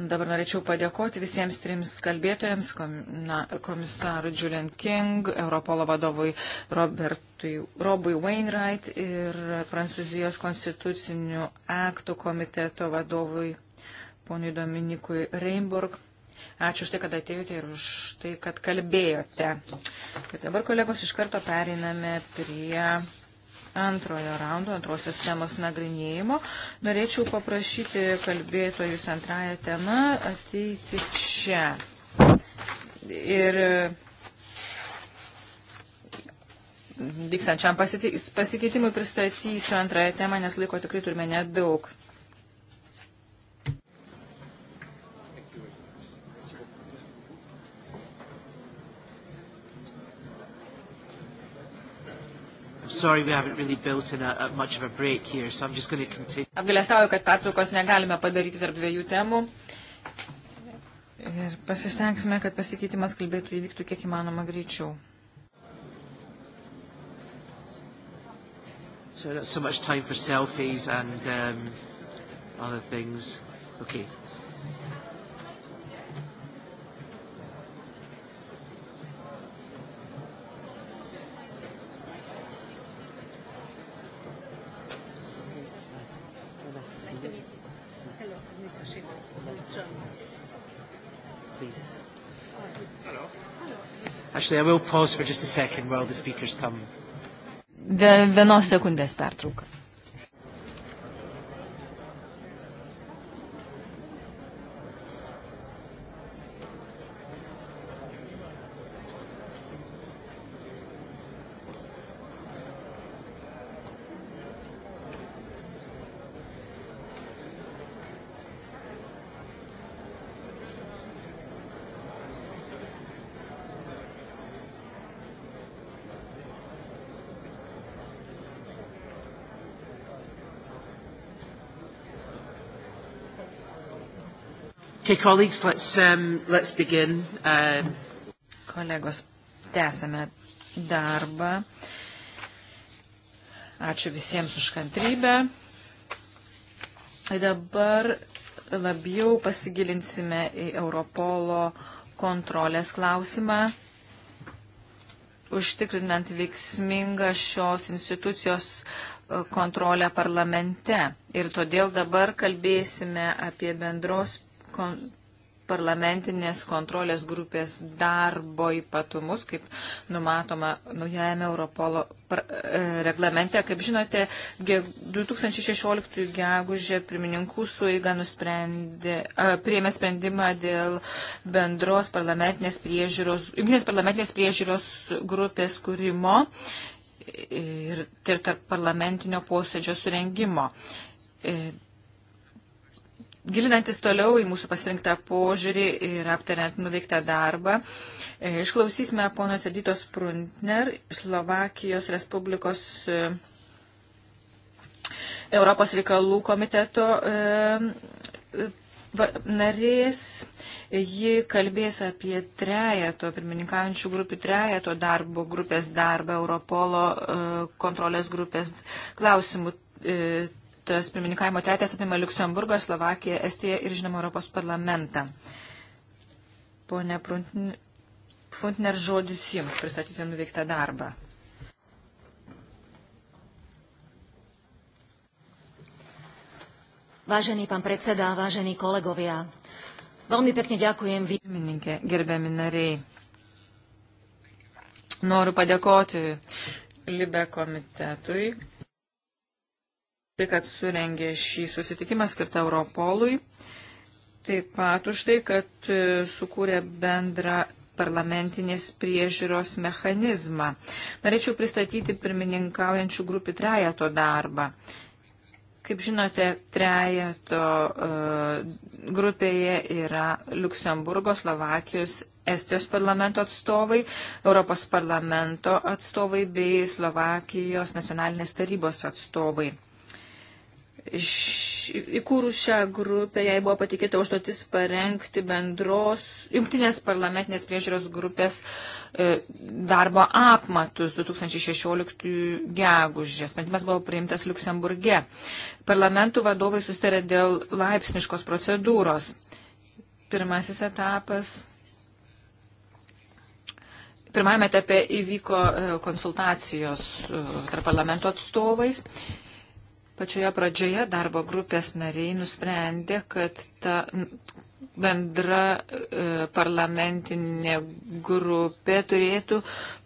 Dabar norėčiau padėkoti visiems trims kalbėtojams, komisarui Julian King, Europolo vadovui Robertui, Robui Wainwright ir Prancūzijos konstitucinių aktų komiteto vadovui ponui Dominikui Reinburg. Ačiū už tai, kad atėjote ir už tai, kad kalbėjote. Ir dabar, kolegos, iš karto pereiname prie antrojo raundo, antrosios temos nagrinėjimo. Norėčiau paprašyti kalbėtojus antrąją temą ateiti čia. Ir vykstančiam pasikeitimui pristatysiu antrąją temą, nes laiko tikrai turime nedaug. sorry we haven't really built in a, a much of a break here, so I'm just going to continue. Apgalėstauju, kad pertraukos negalime padaryti tarp dviejų temų. Ir pasistengsime, kad pasikeitimas kalbėtų įvyktų kiek įmanoma greičiau. So not so much time for selfies and um, other things. Okay. Actually, I will pause for just a second while the speakers come. Vienos sekundės pertrauka. Okay, colleagues, let's, um, let's begin. Um... Kolegos, tęsame darbą. Ačiū visiems už kantrybę. Dabar labiau pasigilinsime į Europolo kontrolės klausimą, užtikrinant veiksmingą šios institucijos e, kontrolę parlamente. Ir todėl dabar kalbėsime apie bendros kon parlamentinės kontrolės grupės darbo ypatumus, kaip numatoma naujajame Europolo e, reglamente. Kaip žinote, 2016 gegužė pirmininkų suiga e, priėmė sprendimą dėl bendros parlamentinės priežiūros, jungtinės parlamentinės priežiūros grupės kūrimo ir, ir tarp parlamentinio posėdžio surengimo. E, Gilinantis toliau į mūsų pasirinktą požiūrį ir aptariant nuveiktą darbą, e, išklausysime ponios Editos Pruntner, Slovakijos Respublikos e, Europos reikalų komiteto e, narės. Ji kalbės apie trejato, pirmininkaujančių grupių trejato darbo grupės darbą Europolo kontrolės grupės klausimų tas pirmininkavimo teitės apima Luksemburgą, Slovakiją, Estiją ir, žinoma, Europos parlamentą. Pone Funtner, žodis Jums pristatyti nuveiktą darbą. Vážený pán predseda, vážení kolegovia, veľmi pekne ďakujem. Pirmininkė, gerbiami nariai, noriu padėkoti Libe komitetui tai, kad surengė šį susitikimą skirtą Europolui. Taip pat už tai, kad e, sukūrė bendrą parlamentinės priežiūros mechanizmą. Norėčiau pristatyti pirmininkaujančių grupių trejato darbą. Kaip žinote, trejato uh, grupėje yra Luksemburgo, Slovakijos, Estijos parlamento atstovai, Europos parlamento atstovai bei Slovakijos nacionalinės tarybos atstovai. Įkūrus šią grupę, jai buvo patikėta užduotis parengti bendros jungtinės parlamentinės priežiūros grupės e, darbo apmatus 2016 gegužės. Sprendimas buvo priimtas Luksemburge. Parlamentų vadovai sustarė dėl laipsniškos procedūros. Pirmasis etapas Pirmajame etape įvyko e, konsultacijos e, tarp parlamento atstovais Pačioje pradžioje darbo grupės nariai nusprendė, kad ta bendra e, parlamentinė grupė turėtų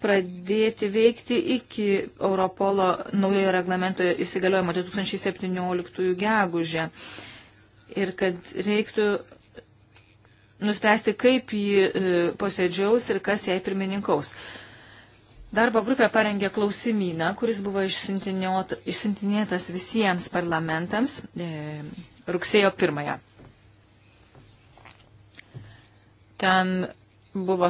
pradėti veikti iki Europolo naujojo reglamento įsigaliojimo 2017 gegužę. Ir kad reiktų nuspręsti, kaip jį e, posėdžiaus ir kas jai pirmininkaus. E, Darbo grupė parengė klausimyną, kuris buvo išsintinėtas visiems parlamentams e, rugsėjo pirmąją. Ten buvo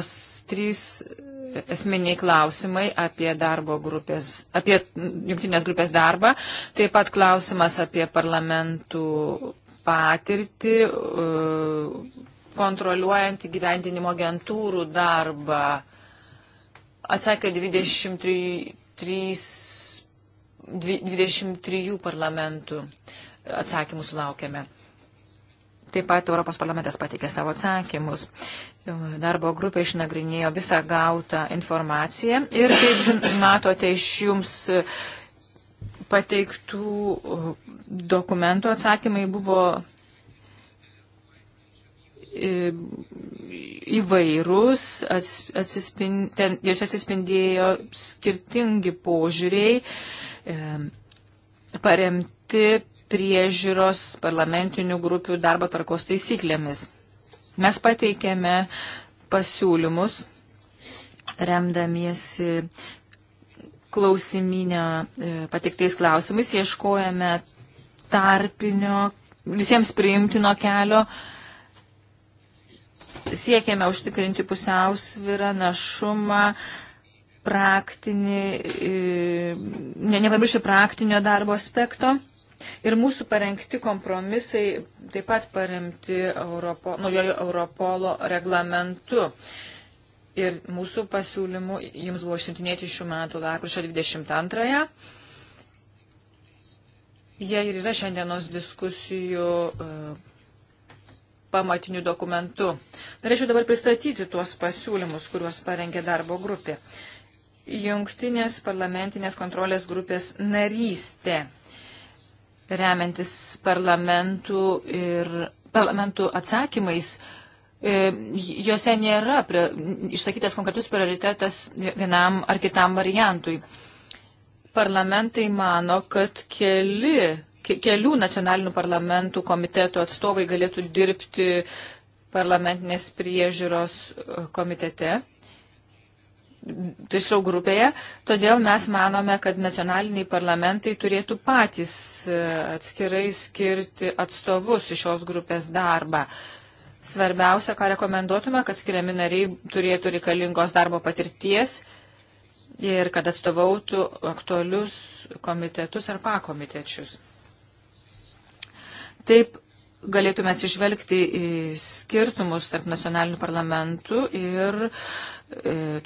trys e, esminiai klausimai apie darbo grupės, apie jungtinės grupės darbą, taip pat klausimas apie parlamentų patirtį, e, kontroliuojant įgyvendinimo agentūrų darbą atsakė 23, 23 parlamentų atsakymus laukiame. Taip pat Europos parlamentas pateikė savo atsakymus. Darbo grupė išnagrinėjo visą gautą informaciją ir, kaip matote, iš jums pateiktų uh, dokumentų atsakymai buvo E, įvairus, atsispind, ten, jos atsispindėjo skirtingi požiūriai, e, paremti priežiūros parlamentinių grupių darbo tvarkos taisyklėmis. Mes pateikėme pasiūlymus, remdamiesi klausiminio e, patiktais klausimais, ieškojame tarpinio, visiems priimtino kelio, siekėme užtikrinti pusiausvyrą, našumą, praktinį, e, ne, nepamiršti praktinio darbo aspekto. Ir mūsų parengti kompromisai taip pat paremti Europo, naujojo Europolo reglamentu. Ir mūsų pasiūlymų jums buvo išsintinėti šių metų lakrušio 22-ąją. Jie ir yra šiandienos diskusijų uh, pamatiniu dokumentu. Norėčiau dabar pristatyti tuos pasiūlymus, kuriuos parengė darbo grupė. Jungtinės parlamentinės kontrolės grupės narystė, remiantis parlamentų ir parlamentų atsakymais, e, jose nėra prie, išsakytas konkretus prioritetas vienam ar kitam variantui. Parlamentai mano, kad keli kelių nacionalinių parlamentų komitetų atstovai galėtų dirbti parlamentinės priežiūros e, komitete, tiksliau grupėje. Todėl mes manome, kad nacionaliniai parlamentai turėtų patys e, atskirai skirti atstovus iš šios grupės darbą. Svarbiausia, ką rekomenduotume, kad skiriami nariai turėtų reikalingos darbo patirties ir kad atstovautų aktualius komitetus ar pakomitečius. Taip galėtume atsižvelgti į skirtumus tarp nacionalinių parlamentų ir e,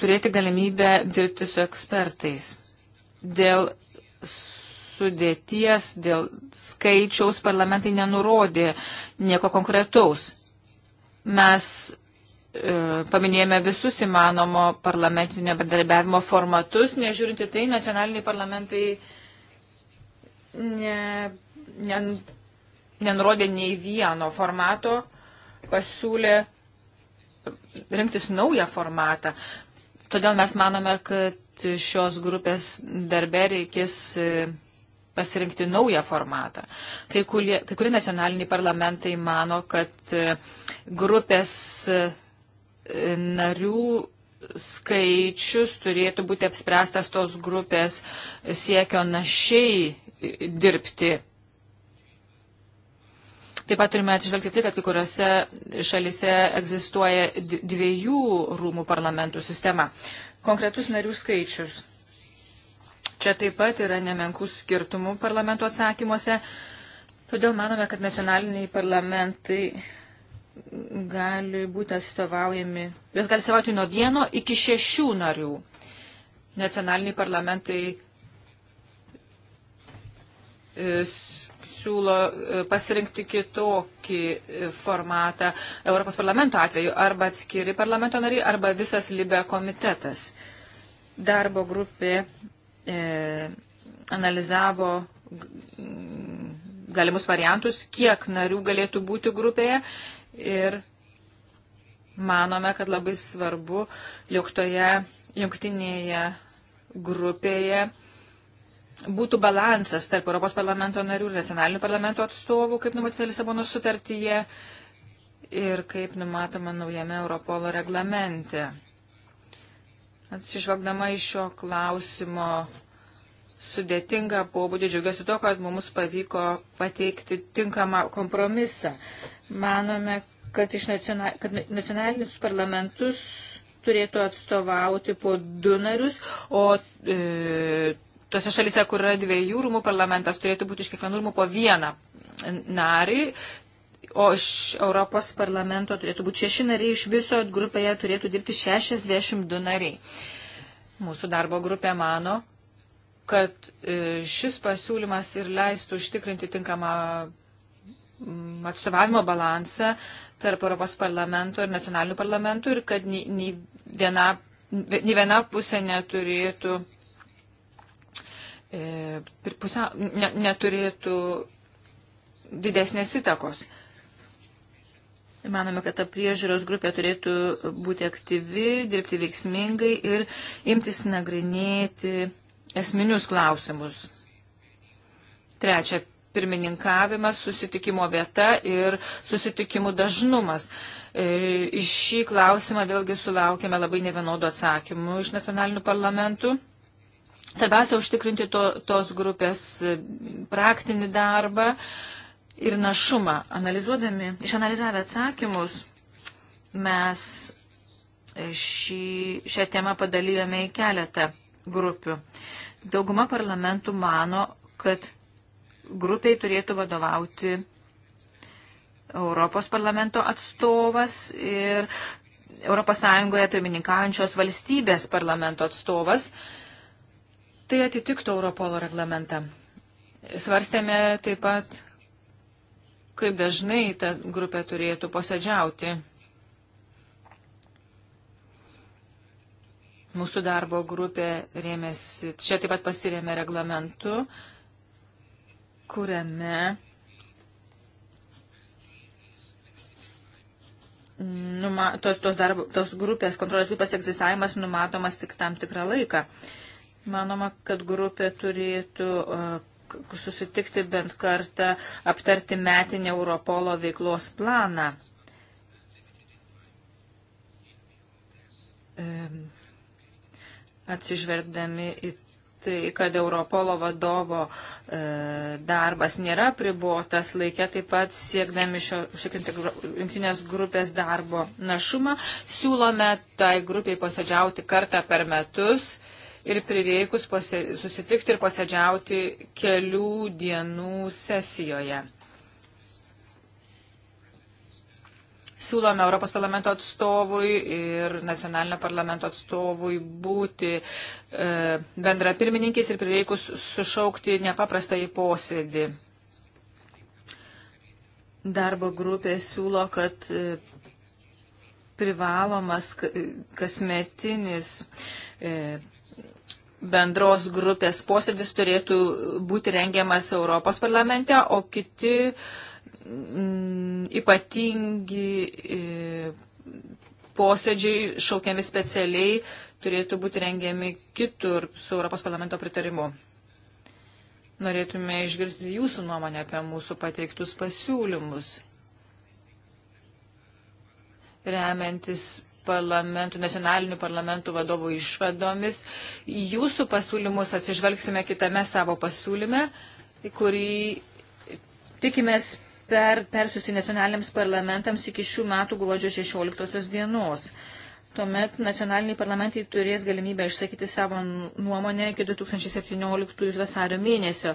turėti galimybę dirbti su ekspertais. Dėl sudėties, dėl skaičiaus parlamentai nenurodė nieko konkretaus. Mes e, paminėjome visus įmanomo parlamentinio bendradarbiavimo formatus, nežiūrinti tai, nacionaliniai parlamentai ne, ne, nenurodė nei vieno formato, pasiūlė rinktis naują formatą. Todėl mes manome, kad šios grupės darbė reikės e, pasirinkti naują formatą. Kai kurie, kai kurie nacionaliniai parlamentai mano, kad e, grupės e, narių skaičius turėtų būti apspręstas tos grupės siekio našiai dirbti. Taip pat turime atžvelgti tai, kad kai kuriuose šalise egzistuoja dviejų rūmų parlamentų sistema. Konkretus narių skaičius. Čia taip pat yra nemenkų skirtumų parlamento atsakymuose. Todėl manome, kad nacionaliniai parlamentai gali būti atstovaujami, jos gali atstovauti nuo vieno iki šešių narių. Nacionaliniai parlamentai e, siūlo e, pasirinkti kitokį e, formatą Europos parlamento atveju, arba atskiri parlamento nariai, arba visas Libe komitetas. Darbo grupė e, analizavo galimus variantus, kiek narių galėtų būti grupėje ir manome, kad labai svarbu, jog toje jungtinėje grupėje būtų balansas tarp Europos parlamento narių ir nacionalinių parlamento atstovų, kaip numatyta Lisabono sutartyje ir kaip numatoma naujame Europolo reglamente. Atsižvelgdama iš šio klausimo sudėtingą pobūdį, džiaugiuosi to, kad mums pavyko pateikti tinkamą kompromisą. Manome, kad, nacional, kad nacionalinius parlamentus turėtų atstovauti po du narius, o e, tose šalise, kur yra dviejų rūmų parlamentas, turėtų būti iš kiekvienų rūmų po vieną narį. O iš Europos parlamento turėtų būti šeši nariai, iš viso grupėje turėtų dirbti 62 nariai. Mūsų darbo grupė mano, kad e, šis pasiūlymas ir leistų užtikrinti tinkamą atstovavimo balansą tarp Europos parlamento ir nacionalinių parlamentų ir kad nei, nei, viena, nei viena pusė neturėtų E, pusia, ne, neturėtų didesnės įtakos. Manome, kad ta priežiūros grupė turėtų būti aktyvi, dirbti veiksmingai ir imtis nagrinėti esminius klausimus. Trečia, pirmininkavimas, susitikimo vieta ir susitikimų dažnumas. Iš e, šį klausimą vėlgi sulaukėme labai nevienodų atsakymų iš nacionalinių parlamentų. Svarbiausia užtikrinti to, tos grupės e, praktinį darbą ir našumą. Analizuodami, išanalizavę atsakymus, mes e, šį, šią temą padalyjome į keletą grupių. Dauguma parlamentų mano, kad grupiai turėtų vadovauti Europos parlamento atstovas ir ES pirmininkaujančios valstybės parlamento atstovas. Uh, tai atitiktų Europolo reglamentą. Svarstėme taip pat, kaip dažnai ta grupė turėtų posėdžiauti. Mūsų darbo grupė rėmėsi, čia taip pat pasirėmė reglamentu, kuriame numa, tos, tos, darbo, tos grupės, kontrolės grupės egzistavimas numatomas tik tam tikrą laiką. Uh, Manoma, kad grupė turėtų e, susitikti bent kartą, aptarti metinį Europolo veiklos planą. Atsižvelgdami į tai, kad Europolo vadovo e, darbas nėra pribuotas laikė, taip pat siekdami šio užsikrinti jungtinės grupės darbo našumą, siūlome tai grupiai posėdžiauti kartą per metus. E, ir prireikus posė, susitikti ir posėdžiauti kelių dienų sesijoje. siūlome Europos parlamento atstovui ir nacionalinio parlamento atstovui būti e, bendra pirmininkis ir prireikus sušaukti nepaprastąjį posėdį. Darbo grupė siūlo, kad e, privalomas kasmetinis e, bendros grupės posėdis turėtų būti rengiamas Europos parlamente, o kiti m, mm, ypatingi e, posėdžiai šaukiami specialiai turėtų būti rengiami kitur su Europos parlamento pritarimu. Norėtume išgirsti jūsų nuomonę apie mūsų pateiktus pasiūlymus. Remiantis parlamentų, nacionalinių parlamentų vadovų išvadomis. Jūsų pasiūlymus atsižvelgsime kitame savo pasiūlyme, kurį tikimės per, persiusi nacionaliniams parlamentams iki šių metų gruodžio 16 dienos. Tuomet nacionaliniai parlamentai turės galimybę išsakyti savo nuomonę iki 2017 vasario mėnesio.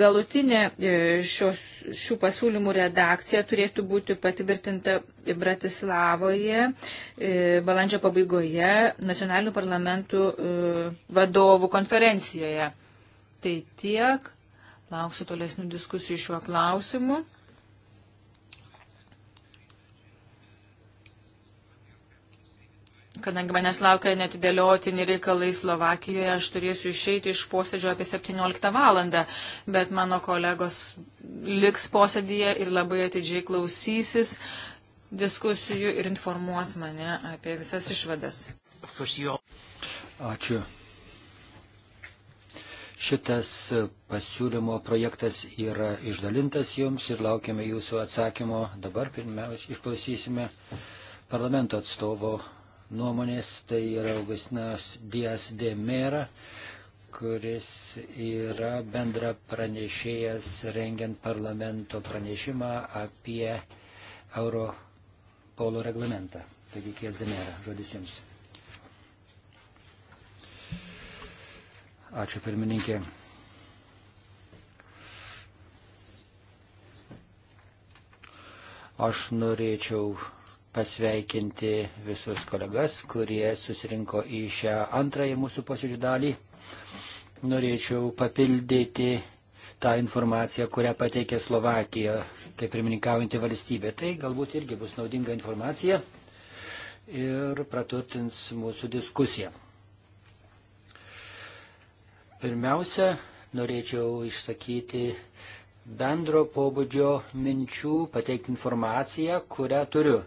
Galutinė e, šios, šių pasiūlymų redakcija turėtų būti patvirtinta Bratislavoje e, balandžio pabaigoje nacionalinių parlamentų e, vadovų konferencijoje. Tai tiek. Lauksiu tolesnių diskusijų šiuo klausimu. Kadangi manęs laukia netidėliotini reikalai Slovakijoje, aš turėsiu išeiti iš posėdžio apie 17 valandą, bet mano kolegos liks posėdėje ir labai atidžiai klausysis diskusijų ir informuos mane apie visas išvadas. Ačiū. Šitas pasiūlymo projektas yra išdalintas jums ir laukiame jūsų atsakymo. Dabar pirmiausia išklausysime parlamento atstovo nuomonės, tai yra Augustinas Dijas de Mera, kuris yra bendra pranešėjas rengiant parlamento pranešimą apie Europolo reglamentą. Taigi, Kies de Mera, žodis jums. Ačiū pirmininkė. Aš norėčiau pasveikinti visus kolegas, kurie susirinko į šią antrąją mūsų posėdžių dalį. Norėčiau papildyti tą informaciją, kurią pateikė Slovakija, kaip pirmininkaujanti valstybė. Tai galbūt irgi bus naudinga informacija ir praturtins mūsų diskusiją. Pirmiausia, norėčiau išsakyti bendro pobūdžio minčių, pateikti informaciją, kurią turiu.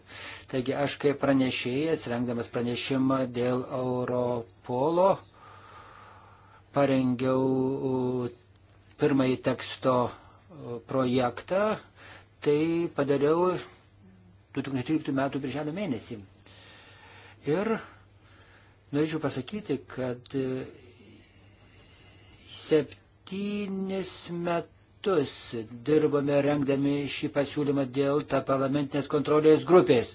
Taigi aš kaip pranešėjas, rengdamas pranešimą dėl Europolo, parengiau uh, pirmąjį teksto uh, projektą, tai padariau 2013 m. birželio mėnesį. Ir norėčiau pasakyti, kad uh, septynis metus metus dirbame rengdami šį pasiūlymą dėl tą parlamentinės kontrolės grupės.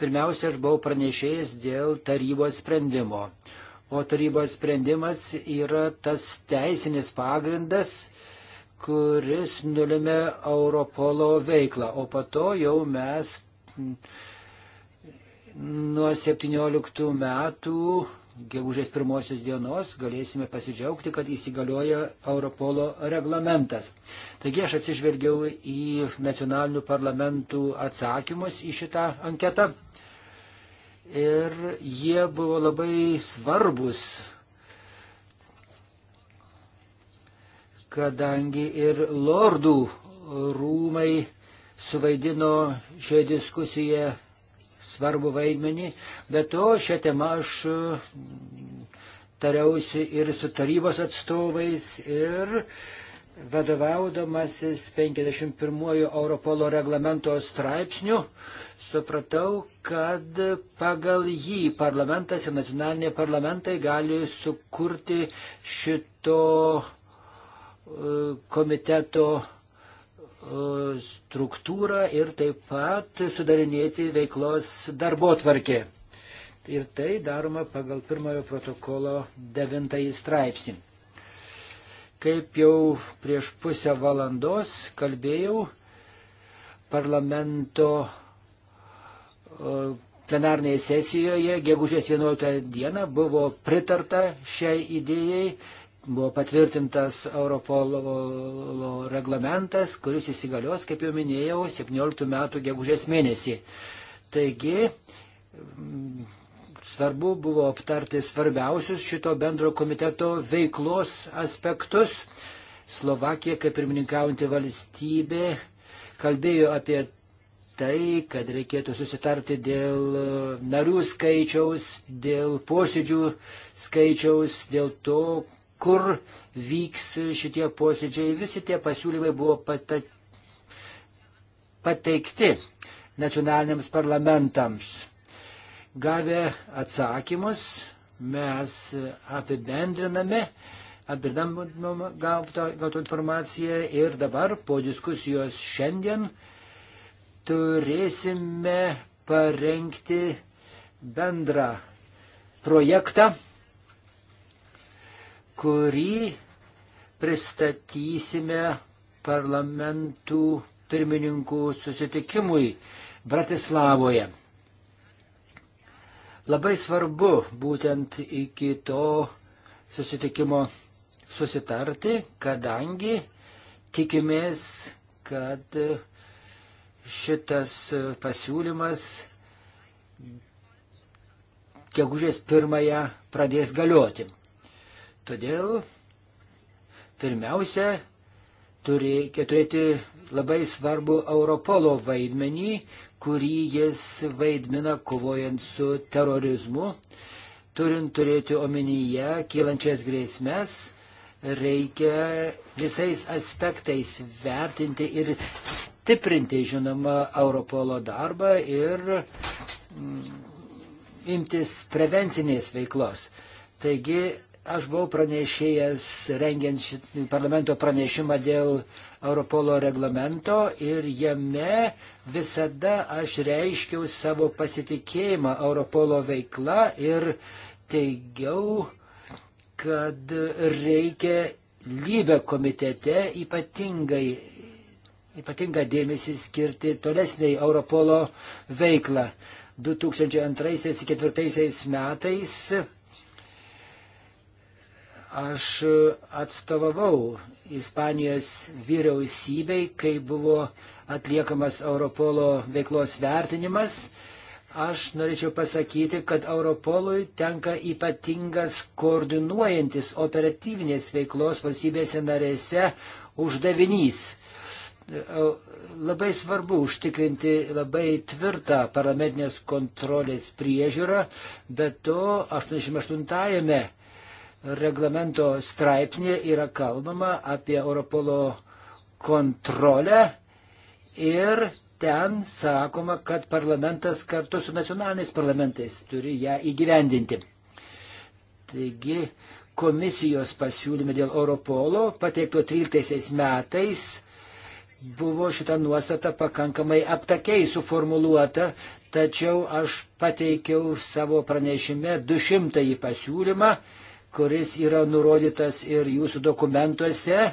Pirmiausia, aš buvau pranešėjęs dėl tarybos sprendimo. O tarybos sprendimas yra tas teisinis pagrindas, kuris nulėmė Europolo veiklą. O po to jau mes nuo 17 metų gegužės pirmosios dienos galėsime pasidžiaugti, kad įsigalioja Europolo reglamentas. Taigi aš atsižvelgiau į nacionalinių parlamentų atsakymus į šitą anketą ir jie buvo labai svarbus, kadangi ir lordų rūmai suvaidino šioje diskusijoje svarbu vaidmenį, bet to šią temą aš e, tariausi ir su tarybos atstovais ir vadovaudamasis 51 Europolo reglamento straipsniu supratau, kad pagal jį parlamentas ir nacionaliniai parlamentai gali sukurti šito e, komiteto struktūrą ir taip pat sudarinėti veiklos darbo tvarkė. Ir tai daroma pagal pirmojo protokolo devintąjį straipsnį. Kaip jau prieš pusę valandos kalbėjau, parlamento plenarnėje sesijoje gegužės 11 dieną buvo pritarta šiai idėjai Buvo patvirtintas Europolo reglamentas, kuris įsigalios, kaip jau minėjau, 17 metų gegužės mėnesį. Taigi, mm, svarbu buvo aptarti svarbiausius šito bendro komiteto veiklos aspektus. Slovakija, kaip pirmininkaujanti valstybė, kalbėjo apie tai, kad reikėtų susitarti dėl narių skaičiaus, dėl posėdžių skaičiaus, dėl to, kur vyks šitie posėdžiai. Visi tie pasiūlymai buvo pata... pateikti nacionaliniams parlamentams. Gavę atsakymus mes apibendriname apibendrinam gautą informaciją ir dabar po diskusijos šiandien turėsime parengti bendrą projektą kurį pristatysime parlamentų pirmininkų susitikimui Bratislavoje. Labai svarbu būtent iki to susitikimo susitarti, kadangi tikimės, kad šitas pasiūlymas gegužės pirmąją pradės galioti. Todėl pirmiausia, reikia turėti labai svarbu Europolo vaidmenį, kurį jis vaidmina kovojant su terorizmu. Turint turėti omenyje kylančias grėsmės, reikia visais aspektais vertinti ir stiprinti, žinoma, Europolo darbą ir mm, imtis prevencinės veiklos. Taigi Aš buvau pranešėjęs rengiant parlamento pranešimą dėl Europolo reglamento ir jame visada aš reiškiau savo pasitikėjimą Europolo veikla ir teigiau, kad reikia lybę komitete ypatingai, ypatingą dėmesį skirti tolesniai Europolo veiklą. 2002-2004 metais Aš e, atstovavau Ispanijos vyriausybei, kai buvo atliekamas Europolo veiklos vertinimas. Aš norėčiau pasakyti, kad Europolui tenka ypatingas koordinuojantis operatyvinės veiklos valstybėse narėse uždavinys. E, labai svarbu užtikrinti labai tvirtą parlamentinės kontrolės priežiūrą, bet to 88-ame reglamento straipsnė yra kalbama apie Europolo kontrolę ir ten sakoma, kad parlamentas kartu su nacionaliniais parlamentais turi ją įgyvendinti. Taigi komisijos pasiūlyme dėl Europolo pateikto 13 metais buvo šita nuostata pakankamai aptakiai suformuluota, tačiau aš pateikiau savo pranešime 200 pasiūlymą kuris yra nurodytas ir jūsų dokumentuose.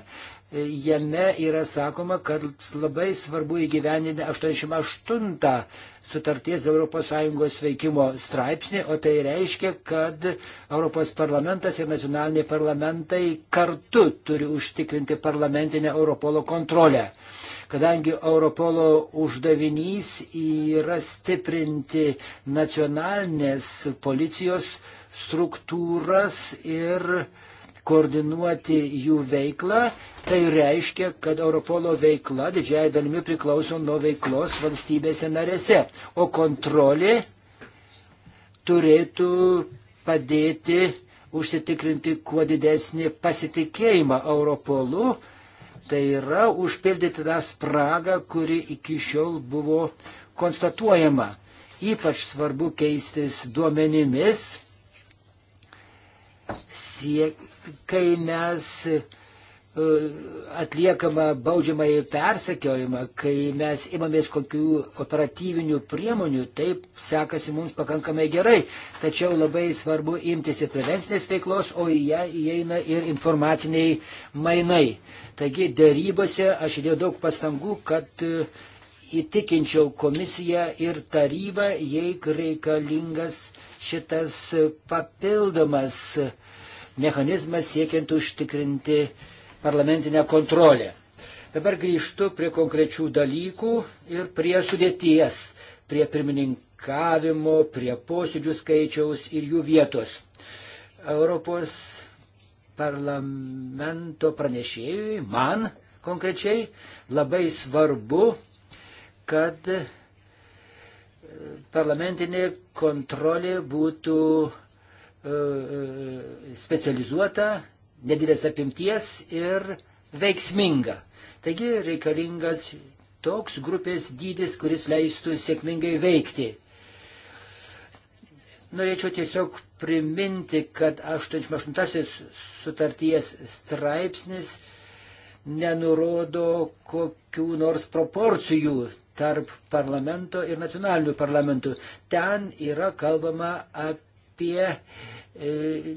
Jame yra sakoma, kad labai svarbu įgyveninti 88 sutarties dėl ES veikimo straipsnį, o tai reiškia, kad Europos parlamentas ir nacionaliniai parlamentai kartu turi užtikrinti parlamentinę Europolo kontrolę. Kadangi Europolo uždavinys yra stiprinti nacionalinės policijos struktūras ir koordinuoti jų veiklą. Tai reiškia, kad Europolo veikla didžiai dalimi priklauso nuo veiklos valstybėse narėse, o kontrolė turėtų padėti užsitikrinti kuo didesnį pasitikėjimą Europolu, tai yra užpildyti tą spragą, kuri iki šiol buvo konstatuojama. Ypač svarbu keistis duomenimis siek, kai mes e, atliekama baudžiamai persekiojimą, kai mes imamės kokių operatyvinių priemonių, taip sekasi mums pakankamai gerai. Tačiau labai svarbu imtis ir prevencinės veiklos, o į ją įeina ir informaciniai mainai. Taigi dėrybose aš įdėjau daug pastangų, kad e, įtikinčiau komisiją ir tarybą, jei reikalingas šitas papildomas mechanizmas siekiant užtikrinti parlamentinę kontrolę. Dabar grįžtu prie konkrečių dalykų ir prie sudėties, prie pirmininkavimo, prie posėdžių skaičiaus ir jų vietos. Europos parlamento pranešėjui, man konkrečiai, labai svarbu, kad parlamentinė kontrolė būtų e, e, specializuota, nedidelės apimties ir veiksminga. Taigi reikalingas toks grupės dydis, kuris leistų sėkmingai veikti. Norėčiau tiesiog priminti, kad 88 sutarties straipsnis nenurodo kokių nors proporcijų tarp parlamento ir nacionalinių parlamentų. Ten yra kalbama apie e,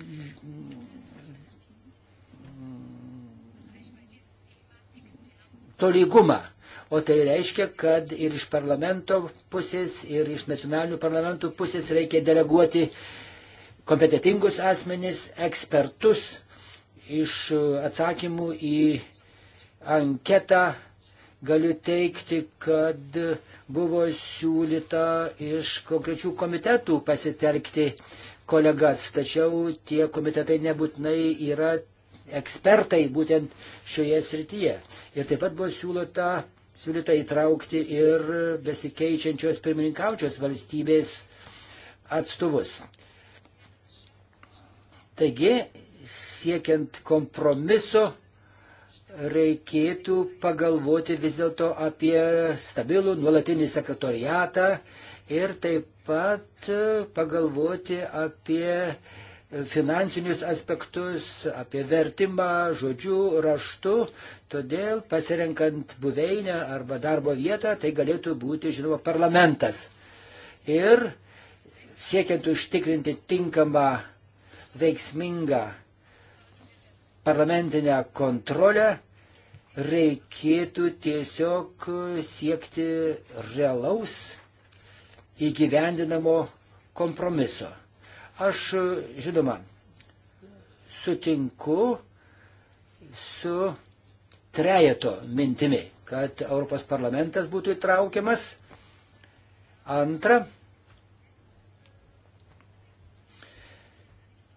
tolygumą. O tai reiškia, kad ir iš parlamento pusės, ir iš nacionalinių parlamentų pusės reikia deleguoti kompetitingus asmenis, ekspertus iš atsakymų į anketą galiu teikti, kad buvo siūlyta iš konkrečių komitetų pasitelkti kolegas, tačiau tie komitetai nebūtinai yra ekspertai būtent šioje srityje. Ir taip pat buvo siūlyta, siūlyta įtraukti ir besikeičiančios pirmininkaučios valstybės atstovus. Taigi, siekiant kompromiso, reikėtų pagalvoti vis dėlto apie stabilų nuolatinį sekretoriatą ir taip pat pagalvoti apie finansinius aspektus, apie vertimą žodžių, raštų. Todėl pasirenkant buveinę arba darbo vietą, tai galėtų būti, žinoma, parlamentas. Ir siekiant užtikrinti tinkamą, veiksmingą parlamentinę kontrolę, reikėtų tiesiog siekti realaus įgyvendinamo kompromiso. Aš, žinoma, sutinku su trejeto mintimi, kad Europos parlamentas būtų įtraukiamas. Antra,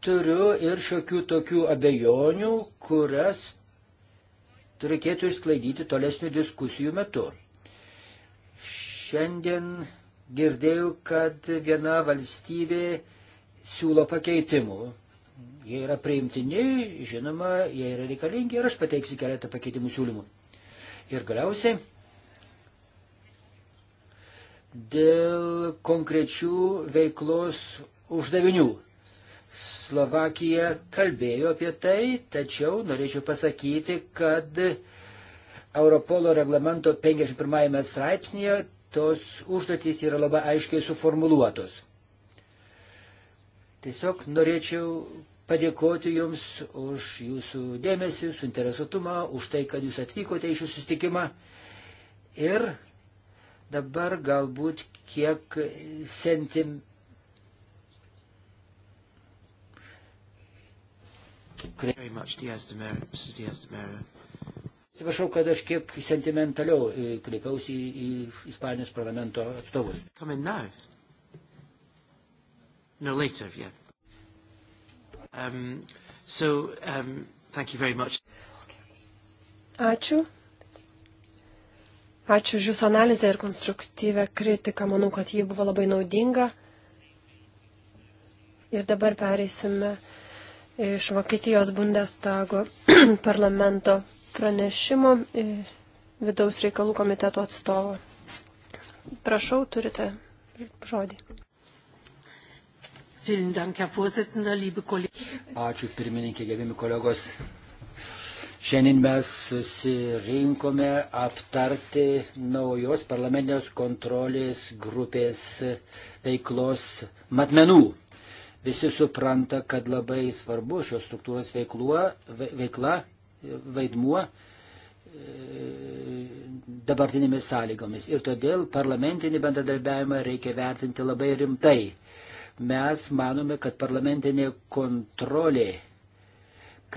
turiu ir šiokių tokių abejonių, kurias reikėtų išsklaidyti tolesnių diskusijų metu. Šiandien girdėjau, kad viena valstybė siūlo pakeitimų. Jie yra priimtini, žinoma, jie yra reikalingi ir aš pateiksiu keletą pakeitimų siūlymų. Ir galiausiai dėl konkrečių veiklos uždavinių. Slovakija kalbėjo apie tai, tačiau norėčiau pasakyti, kad Europolo reglamento 51 straipsnėje tos užduotys yra labai aiškiai suformuluotos. Tiesiog norėčiau padėkoti Jums už Jūsų dėmesį, suinteresuotumą, už tai, kad Jūs atvykote į šį susitikimą. Ir dabar galbūt kiek sentimentų Atsiprašau, kad aš kiek sentimentaliau e, kreipiausi į, į Ispanijos parlamento atstovus. No, later, yeah. um, so, um, thank you very much. Ačiū. Ačiū už Jūsų analizę ir konstruktyvę kritiką. Manau, kad ji buvo labai naudinga. Ir dabar pereisime iš Vokietijos Bundestago parlamento pranešimo vidaus reikalų komiteto atstovo. Prašau, turite žodį. Ačiū pirmininkė, gerbimi kolegos. Šiandien mes susirinkome aptarti naujos parlamentinės kontrolės grupės veiklos matmenų. Visi supranta, kad labai svarbu šios struktūros veikluo, veikla, vaidmuo e, dabartinėmis sąlygomis. Ir todėl parlamentinį bendradarbiavimą reikia vertinti labai rimtai. Mes manome, kad parlamentinė kontrolė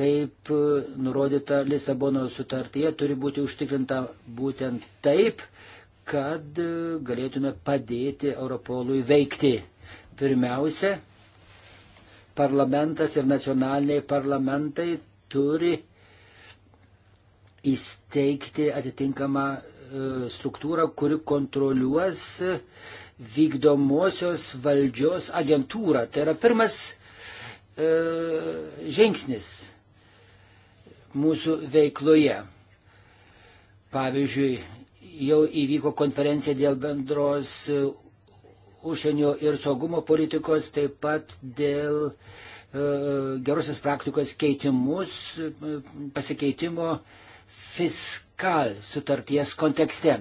kaip nurodyta Lisabono sutartyje, turi būti užtikrinta būtent taip, kad galėtume padėti Europolui veikti. Pirmiausia, parlamentas ir nacionaliniai parlamentai turi įsteigti atitinkamą e, struktūrą, kuri kontroliuos vykdomosios valdžios agentūrą. Tai yra pirmas e, žingsnis mūsų veikloje. Pavyzdžiui, jau įvyko konferencija dėl bendros užsienio ir saugumo politikos, taip pat dėl e, gerosios praktikos keitimus, e, pasikeitimo fiskal sutarties kontekste.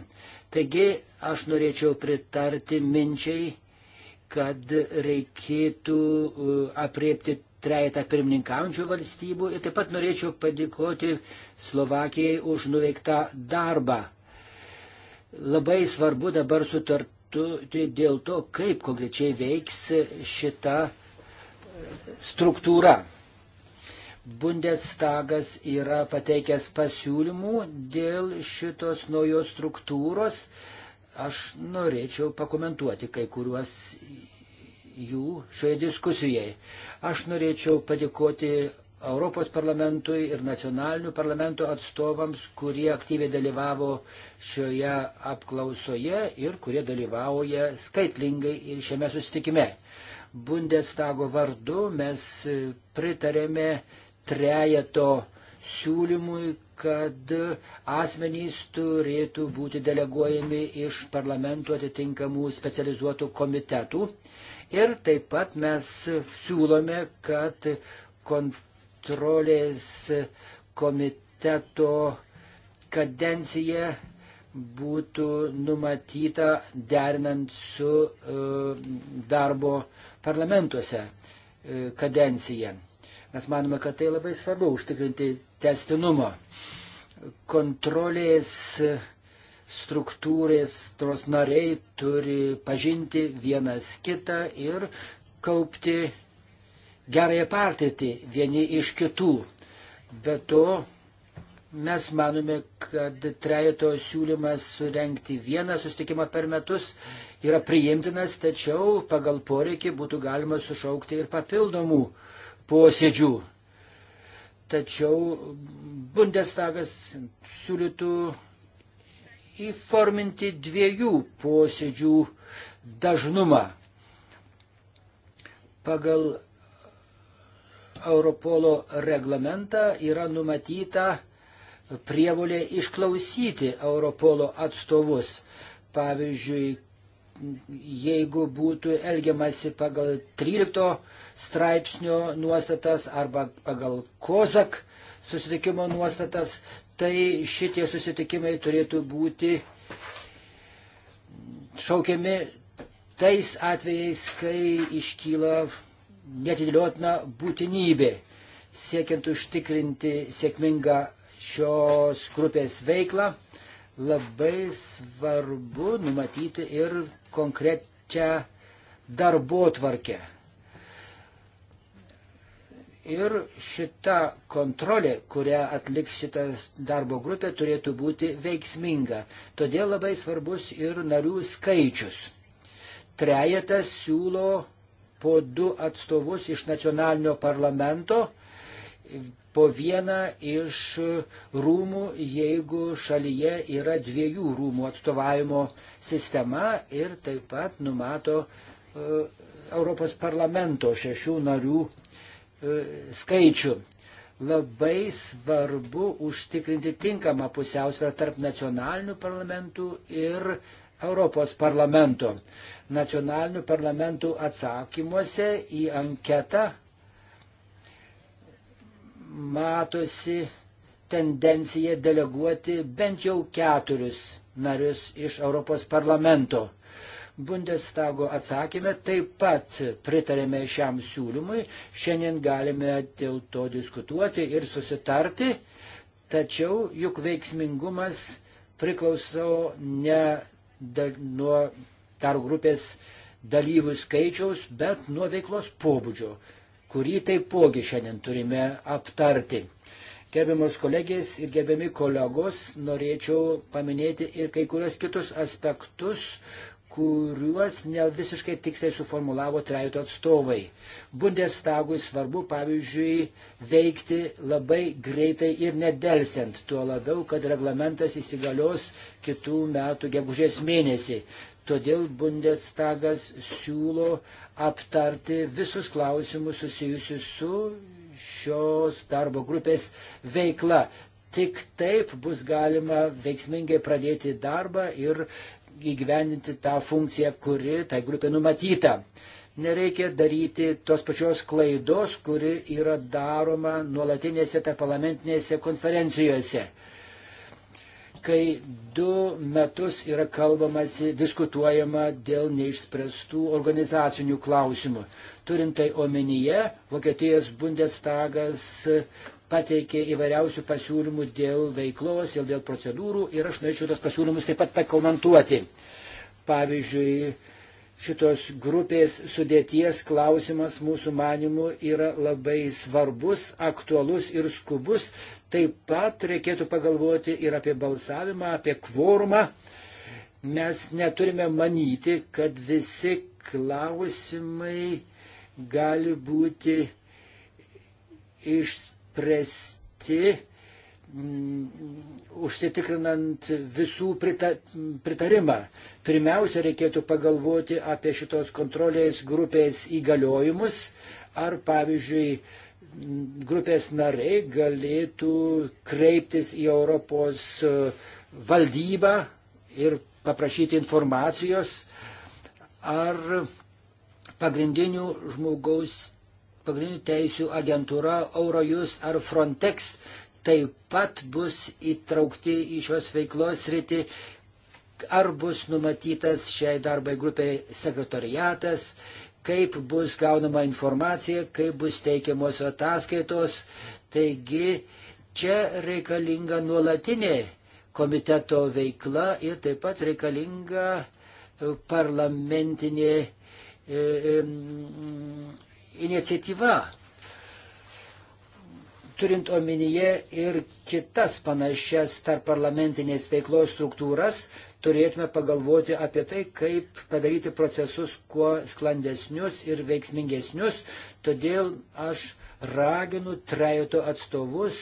Taigi aš norėčiau pritarti minčiai, kad reikėtų e, apriepti trejata pirmininkaujančių valstybių ir taip pat norėčiau padėkoti Slovakijai už nuveiktą darbą. Labai svarbu dabar sutart, Tai dėl to, kaip konkrečiai veiks šita e, struktūra. Bundestagas yra pateikęs pasiūlymų dėl šitos naujos struktūros. Aš norėčiau pakomentuoti kai kuriuos jų šioje diskusijoje. Aš norėčiau padėkoti Europos parlamentui ir nacionalinių parlamentų atstovams, kurie aktyviai dalyvavo šioje apklausoje ir kurie dalyvauja skaitlingai ir šiame susitikime. Bundestago vardu mes pritarėme trejeto siūlymui, kad asmenys turėtų būti deleguojami iš parlamentų atitinkamų specializuotų komitetų. Ir taip pat mes siūlome, kad kont kontrolės komiteto kadencija būtų numatyta derinant su e, darbo parlamentuose e, kadencija. Mes manome, kad tai labai svarbu užtikrinti testinumą. Kontrolės struktūrės, tos nariai turi pažinti vienas kitą ir kaupti gerąją patirtį vieni iš kitų. Be to, mes manome, kad trejato siūlymas surenkti vieną susitikimą per metus yra priimtinas, tačiau pagal poreikį būtų galima sušaukti ir papildomų posėdžių. Tačiau Bundestagas siūlytų įforminti dviejų posėdžių dažnumą. Pagal Europolo reglamentą yra numatyta prievolė išklausyti Europolo atstovus. Pavyzdžiui, jeigu būtų elgiamasi pagal 13 straipsnio nuostatas arba pagal Kozak susitikimo nuostatas, tai šitie susitikimai turėtų būti šaukiami tais atvejais, kai iškyla netidėliotina būtinybė, siekiant užtikrinti sėkmingą šios grupės veiklą. Labai svarbu numatyti ir konkrečią darbo tvarkę. Ir šita kontrolė, kurią atliks šitas darbo grupė, turėtų būti veiksminga. Todėl labai svarbus ir narių skaičius. Trejetas siūlo po du atstovus iš nacionalinio parlamento, po vieną iš rūmų, jeigu šalyje yra dviejų rūmų atstovavimo sistema ir taip pat numato e, Europos parlamento šešių narių e, skaičių. Labai svarbu užtikrinti tinkamą pusiausvę tarp nacionalinių parlamentų ir Europos parlamento. Nacionalinių parlamentų atsakymuose į anketą matosi tendencija deleguoti bent jau keturis narius iš Europos parlamento. Bundestago atsakymė taip pat pritarėme šiam siūlymui, šiandien galime dėl to diskutuoti ir susitarti, tačiau juk veiksmingumas priklauso ne da, nuo darbo grupės dalyvių skaičiaus, bet nuo veiklos pobūdžio, kurį taipogi šiandien turime aptarti. Gerbiamos kolegės ir gerbiami kolegos, norėčiau paminėti ir kai kurios kitus aspektus, kuriuos ne visiškai tiksliai suformulavo trejato atstovai. Bundestagui svarbu, pavyzdžiui, veikti labai greitai ir nedelsiant, tuo labiau, kad reglamentas įsigalios kitų metų gegužės mėnesį. Todėl Bundestagas siūlo aptarti visus klausimus susijusius su šios darbo grupės veikla. Tik taip bus galima veiksmingai pradėti darbą ir įgyvendinti tą funkciją, kuri tai grupė numatyta. Nereikia daryti tos pačios klaidos, kuri yra daroma nuolatinėse tarp parlamentinėse konferencijose. Kai du metus yra kalbamasi, diskutuojama dėl neišspręstų organizacinių klausimų. Turint tai omenyje, Vokietijos Bundestagas pateikė įvairiausių pasiūlymų dėl veiklos ir dėl procedūrų ir aš norėčiau tos pasiūlymus taip pat pakomentuoti. Pavyzdžiui, šitos grupės sudėties klausimas mūsų manimų yra labai svarbus, aktualus ir skubus. Taip pat reikėtų pagalvoti ir apie balsavimą, apie kvorumą. Mes neturime manyti, kad visi klausimai gali būti išspręsti išspręsti mm, užsitikrinant visų prita, pritarimą. Pirmiausia, reikėtų pagalvoti apie šitos kontrolės grupės įgaliojimus, ar pavyzdžiui, mm, grupės nariai galėtų kreiptis į Europos e, valdybą ir paprašyti informacijos, ar pagrindinių žmogaus pagrindinių teisių agentūra, Eurojus ar Frontex taip pat bus įtraukti į šios veiklos rytį, ar bus numatytas šiai darbai grupiai sekretariatas, kaip bus gaunama informacija, kaip bus teikiamos ataskaitos. Taigi čia reikalinga nuolatinė komiteto veikla ir taip pat reikalinga e, parlamentinė e, iniciatyva, turint omenyje ir kitas panašias tarp parlamentinės veiklos struktūras, turėtume pagalvoti apie tai, kaip padaryti procesus kuo sklandesnius ir veiksmingesnius. Todėl aš raginu trejoto atstovus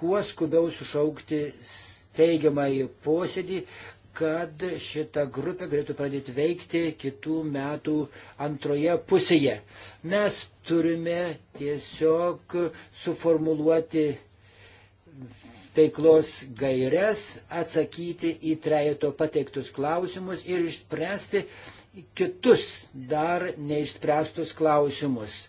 kuo skubiau sušaukti teigiamąjį posėdį, kad šita grupė galėtų pradėti veikti kitų metų antroje pusėje. Mes turime tiesiog suformuluoti veiklos gairias, atsakyti į trejeto pateiktus klausimus ir išspręsti kitus dar neišspręstus klausimus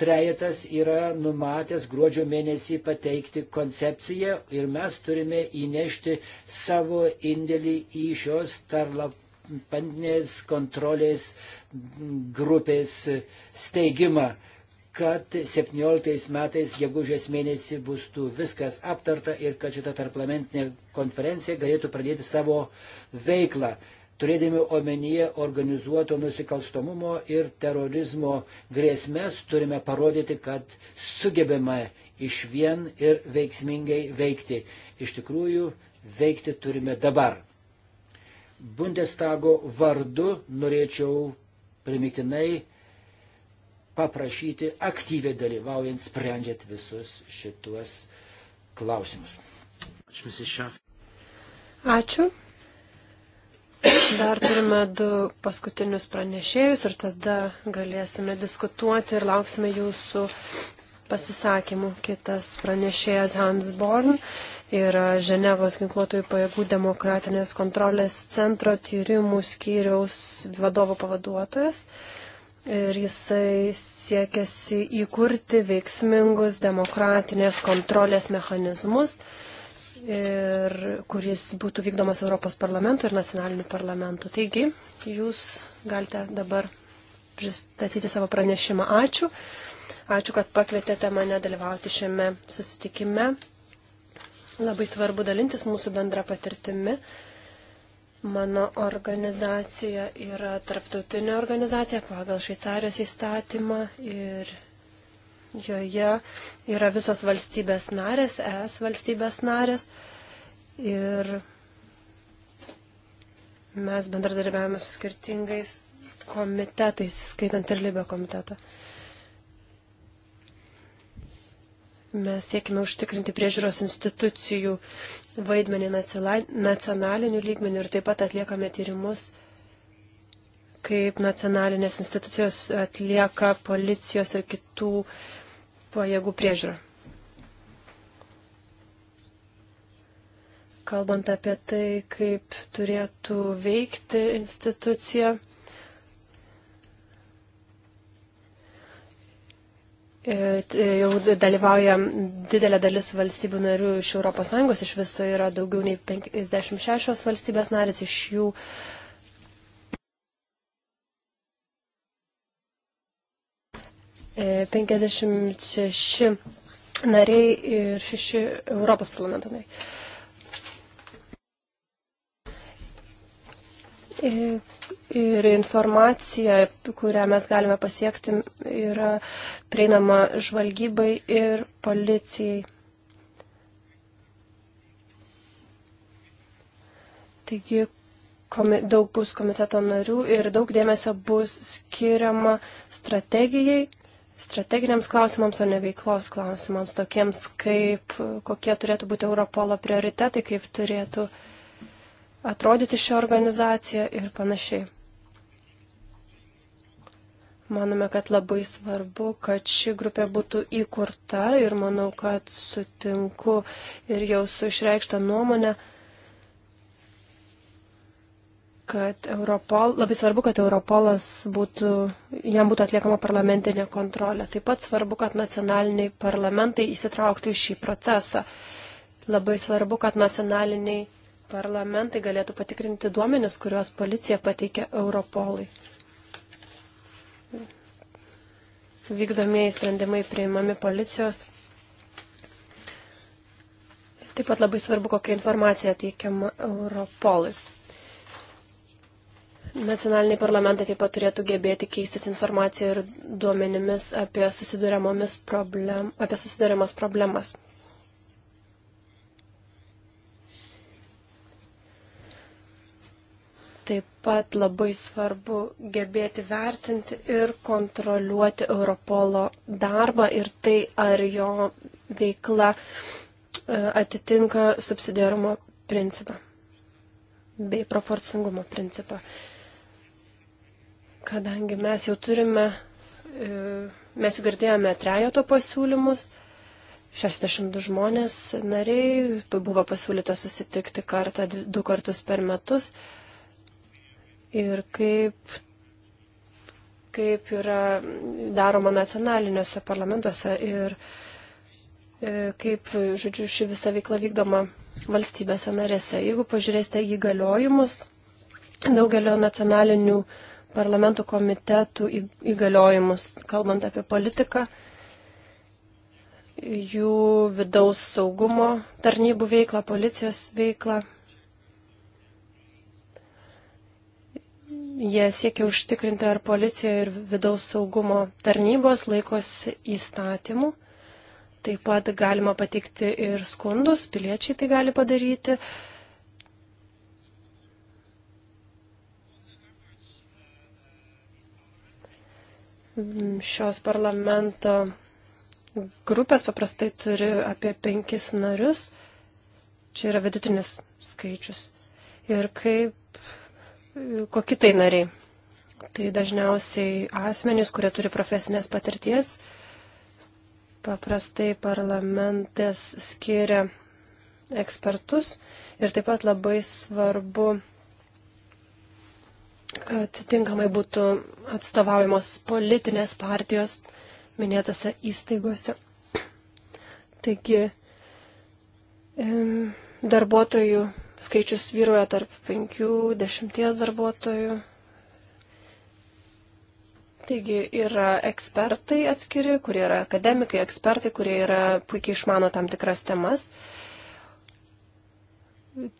trejetas yra numatęs gruodžio mėnesį pateikti koncepciją ir mes turime įnešti savo indėlį į šios tarlapantinės kontrolės grupės steigimą kad 17 metais, gegužės mėnesį, bus tu viskas aptarta ir kad šita tarplamentinė konferencija galėtų pradėti savo veiklą turėdami omenyje organizuoto nusikalstamumo ir terorizmo grėsmės, turime parodyti, kad sugebame iš vien ir veiksmingai veikti. Iš tikrųjų, veikti turime dabar. Bundestago vardu norėčiau primiktinai paprašyti aktyviai dalyvaujant, sprendžiant visus šituos klausimus. Ačiū. Dar turime du paskutinius pranešėjus ir tada galėsime diskutuoti ir lauksime jūsų pasisakymų. Kitas pranešėjas Hans Born yra Ženevos ginkluotojų pajėgų demokratinės kontrolės centro tyrimų skyriaus vadovo pavaduotojas. Ir jisai siekėsi įkurti veiksmingus demokratinės kontrolės mechanizmus ir kuris būtų vykdomas Europos parlamento ir nacionalinių parlamentų. Taigi, jūs galite dabar pristatyti savo pranešimą. Ačiū. Ačiū, kad pakvietėte mane dalyvauti šiame susitikime. Labai svarbu dalintis mūsų bendra patirtimi. Mano organizacija yra tarptautinė organizacija pagal Šveicarijos įstatymą ir Joje yra visos valstybės narės, es valstybės narės. Ir mes bendradarbiavame su skirtingais komitetais, skaitant ir Libio komitetą. Mes siekime užtikrinti priežiūros institucijų vaidmenį nacionaliniu lygmeniu ir taip pat atliekame tyrimus, kaip nacionalinės institucijos atlieka policijos ir kitų uh, pajėgų priežiūrą. Kalbant apie tai, kaip turėtų veikti institucija e, e, jau dalyvauja didelė dalis valstybių narių iš ES, iš viso yra daugiau nei 56 valstybės narės, iš jų uh, 56 e, nariai ir 6 Europos parlamento nariai. E, ir informacija, kurią mes galime pasiekti, yra prieinama žvalgybai ir policijai. Taigi komi, daug bus komiteto narių ir daug dėmesio bus skiriama strategijai strateginiams klausimams, o ne veiklos klausimams, tokiems kaip kokie turėtų būti Europolo prioritetai, kaip turėtų atrodyti ši organizacija ir panašiai. Manome, kad labai svarbu, kad ši grupė būtų įkurta ir manau, kad sutinku ir jau su išreikšta nuomonė, kad Europol, labai svarbu, kad Europolas būtų, jam būtų atliekama parlamentinė kontrolė. Taip pat svarbu, kad nacionaliniai parlamentai įsitrauktų į šį procesą. Labai svarbu, kad nacionaliniai parlamentai galėtų patikrinti duomenis, kuriuos policija pateikia Europolui. Vykdomieji sprendimai priimami policijos. Taip pat labai svarbu, kokia informacija teikiama Europolui. Nacionaliniai parlamentai taip pat turėtų gebėti keistis informaciją ir duomenimis apie, problem, apie susidariamas problemas. Taip pat labai svarbu gebėti vertinti ir kontroliuoti Europolo darbą ir tai, ar jo veikla e, atitinka subsidiarumo principą bei proporcingumo principą kadangi mes jau turime, e, mes jau girdėjome trejato pasiūlymus, 62 žmonės nariai, buvo pasiūlyta susitikti kartą, du kartus per metus. Ir kaip, kaip yra daroma nacionaliniuose parlamentuose ir e, kaip, žodžiu, ši visa veikla vykdoma valstybėse narėse. Jeigu pažiūrėsite įgaliojimus daugelio nacionalinių uh, parlamentų komitetų įgaliojimus, kalbant apie politiką, jų vidaus saugumo tarnybų veiklą, policijos veiklą. Jie siekia užtikrinti, ar policija ir vidaus saugumo tarnybos laikosi įstatymų. Taip pat galima patikti ir skundus, piliečiai tai gali padaryti. Uh, Šios parlamento grupės paprastai turi apie penkis narius. Čia yra vidutinis skaičius. Ir kaip, kokie tai nariai. Tai dažniausiai asmenys, kurie turi profesinės patirties, paprastai parlamentas skiria ekspertus ir taip pat labai svarbu kad tinkamai būtų atstovaujamos politinės partijos minėtose įstaigose. Taigi darbuotojų skaičius vyruoja tarp 5-10 darbuotojų. Taigi yra ekspertai atskiri, kurie yra akademikai, ekspertai, kurie yra puikiai išmano tam tikras temas.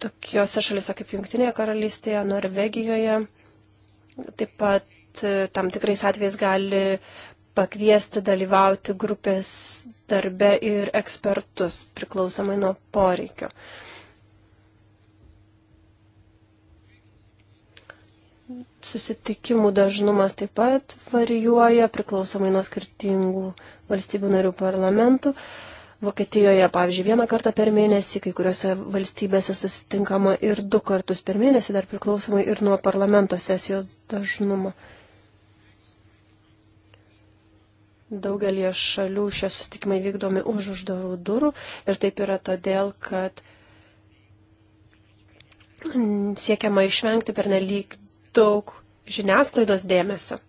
Tokiose šalise kaip Junktinėje karalystėje, Norvegijoje Taip pat e, tam tikrais atvejais gali pakviesti dalyvauti grupės darbe ir ekspertus priklausomai nuo poreikio. Susitikimų dažnumas taip pat varijuoja priklausomai nuo skirtingų valstybių narių parlamentų. Uh, Vokietijoje, pavyzdžiui, vieną kartą per mėnesį, kai kuriuose valstybėse susitinkama ir du kartus per mėnesį, dar priklausomai ir nuo parlamento sesijos dažnumo. Daugelie šalių šie susitikimai vykdomi už uždarų durų ir taip yra todėl, kad siekiama išvengti per nelik daug žiniasklaidos dėmesio.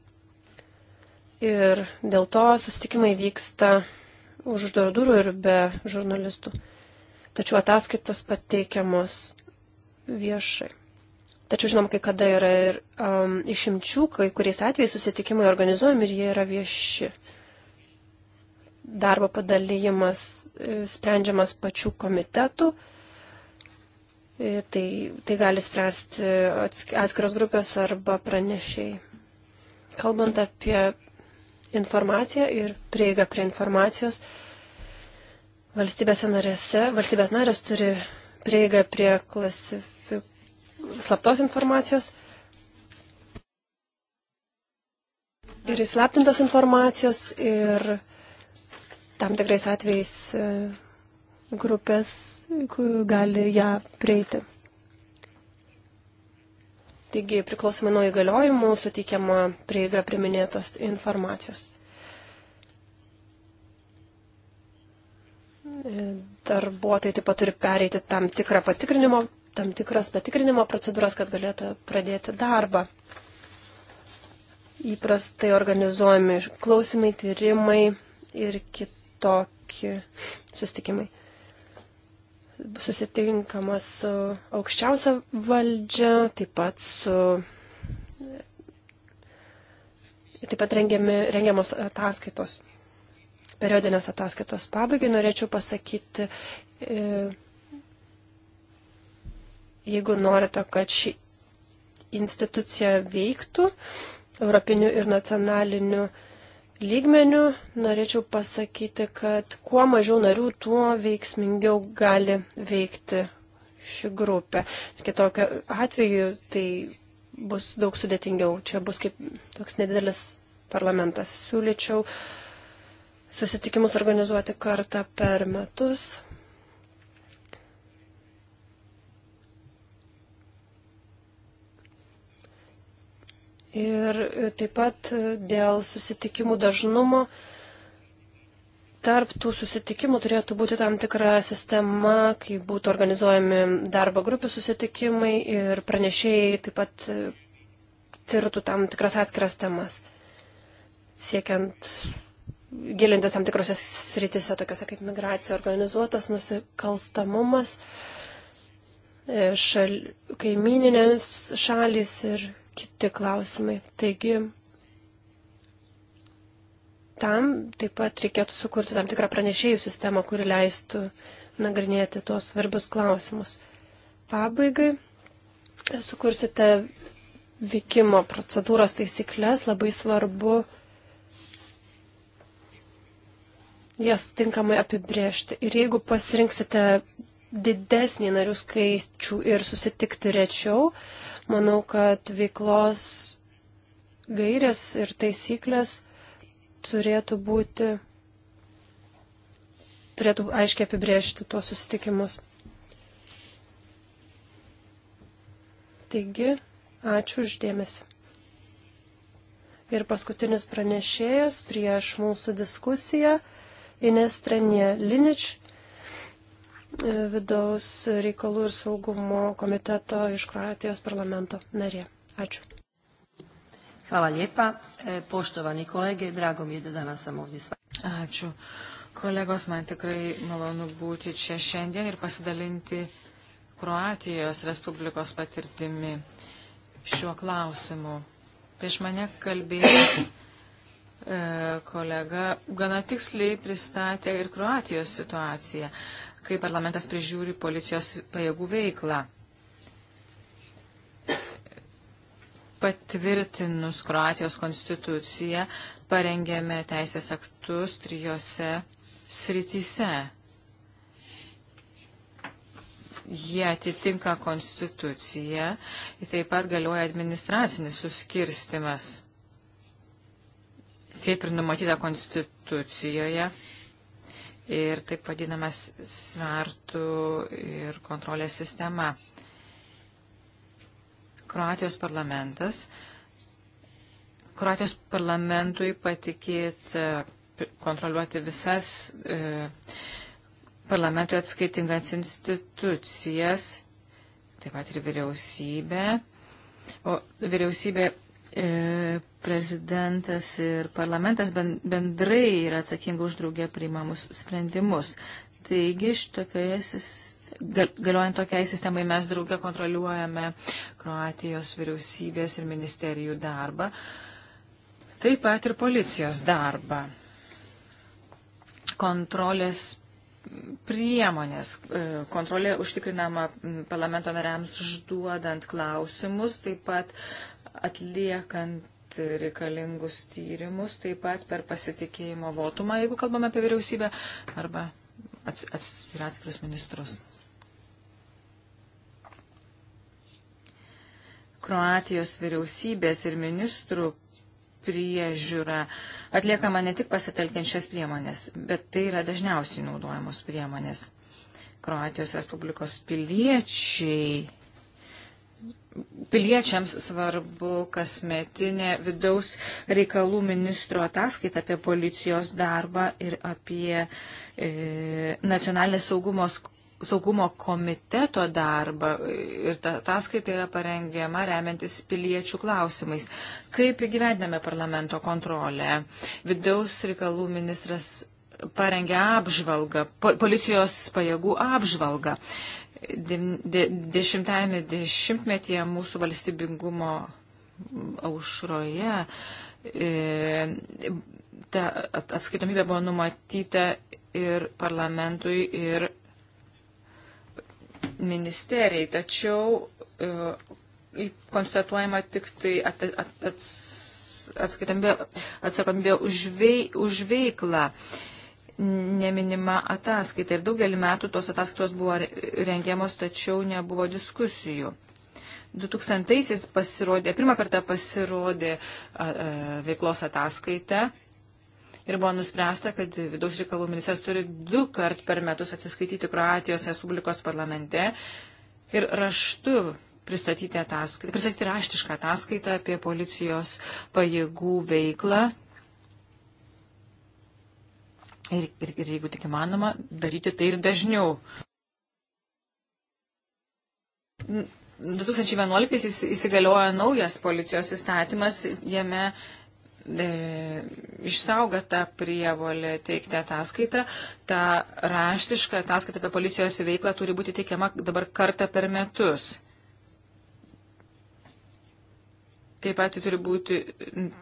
Ir dėl to susitikimai vyksta už uždarų durų ir be žurnalistų. Tačiau ataskaitos pateikiamos viešai. Tačiau žinom, kai kada yra ir um, išimčių, kai kuriais atvejais susitikimai organizuojami ir jie yra vieši. Darbo padalyjimas e, sprendžiamas pačių komitetų. E, tai, tai gali spręsti atskiros grupės arba pranešiai. Kalbant apie informacija ir prieiga prie informacijos. Valstybėse narėse, valstybės narės turi prieigą prie klasifik... slaptos informacijos ir įslaptintos informacijos ir tam tikrais atvejais e, grupės gali ją prieiti. Taigi priklausomai nuo įgaliojimų suteikiama prieiga prie minėtos informacijos. Darbuotojai taip pat turi pereiti tam tikrą patikrinimo, tam tikras patikrinimo procedūras, kad galėtų pradėti darbą. Įprastai organizuojami klausimai, tyrimai ir kitokie sustikimai susitinkama su aukščiausia valdžia, taip pat su. Taip pat rengiami, rengiamos ataskaitos, periodinės ataskaitos pabaigai norėčiau pasakyti, e, jeigu norite, kad ši institucija veiktų, europinių ir nacionalinių lygmenių norėčiau pasakyti, kad kuo mažiau narių, tuo veiksmingiau gali veikti ši grupė. Kitokio atveju tai bus daug sudėtingiau. Čia bus kaip toks nedidelis parlamentas. Siūlyčiau susitikimus organizuoti kartą per metus. ir taip pat dėl susitikimų dažnumo. Tarp tų susitikimų turėtų būti tam tikra sistema, kai būtų organizuojami darbo grupių susitikimai ir pranešėjai taip pat tirtų tam tikras atskiras temas, siekiant gilintis tam tikrose sritise, tokiuose kaip migracija, organizuotas nusikalstamumas, e, šal, kaimininės šalis ir kiti klausimai. Taigi, tam taip pat reikėtų sukurti tam tikrą pranešėjų sistemą, kuri leistų nagrinėti tuos svarbius klausimus. Pabaigai sukursite vykimo procedūros taisyklės, labai svarbu jas tinkamai apibriežti. Ir jeigu pasirinksite didesnį narių skaičių ir susitikti rečiau. Manau, kad veiklos gairės ir taisyklės turėtų būti, turėtų aiškiai apibrėžti tuos susitikimus. Taigi, ačiū uždėmesi. Ir paskutinis pranešėjas prieš mūsų diskusiją Ines Trenė Linič, vidaus reikalų ir saugumo komiteto iš Kroatijos parlamento narė. Ačiū. Hvala lijepa. E, poštovani kolege, drago mi je da danas sam ovdje s vama. Ačiū. Kolegos, man tikrai malonu būti čia šiandien ir pasidalinti Kroatijos Respublikos patirtimi šiuo klausimu. Prieš mane kalbėjęs e, kolega gana tiksliai pristatė ir Kroatijos situaciją kai parlamentas prižiūri policijos pajėgų veiklą. Patvirtinus Kroatijos konstituciją parengėme teisės aktus trijose srityse. Jie atitinka konstituciją, taip pat galioja administracinis suskirstimas kaip ir numatyta Konstitucijoje, ir taip vadinamas svertų ir kontrolės sistema. Kroatijos parlamentas. Kroatijos parlamentui patikėta kontroliuoti visas e, parlamentui atskaitingas institucijas, taip pat ir vyriausybę. O vyriausybė E, prezidentas ir parlamentas bendrai yra atsakingi už draugę priimamus sprendimus. Taigi, šitokioje sistemoje galiojant tokiai sistemai mes draugę kontroliuojame Kroatijos vyriausybės ir ministerijų darbą, taip pat ir policijos darbą. Kontrolės priemonės. E, kontrolė užtikrinama parlamento nariams užduodant klausimus, taip pat atliekant reikalingus tyrimus, taip pat per pasitikėjimo votumą, jeigu kalbame apie vyriausybę, arba ats, ats, ir atskirus ministrus. Kroatijos vyriausybės ir ministrų priežiūra atliekama ne tik pasitelkiant šias priemonės, bet tai yra dažniausiai naudojamos priemonės. Kroatijos Respublikos piliečiai piliečiams svarbu kasmetinė vidaus reikalų ministro ataskaita apie policijos darbą ir apie e, nacionalinės saugumos saugumo komiteto darbą ir ta ataskaita yra parengiama remiantis piliečių klausimais. Kaip įgyvendiname parlamento kontrolę? Vidaus reikalų ministras parengė apžvalgą, po, policijos pajėgų apžvalgą. E, dešimtajame dešimtmetyje mūsų valstybingumo aušroje e, ta atskaitomybė buvo numatyta ir parlamentui, ir ministerijai, tačiau e, konstatuojama tik tai at, at, ats, atskaitomybė atsakomybė už, vei, už veiklą. Uh, neminima ataskaita. Ir daugelį metų tos ataskaitos buvo rengiamos, tačiau nebuvo diskusijų. 2000-aisiais pasirodė, pirmą kartą pasirodė a, a, veiklos ataskaita ir buvo nuspręsta, kad vidaus reikalų ministras turi du kart per metus atsiskaityti Kroatijos Respublikos parlamente ir raštu pristatyti, ataskaitą, pristatyti raštišką ataskaitą apie policijos pajėgų veiklą Ir, ir, ir jeigu tik įmanoma, daryti tai ir dažniau. 2011 įsigaliojo naujas policijos įstatymas, jame e, išsauga tą prievolę teikti ataskaitą. Ta raštiška ataskaita apie policijos veiklą turi būti teikiama dabar kartą per metus. Taip pat turi būti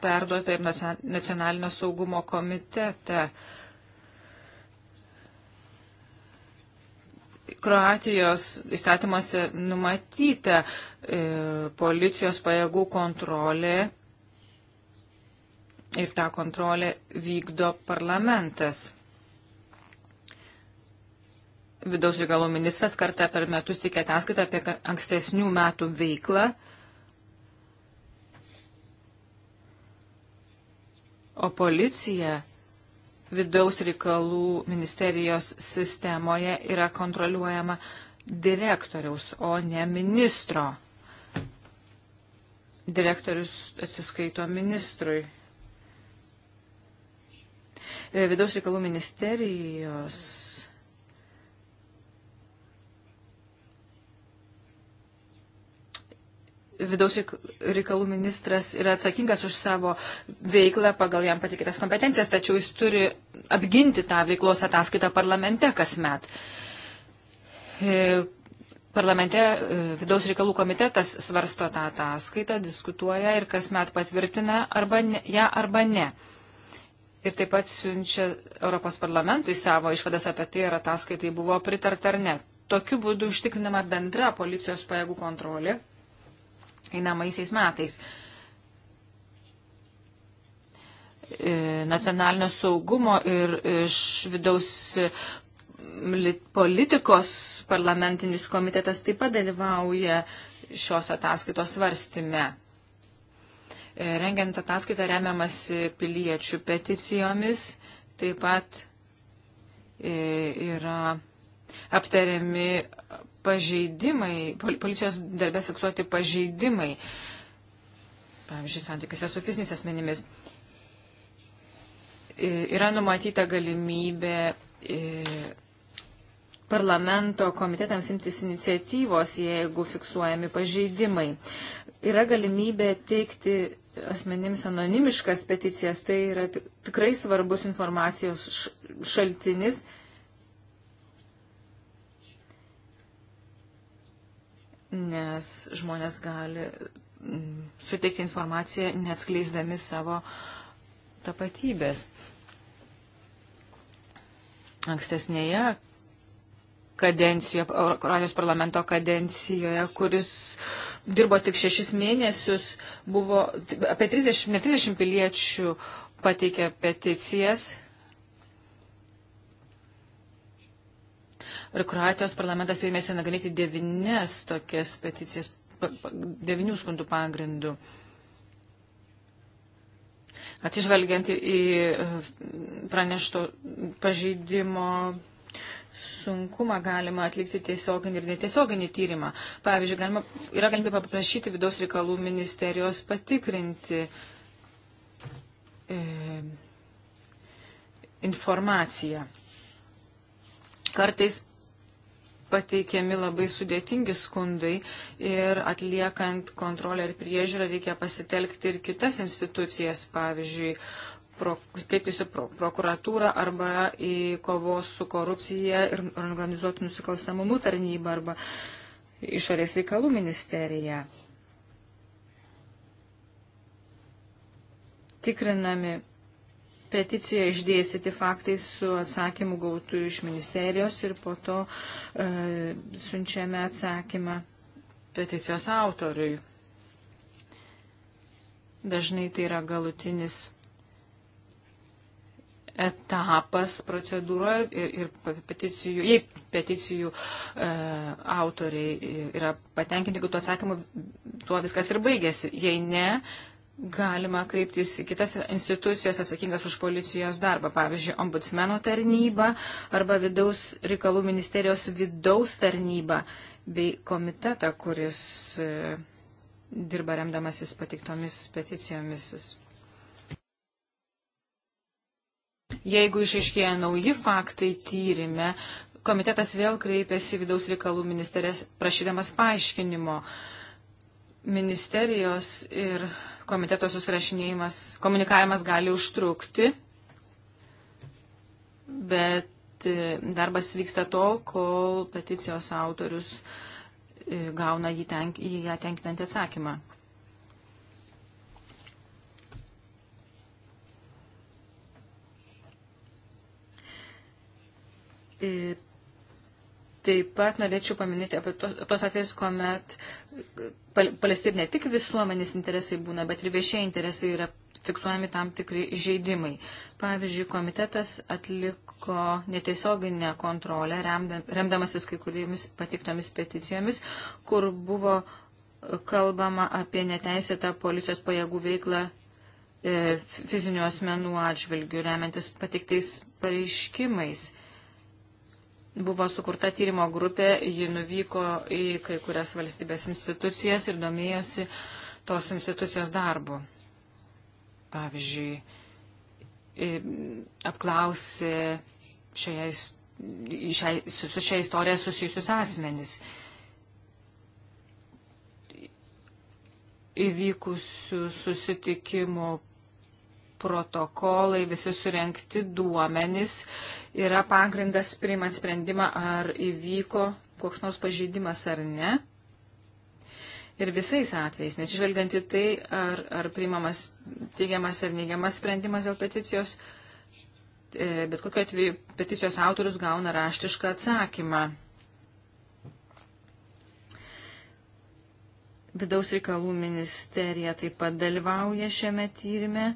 perduota ir nacionalinio saugumo komitete. E, Kroatijos įstatymuose numatyta e, policijos pajėgų kontrolė ir tą kontrolę vykdo parlamentas. Vidaus reikalų ministras kartą per metus tikė ataskaitą apie ankstesnių metų veiklą. O policija vidaus reikalų ministerijos sistemoje yra kontroliuojama direktoriaus, o ne ministro. Direktorius atsiskaito ministrui. E, vidaus reikalų ministerijos vidaus reikalų ministras yra atsakingas už savo veiklą pagal jam patikėtas kompetencijas, tačiau jis turi apginti tą veiklos ataskaitą parlamente kasmet. E, parlamente e, vidaus reikalų komitetas svarsto tą ataskaitą, diskutuoja ir kasmet patvirtina arba ne, ją arba ne. Ir taip pat siunčia Europos parlamentui savo išvadas apie tai, ar ataskaitai buvo pritarta ar ne. Tokiu būdu užtikrinama bendra policijos pajėgų kontrolė einamaisiais metais. E, nacionalinio saugumo ir iš e, vidaus e, politikos parlamentinis komitetas taip pat dalyvauja šios ataskaitos svarstime. Rengiant ataskaitą remiamas piliečių peticijomis, taip pat yra aptariami pažeidimai, policijos darbė fiksuoti pažeidimai, pavyzdžiui, santykiuose su fiziniais asmenimis, yra numatyta galimybė parlamento komitetams imtis iniciatyvos, jeigu fiksuojami pažeidimai. Yra galimybė teikti asmenims anonimiškas peticijas, tai yra tikrai svarbus informacijos šaltinis nes žmonės gali mm, suteikti informaciją neatskleisdami savo tapatybės. Ankstesnėje kadencijoje, Kroatijos parlamento kadencijoje, kuris dirbo tik šešis mėnesius, buvo apie 30, ne 30 piliečių pateikė peticijas ir Kroatijos parlamentas jau ėmėsi nagrinėti devynes tokias peticijas, devinių skundų pagrindų. Atsižvelgiant į e, pranešto pažeidimo sunkumą galima atlikti tiesioginį ir netiesioginį tyrimą. Pavyzdžiui, galima, yra galimybė paprašyti vidaus reikalų ministerijos patikrinti e, informaciją. Kartais pateikiami labai sudėtingi skundai ir atliekant kontrolę ir priežiūrą reikia pasitelkti ir kitas institucijas, pavyzdžiui, pro, kreiptis į pro, prokuratūrą arba į kovos su korupcija ir organizuotų nusikalstamumų tarnybą arba išorės reikalų ministeriją. Tikrinami peticijoje išdėstyti faktai su atsakymu gautu iš ministerijos ir po to e, siunčiame atsakymą peticijos autoriui. Dažnai tai yra galutinis etapas procedūroje ir, ir peticijų, jei peticijų e, autoriai yra patenkinti, kad tuo atsakymu tuo viskas ir baigėsi. Jei ne, galima kreiptis į kitas institucijas atsakingas už policijos darbą, pavyzdžiui, ombudsmeno tarnybą arba vidaus reikalų ministerijos vidaus tarnybą bei komitetą, kuris e, dirba remdamasis patiktomis peticijomis. Jeigu išaiškėja nauji faktai tyrime, komitetas vėl kreipėsi vidaus reikalų ministerijas prašydamas paaiškinimo. Uh, ministerijos ir komiteto susirašinėjimas, komunikavimas gali užtrukti, bet e, darbas vyksta tol, kol peticijos autorius e, gauna jį, tenk, jį ją tenkinantį atsakymą. Ir e, Taip pat norėčiau paminėti apie tos, tos atvejus, kuomet pal, palesti ne tik visuomenės interesai būna, bet ir viešiai interesai yra fiksuojami tam tikri žaidimai. Pavyzdžiui, komitetas atliko netiesioginę kontrolę, remdamasis kai kuriomis patiktomis peticijomis, kur buvo kalbama apie neteisėtą policijos pajėgų veiklą e, fizinių asmenų atžvilgių, remiantis patiktais pareiškimais Buvo sukurta tyrimo grupė, ji nuvyko į kai kurias valstybės institucijas ir domėjosi tos institucijos darbu. Pavyzdžiui, apklausė šioje, šia, su šia istorija susijusius asmenys. Įvykusių susitikimų protokolai, visi surenkti duomenys yra pagrindas priimant sprendimą, ar įvyko koks nors pažeidimas ar ne. Ir visais atvejais, nežvelgiant į tai, ar, ar priimamas teigiamas ar neigiamas sprendimas dėl peticijos, e, bet kokiu atveju peticijos autorius gauna raštišką atsakymą. Vidaus reikalų ministerija taip pat dalyvauja šiame tyrimė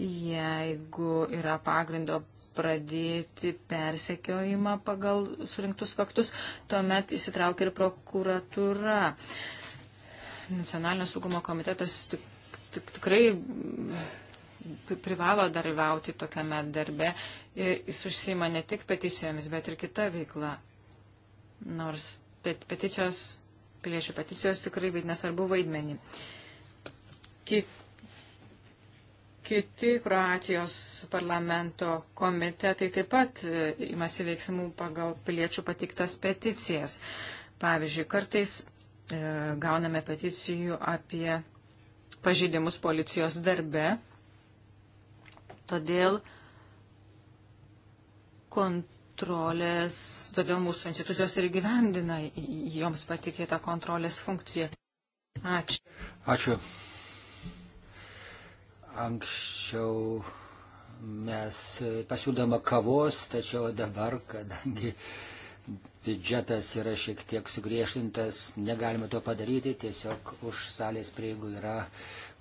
jeigu yra pagrindo pradėti persekiojimą pagal surinktus faktus, tuomet įsitraukia ir prokuratūra. Nacionalinio saugumo komitetas tik, tik, tikrai privalo dalyvauti tokiame darbe. Jis užsima ne tik peticijomis, bet ir kita veikla. Nors peticijos, piliečių peticijos tikrai vaidina svarbu vaidmenį. Kit, Kiti Kroatijos parlamento komitetai taip pat e, imasi veiksmų pagal piliečių patiktas peticijas. Pavyzdžiui, kartais e, gauname peticijų apie pažydimus policijos darbe. Todėl kontrolės, todėl mūsų institucijos ir gyvendina joms patikėtą kontrolės funkciją. Ačiū. Ačiū. Anksčiau mes pasiūdama kavos, tačiau dabar, kadangi biudžetas yra šiek tiek sugriežtintas, negalime to padaryti, tiesiog už salės prieigų yra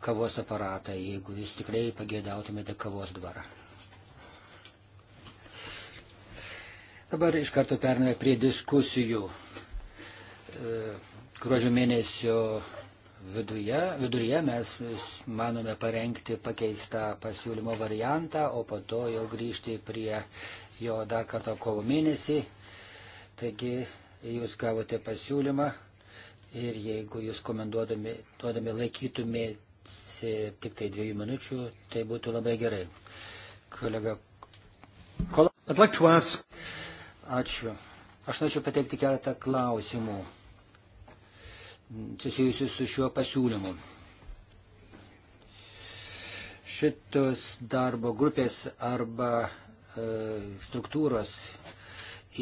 kavos aparatą, jeigu jūs tikrai pagėdautumėte kavos dvarą. Dabar iš karto pername prie diskusijų. E, Gruožio mėnesio viduje, viduryje mes manome parengti pakeistą pasiūlymo variantą, o po to jau grįžti prie jo dar kartą kovo mėnesį. Taigi jūs gavote pasiūlymą ir jeigu jūs komenduodami duodami, laikytumėt tik tai dviejų minučių, tai būtų labai gerai. Kolega Kola. Ačiū. Aš norėčiau pateikti keletą klausimų susijusius su šiuo pasiūlymu. Šitos darbo grupės arba e, struktūros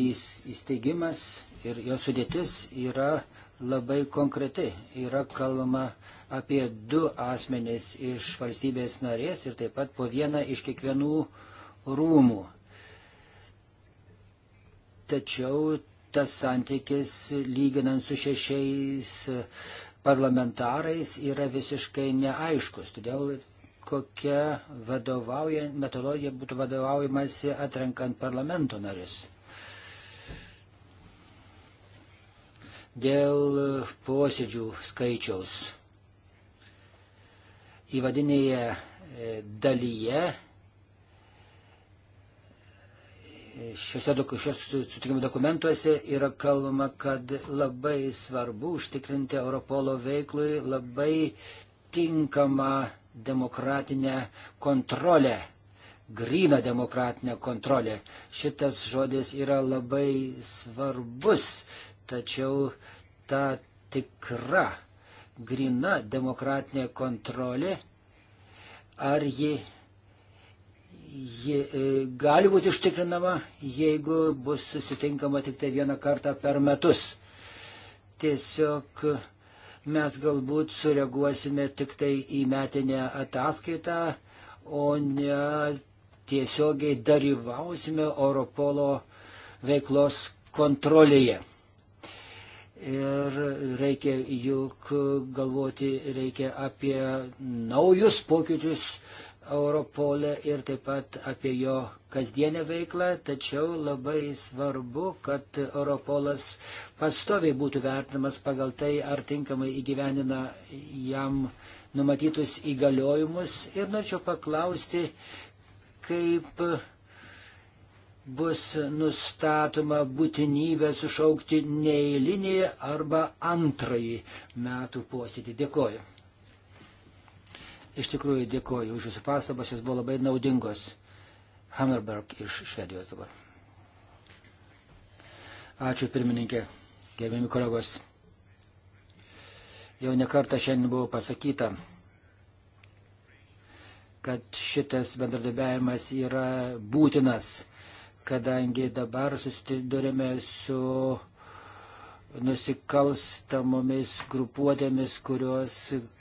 įsteigimas ir jos sudėtis yra labai konkreti. Yra kalbama apie du asmenys iš valstybės narės ir taip pat po vieną iš kiekvienų rūmų. Tačiau tas santykis, lyginant su šešiais parlamentarais, yra visiškai neaiškus. Todėl kokia metodologija būtų vadovaujamasi atrenkant parlamento narius. Dėl posėdžių skaičiaus įvadinėje e, dalyje šiuose šios sutikimo dokumentuose yra kalbama, kad labai svarbu užtikrinti Europolo veiklui labai tinkamą demokratinę kontrolę, gryną demokratinę kontrolę. Šitas žodis yra labai svarbus, tačiau ta tikra, gryna demokratinė kontrolė, ar ji ji e, gali būti užtikrinama, jeigu bus susitinkama tik tai vieną kartą per metus. Tiesiog mes galbūt sureaguosime tik tai į metinę ataskaitą, o ne tiesiogiai dalyvausime Europolo veiklos kontrolėje. Ir reikia juk galvoti reikia apie naujus pokyčius, Europolę ir taip pat apie jo kasdienę veiklą, tačiau labai svarbu, kad Europolas pastoviai būtų vertinamas pagal tai, ar tinkamai įgyvenina jam numatytus įgaliojimus. Ir norėčiau paklausti, kaip bus nustatoma būtinybė sušaukti neįlinį arba antrąjį metų posėdį. Dėkoju. Iš tikrųjų dėkoju už Jūsų pastabas, jos buvo labai naudingos. Hammerberg iš Švedijos dabar. Ačiū pirmininkė, gerbiami kolegos. Jau nekartą šiandien buvo pasakyta, kad šitas bendradarbiavimas yra būtinas, kadangi dabar susidurime su nusikalstamomis grupuotėmis, kurios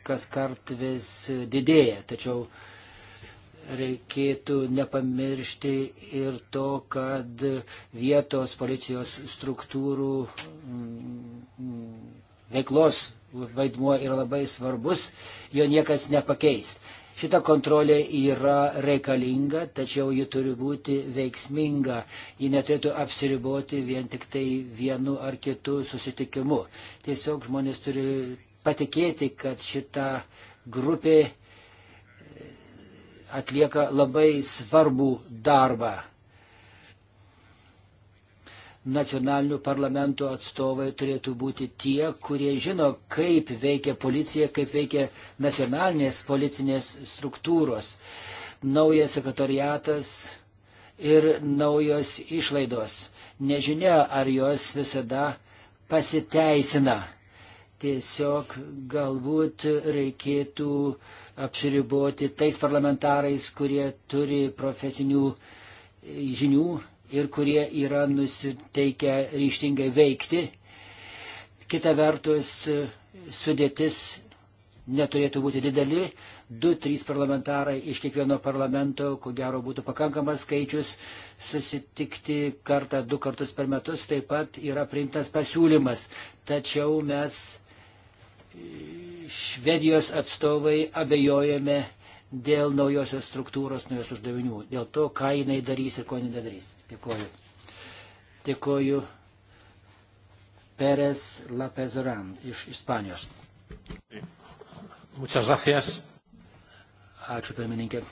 kas kart vis didėja. Tačiau reikėtų nepamiršti ir to, kad vietos policijos struktūrų mm, veiklos vaidmuo yra labai svarbus, jo niekas nepakeis. Šita kontrolė yra reikalinga, tačiau ji turi būti veiksminga. Ji neturėtų apsiriboti vien tik tai vienu ar kitu susitikimu. Tiesiog žmonės turi patikėti, kad šita grupė atlieka labai svarbų darbą nacionalinių parlamentų atstovai turėtų būti tie, kurie žino, kaip veikia policija, kaip veikia nacionalinės policinės struktūros, naujas sekretariatas ir naujos išlaidos. Nežinia, ar jos visada pasiteisina. Tiesiog galbūt reikėtų apsiriboti tais parlamentarais, kurie turi profesinių žinių ir kurie yra nusiteikę ryštingai veikti. Kita vertus, sudėtis neturėtų būti dideli. Du, trys parlamentarai iš kiekvieno parlamento, ko gero būtų pakankamas skaičius, susitikti kartą, du kartus per metus taip pat yra priimtas pasiūlymas. Tačiau mes Švedijos atstovai abejojame dėl naujosios struktūros, naujos uždavinių, dėl to, ką jinai darys ir ko nedarys. Dėkoju. Dėkoju Pérez Lapezoran iš Ispanijos. Muchas gracias. Ačiū, pirmininkė.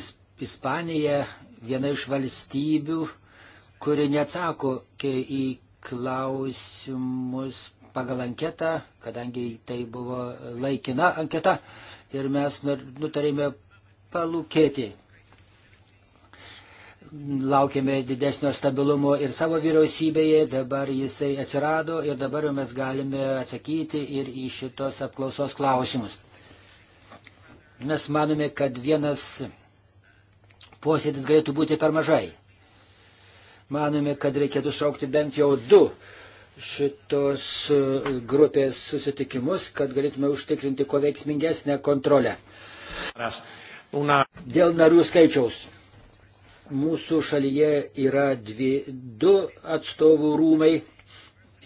Is, Ispanija viena iš valstybių, kuri neatsako į klausimus pagal anketą, kadangi tai buvo laikina anketa ir mes nutarėme palūkėti. Laukėme didesnio stabilumo ir savo vyriausybėje, dabar jisai atsirado ir dabar jau mes galime atsakyti ir į šitos apklausos klausimus. Mes manome, kad vienas posėdis galėtų būti per mažai. Manome, kad reikėtų šaukti bent jau du šitos e, grupės susitikimus, kad galėtume užtikrinti kuo veiksmingesnę kontrolę una... Dėl narių skaičiaus. Mūsų šalyje yra dvi, du atstovų rūmai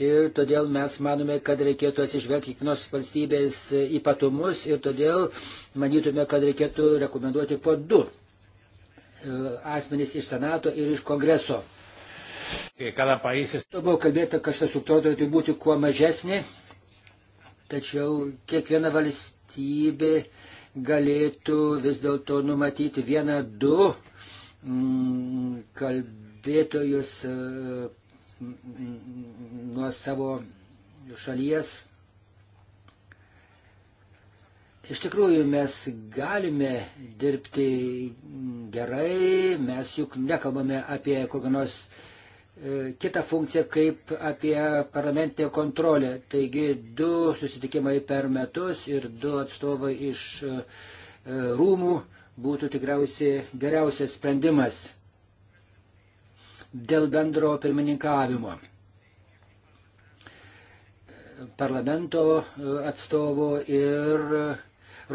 ir todėl mes manome, kad reikėtų atsižvelgti kiekvienos valstybės ypatumus ir todėl manytume, kad reikėtų rekomenduoti po du e, asmenys iš Senato ir iš Kongreso. Países... Buvo kalbėta, kad šita struktūra turėtų būti kuo mažesnė, tačiau kiekviena valstybė galėtų vis dėlto numatyti vieną, du mm, kalbėtojus e, mm, nuo savo šalies. Iš tikrųjų, mes galime dirbti gerai, mes juk nekalbame apie kokią nors uh, E, kitą funkciją kaip apie parlamentinę kontrolę. Taigi du susitikimai per metus ir du atstovai iš e, e, rūmų būtų tikriausiai geriausias sprendimas dėl bendro pirmininkavimo. Parlamento atstovo ir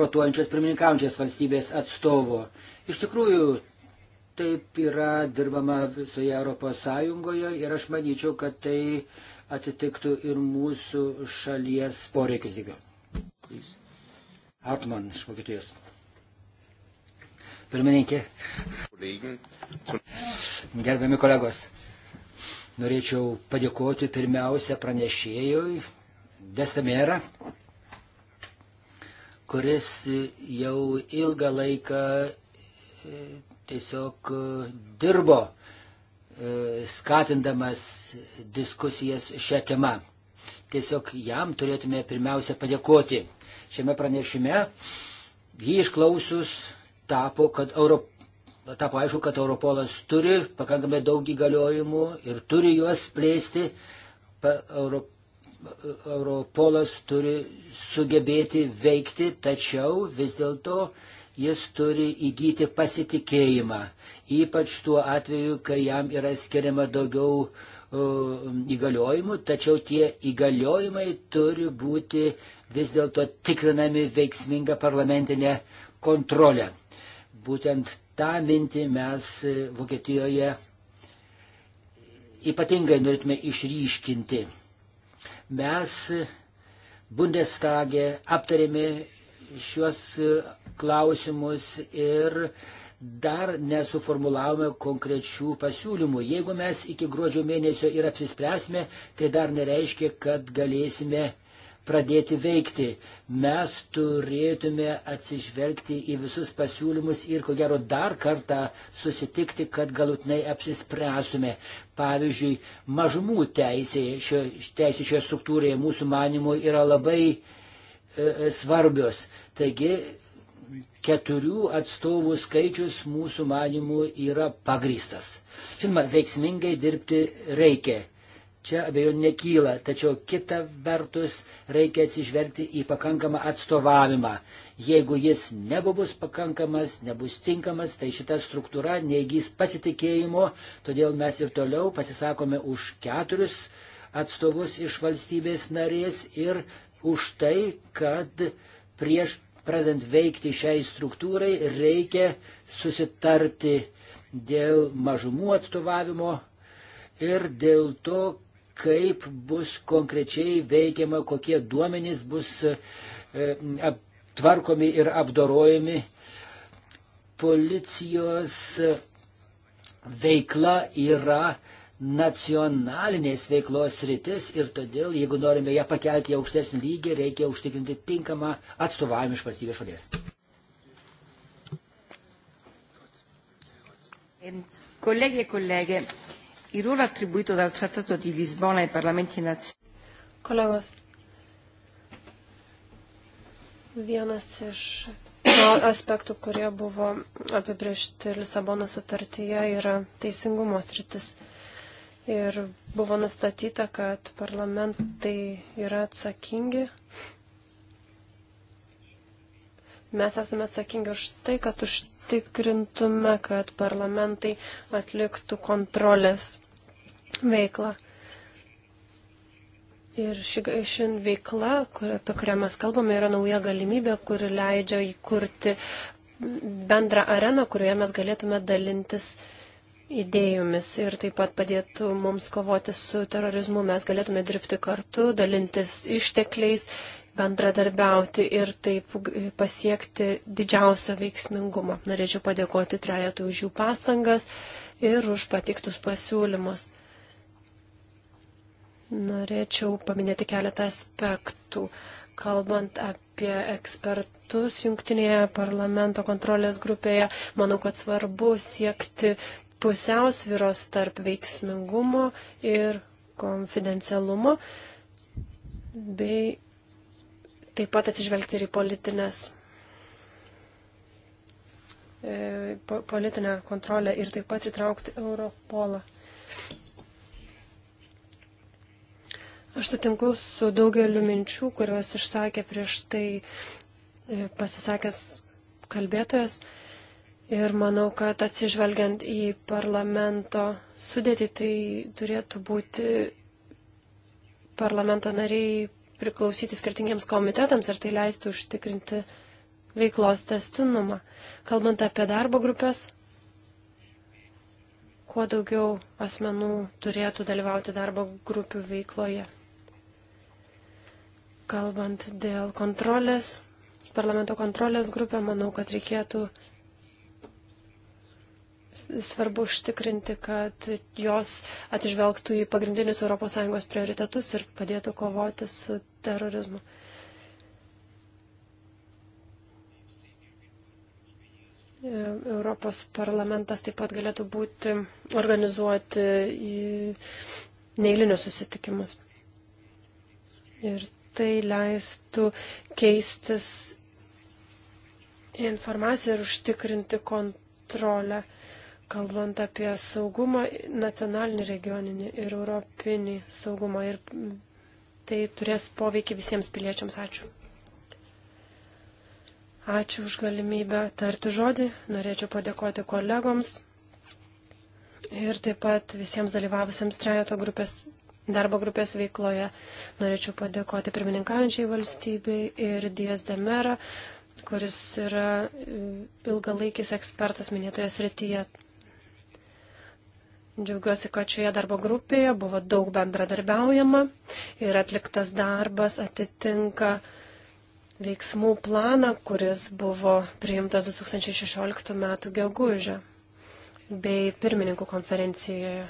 rotuojančios pirmininkaujančios valstybės atstovo. Iš tikrųjų, Taip yra dirbama visoje Europos Sąjungoje ir aš manyčiau, kad tai atitiktų ir mūsų šalies poreikius. Hartmann iš Vokietijos. Pirmininkė. Gerbiami kolegos, norėčiau padėkoti pirmiausia pranešėjui Destamėra, kuris jau ilgą laiką tiesiog e, dirbo e, skatindamas diskusijas šią temą. Tiesiog jam turėtume pirmiausia padėkoti. Šiame pranešime jį išklausus tapo, kad Europ... tapo aišku, kad Europolas turi pakankamai daug įgaliojimų ir turi juos plėsti. Pa, Europ... Europolas turi sugebėti veikti, tačiau vis dėlto jis turi įgyti pasitikėjimą, ypač tuo atveju, kai jam yra skiriama daugiau uh, įgaliojimų, tačiau tie įgaliojimai turi būti vis dėlto tikrinami veiksminga parlamentinė kontrolė. Būtent tą mintį mes e, Vokietijoje ypatingai norėtume išryškinti. Mes Bundestage aptarėme šiuos klausimus ir dar nesuformulavome konkrečių pasiūlymų. Jeigu mes iki gruodžio mėnesio ir apsispręsime, tai dar nereiškia, kad galėsime pradėti veikti. Mes turėtume atsižvelgti į visus pasiūlymus ir ko gero dar kartą susitikti, kad galutinai apsispręstume. Pavyzdžiui, mažumų teisė šio, teisė šioje struktūroje mūsų manimo yra labai e, e svarbios. Taigi keturių atstovų skaičius mūsų manimų yra pagristas. Žinoma, veiksmingai dirbti reikia. Čia abejonių nekyla, tačiau kita vertus reikia atsižvelgti į pakankamą atstovavimą. Jeigu jis nebus pakankamas, nebus tinkamas, tai šita struktūra neįgys pasitikėjimo, todėl mes ir toliau pasisakome už keturius atstovus iš valstybės narės ir už tai, kad prieš pradant veikti šiai struktūrai, reikia susitarti dėl mažumų atstovavimo ir dėl to, kaip bus konkrečiai veikiama, kokie duomenys bus e, tvarkomi ir apdorojami. Policijos veikla yra nacionalinės veiklos rytis ir todėl, jeigu norime ją pakelti į aukštesnį lygį, reikia užtikrinti tinkamą atstovavimą iš valstybės šalies. Kolegė, kolegė, e il ruolo attribuito dal Trattato di Lisbona ai Parlamenti nazionali. Kolegos, vienas iš aspektų, kurie buvo apibriežti Lisabono sutartyje, yra teisingumo sritis ir buvo nustatyta, kad parlamentai yra atsakingi. Mes esame atsakingi už tai, kad užtikrintume, kad parlamentai atliktų kontrolės veiklą. Ir ši, ši veikla, kur, apie kurią mes kalbame, yra nauja galimybė, kuri leidžia įkurti bendrą areną, kurioje mes galėtume dalintis uh, idėjomis ir taip pat padėtų mums kovoti su terorizmu. Mes galėtume dirbti kartu, dalintis ištekliais, bendradarbiauti ir taip pasiekti didžiausią veiksmingumą. Norėčiau padėkoti trejetui už jų pastangas ir už patiktus pasiūlymus. Norėčiau paminėti keletą aspektų. Kalbant apie ekspertus jungtinėje parlamento kontrolės grupėje, manau, kad svarbu siekti pusiausviros tarp veiksmingumo ir konfidencialumo, bei taip pat atsižvelgti ir į politinės, e, politinę kontrolę ir taip pat įtraukti Europolą. Aš sutinku su daugeliu minčių, kuriuos išsakė prieš tai e, pasisakęs kalbėtojas. Ir manau, kad atsižvelgiant į parlamento sudėtį, tai turėtų būti parlamento nariai priklausyti skirtingiems komitetams ir tai leistų užtikrinti veiklos testinumą. Kalbant apie darbo grupės, kuo daugiau asmenų turėtų dalyvauti darbo grupių veikloje. Kalbant dėl kontrolės, parlamento kontrolės grupę, manau, kad reikėtų svarbu užtikrinti, kad jos atžvelgtų į pagrindinius ES prioritetus ir padėtų kovoti su terorizmu. Europos parlamentas taip pat galėtų būti organizuoti į neįlinius susitikimus. Ir tai leistų keistis informaciją ir užtikrinti kontrolę kalbant apie saugumą, nacionalinį, regioninį ir europinį saugumą. Ir tai turės poveikį visiems piliečiams. Ačiū. Ačiū už galimybę tarti žodį. Norėčiau padėkoti kolegoms ir taip pat visiems dalyvavusiems trejato grupės, darbo grupės veikloje. Norėčiau padėkoti pirmininkaujančiai valstybei ir Dijas Demera, kuris yra e, ilgalaikis ekspertas minėtoje srityje. Džiaugiuosi, kad šioje darbo grupėje buvo daug bendradarbiaujama ir atliktas darbas atitinka veiksmų planą, kuris buvo priimtas 2016 m. gegužę bei pirmininkų konferencijoje.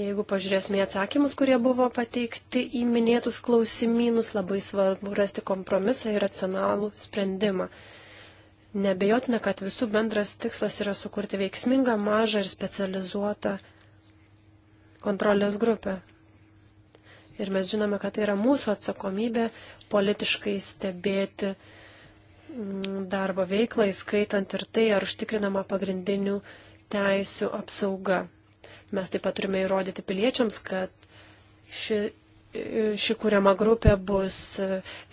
Jeigu pažiūrėsime atsakymus, kurie buvo pateikti į minėtus klausimynus, labai svarbu rasti kompromisą ir racionalų sprendimą. Nebejotina, kad visų bendras tikslas yra sukurti veiksmingą, mažą ir specializuotą kontrolės grupę. Ir mes žinome, kad tai yra mūsų atsakomybė politiškai stebėti mm, darbo veiklą, įskaitant ir tai, ar užtikrinama pagrindinių teisių apsauga. Mes taip pat turime įrodyti piliečiams, kad ši, ši kuriama grupė bus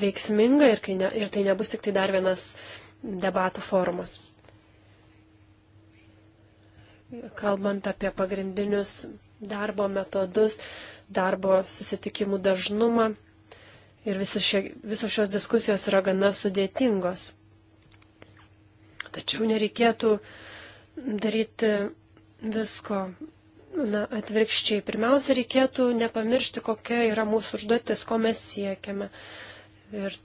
veiksminga ir, ne, ir tai nebus tik tai dar vienas debatų forumas. Kalbant apie pagrindinius darbo metodus, darbo susitikimų dažnumą ir visos, šie, visos šios diskusijos yra gana sudėtingos. Tačiau nereikėtų daryti visko na, atvirkščiai. Pirmiausia, reikėtų nepamiršti, kokia yra mūsų užduotis, ko mes siekiame. Ir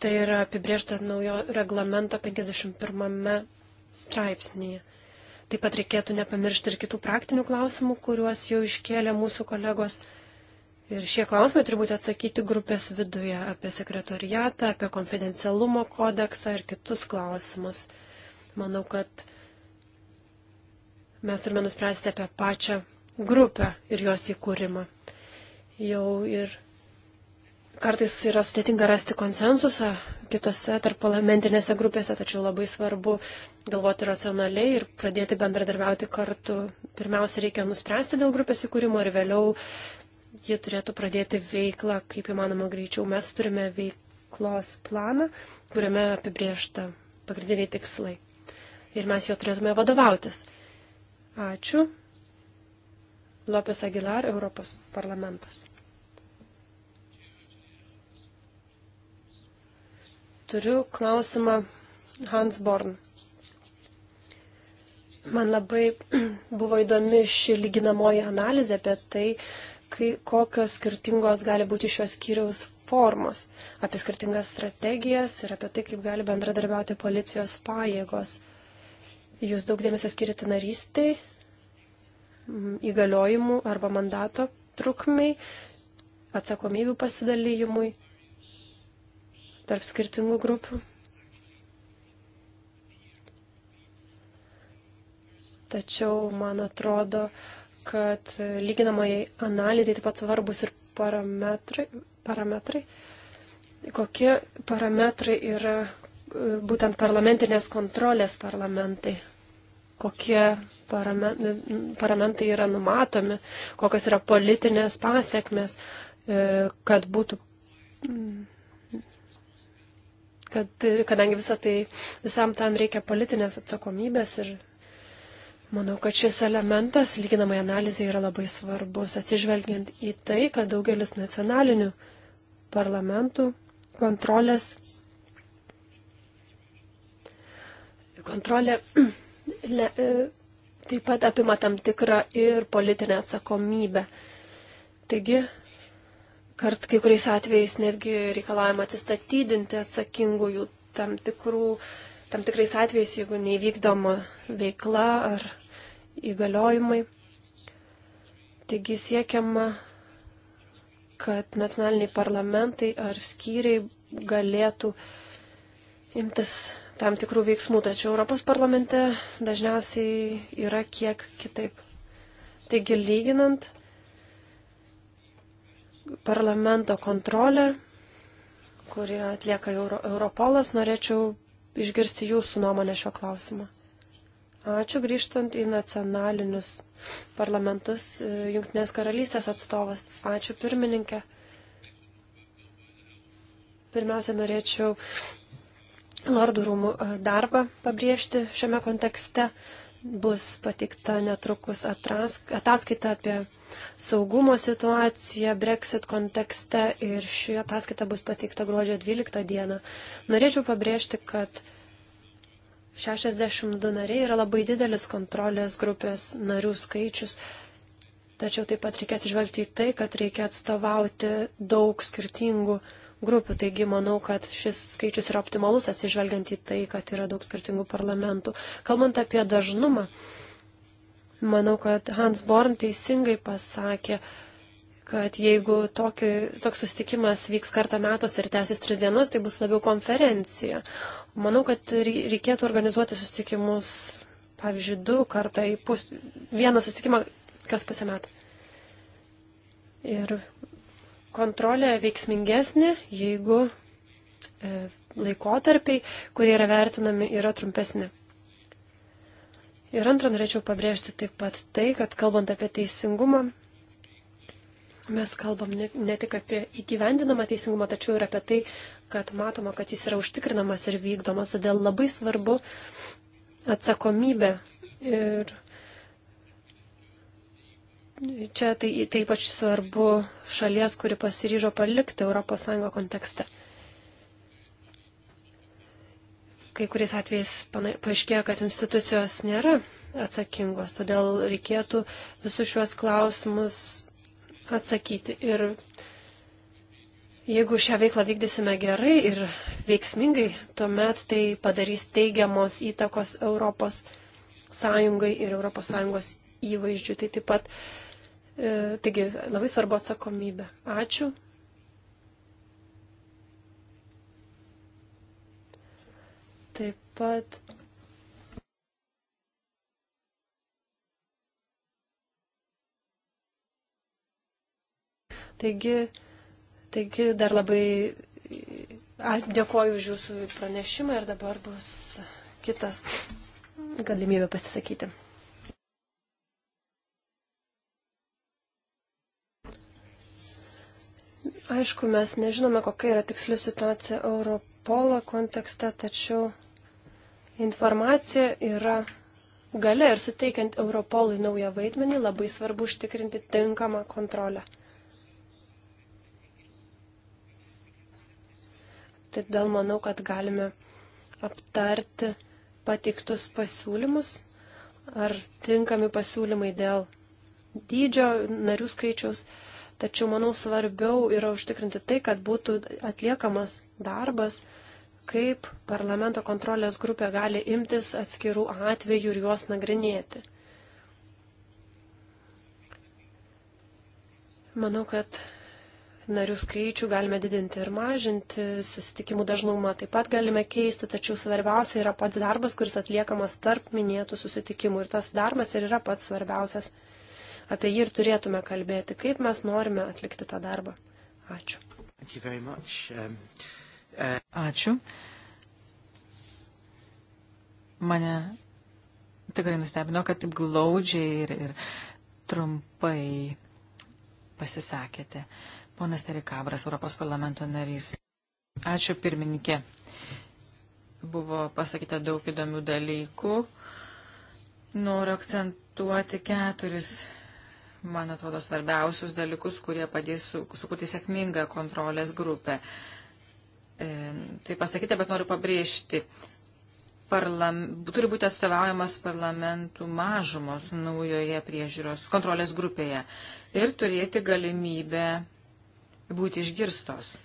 Tai yra apibriežta naujo reglamento 51 straipsnėje. Taip pat reikėtų nepamiršti ir kitų praktinių klausimų, kuriuos jau iškėlė mūsų kolegos. Ir šie klausimai turi būti atsakyti grupės viduje apie sekretoriatą, apie konfidencialumo kodeksą ir kitus klausimus. Manau, kad mes turime nuspręsti apie pačią grupę ir jos įkūrimą. Jau ir Kartais yra sudėtinga rasti konsensusą kitose tarp parlamentinėse grupėse, tačiau labai svarbu galvoti racionaliai ir pradėti bendradarbiauti kartu. Pirmiausia, reikia nuspręsti dėl grupės įkūrimo ir vėliau ji turėtų pradėti veiklą kaip įmanoma greičiau. Mes turime veiklos planą, kuriame apibriešta pagrindiniai tikslai. Ir mes jo turėtume vadovautis. Ačiū. Lopes Aguilar, Europos parlamentas. Turiu klausimą Hans Born. Man labai buvo įdomi ši lyginamoji analizė apie tai, kai, kokios skirtingos gali būti šios skyriaus formos, apie skirtingas strategijas ir apie tai, kaip gali bendradarbiauti policijos pajėgos. Jūs daug dėmesio skirite narystiai, įgaliojimų arba mandato trukmei, atsakomybių pasidalyjimui tarp skirtingų grupių. Tačiau man atrodo, kad lyginamai analizai taip pat svarbus ir parametrai, parametrai. Kokie parametrai yra e, būtent parlamentinės kontrolės parlamentai? Kokie parlamentai yra numatomi, kokios yra politinės pasiekmes, e, kad būtų kad, kadangi visą tai, visam tam reikia politinės atsakomybės ir manau, kad šis elementas lyginamai analizai yra labai svarbus, atsižvelgiant į tai, kad daugelis nacionalinių parlamentų kontrolės kontrolė le, e, taip pat apima tam tikrą ir politinę atsakomybę. Taigi, kart kai kuriais atvejais netgi reikalavimą atsistatydinti atsakingųjų tam, tikrų, tam tikrais atvejais, jeigu nevykdoma veikla ar įgaliojimai. Taigi siekiama, kad nacionaliniai parlamentai ar skyriai galėtų imtis tam tikrų veiksmų, tačiau Europos parlamente dažniausiai yra kiek kitaip. Taigi lyginant parlamento kontrolę, kurį atlieka Euro, Europolas, norėčiau išgirsti jūsų nuomonę šio klausimą. Ačiū grįžtant į nacionalinius parlamentus, e, Junktinės karalystės atstovas. Ačiū pirmininkė. Pirmiausia, norėčiau Lordų rūmų e, darbą pabrėžti šiame kontekste bus patikta netrukus ataskaita apie saugumo situaciją Brexit kontekste ir ši ataskaita bus pateikta gruodžio 12 dieną. Norėčiau pabrėžti, kad 62 nariai yra labai didelis kontrolės grupės narių skaičius, tačiau taip pat reikia atsižvelgti į tai, kad reikia atstovauti daug skirtingų grupių. Taigi manau, kad šis skaičius yra optimalus atsižvelgiant į tai, kad yra daug skirtingų parlamentų. Kalbant apie dažnumą, manau, kad Hans Born teisingai pasakė, kad jeigu tokio, toks susitikimas vyks kartą metus ir tęsis tris dienas, tai bus labiau konferencija. Manau, kad reikėtų organizuoti susitikimus, pavyzdžiui, du kartą į pus, vieną susitikimą kas pusę metų. Ir kontrolė veiksmingesnė, jeigu e, laikotarpiai, kurie yra vertinami, yra trumpesni. Ir antrą norėčiau pabrėžti taip pat tai, kad kalbant apie teisingumą, mes kalbam ne, ne tik apie įgyvendinamą teisingumą, tačiau ir apie tai, kad matoma, kad jis yra užtikrinamas ir vykdomas. Todėl labai svarbu atsakomybė ir Čia tai, tai ypač svarbu šalies, kuri pasiryžo palikti ES kontekste. Kai kuriais atvejais paaiškėjo, kad institucijos nėra atsakingos, todėl reikėtų visus šiuos klausimus atsakyti. Ir jeigu šią veiklą vykdysime gerai ir veiksmingai, tuomet tai padarys teigiamos įtakos ES ir ES įvaizdžių. Tai taip pat E, taigi labai svarbu atsakomybė. Ačiū. Taip pat. Taigi, taigi dar labai dėkoju už jūsų pranešimą ir dabar bus kitas galimybė pasisakyti. Aišku, mes nežinome, kokia yra tiksli situacija Europolo kontekste, tačiau informacija yra gale ir suteikiant Europolui naują vaidmenį labai svarbu užtikrinti tinkamą kontrolę. Todėl manau, kad galime aptarti pateiktus pasiūlymus ar tinkami pasiūlymai dėl dydžio narių skaičiaus. Tačiau, manau, svarbiau yra užtikrinti tai, kad būtų atliekamas darbas, kaip parlamento kontrolės grupė gali imtis atskirų atvejų ir juos nagrinėti. Manau, kad narių skaičių galime didinti ir mažinti, susitikimų dažnumą taip pat galime keisti, tačiau svarbiausia yra pats darbas, kuris atliekamas tarp minėtų susitikimų ir tas darbas ir yra pats svarbiausias apie jį ir turėtume kalbėti, kaip mes norime atlikti tą darbą. Ačiū. Um, uh, Ačiū. Mane tikrai nustebino, kad taip glaudžiai ir, ir trumpai pasisakėte. Ponas Terikabras, Europos parlamento narys. Ačiū pirmininkė. Buvo pasakyta daug įdomių dalykų. Noriu akcentuoti keturis man atrodo, svarbiausius dalykus, kurie padės su, sukurti sėkmingą kontrolės grupę. E, tai pasakyti, bet noriu pabrėžti. Parlam, turi būti atstovaujamas parlamentų mažumos naujoje priežiūros kontrolės grupėje ir turėti galimybę būti išgirstos.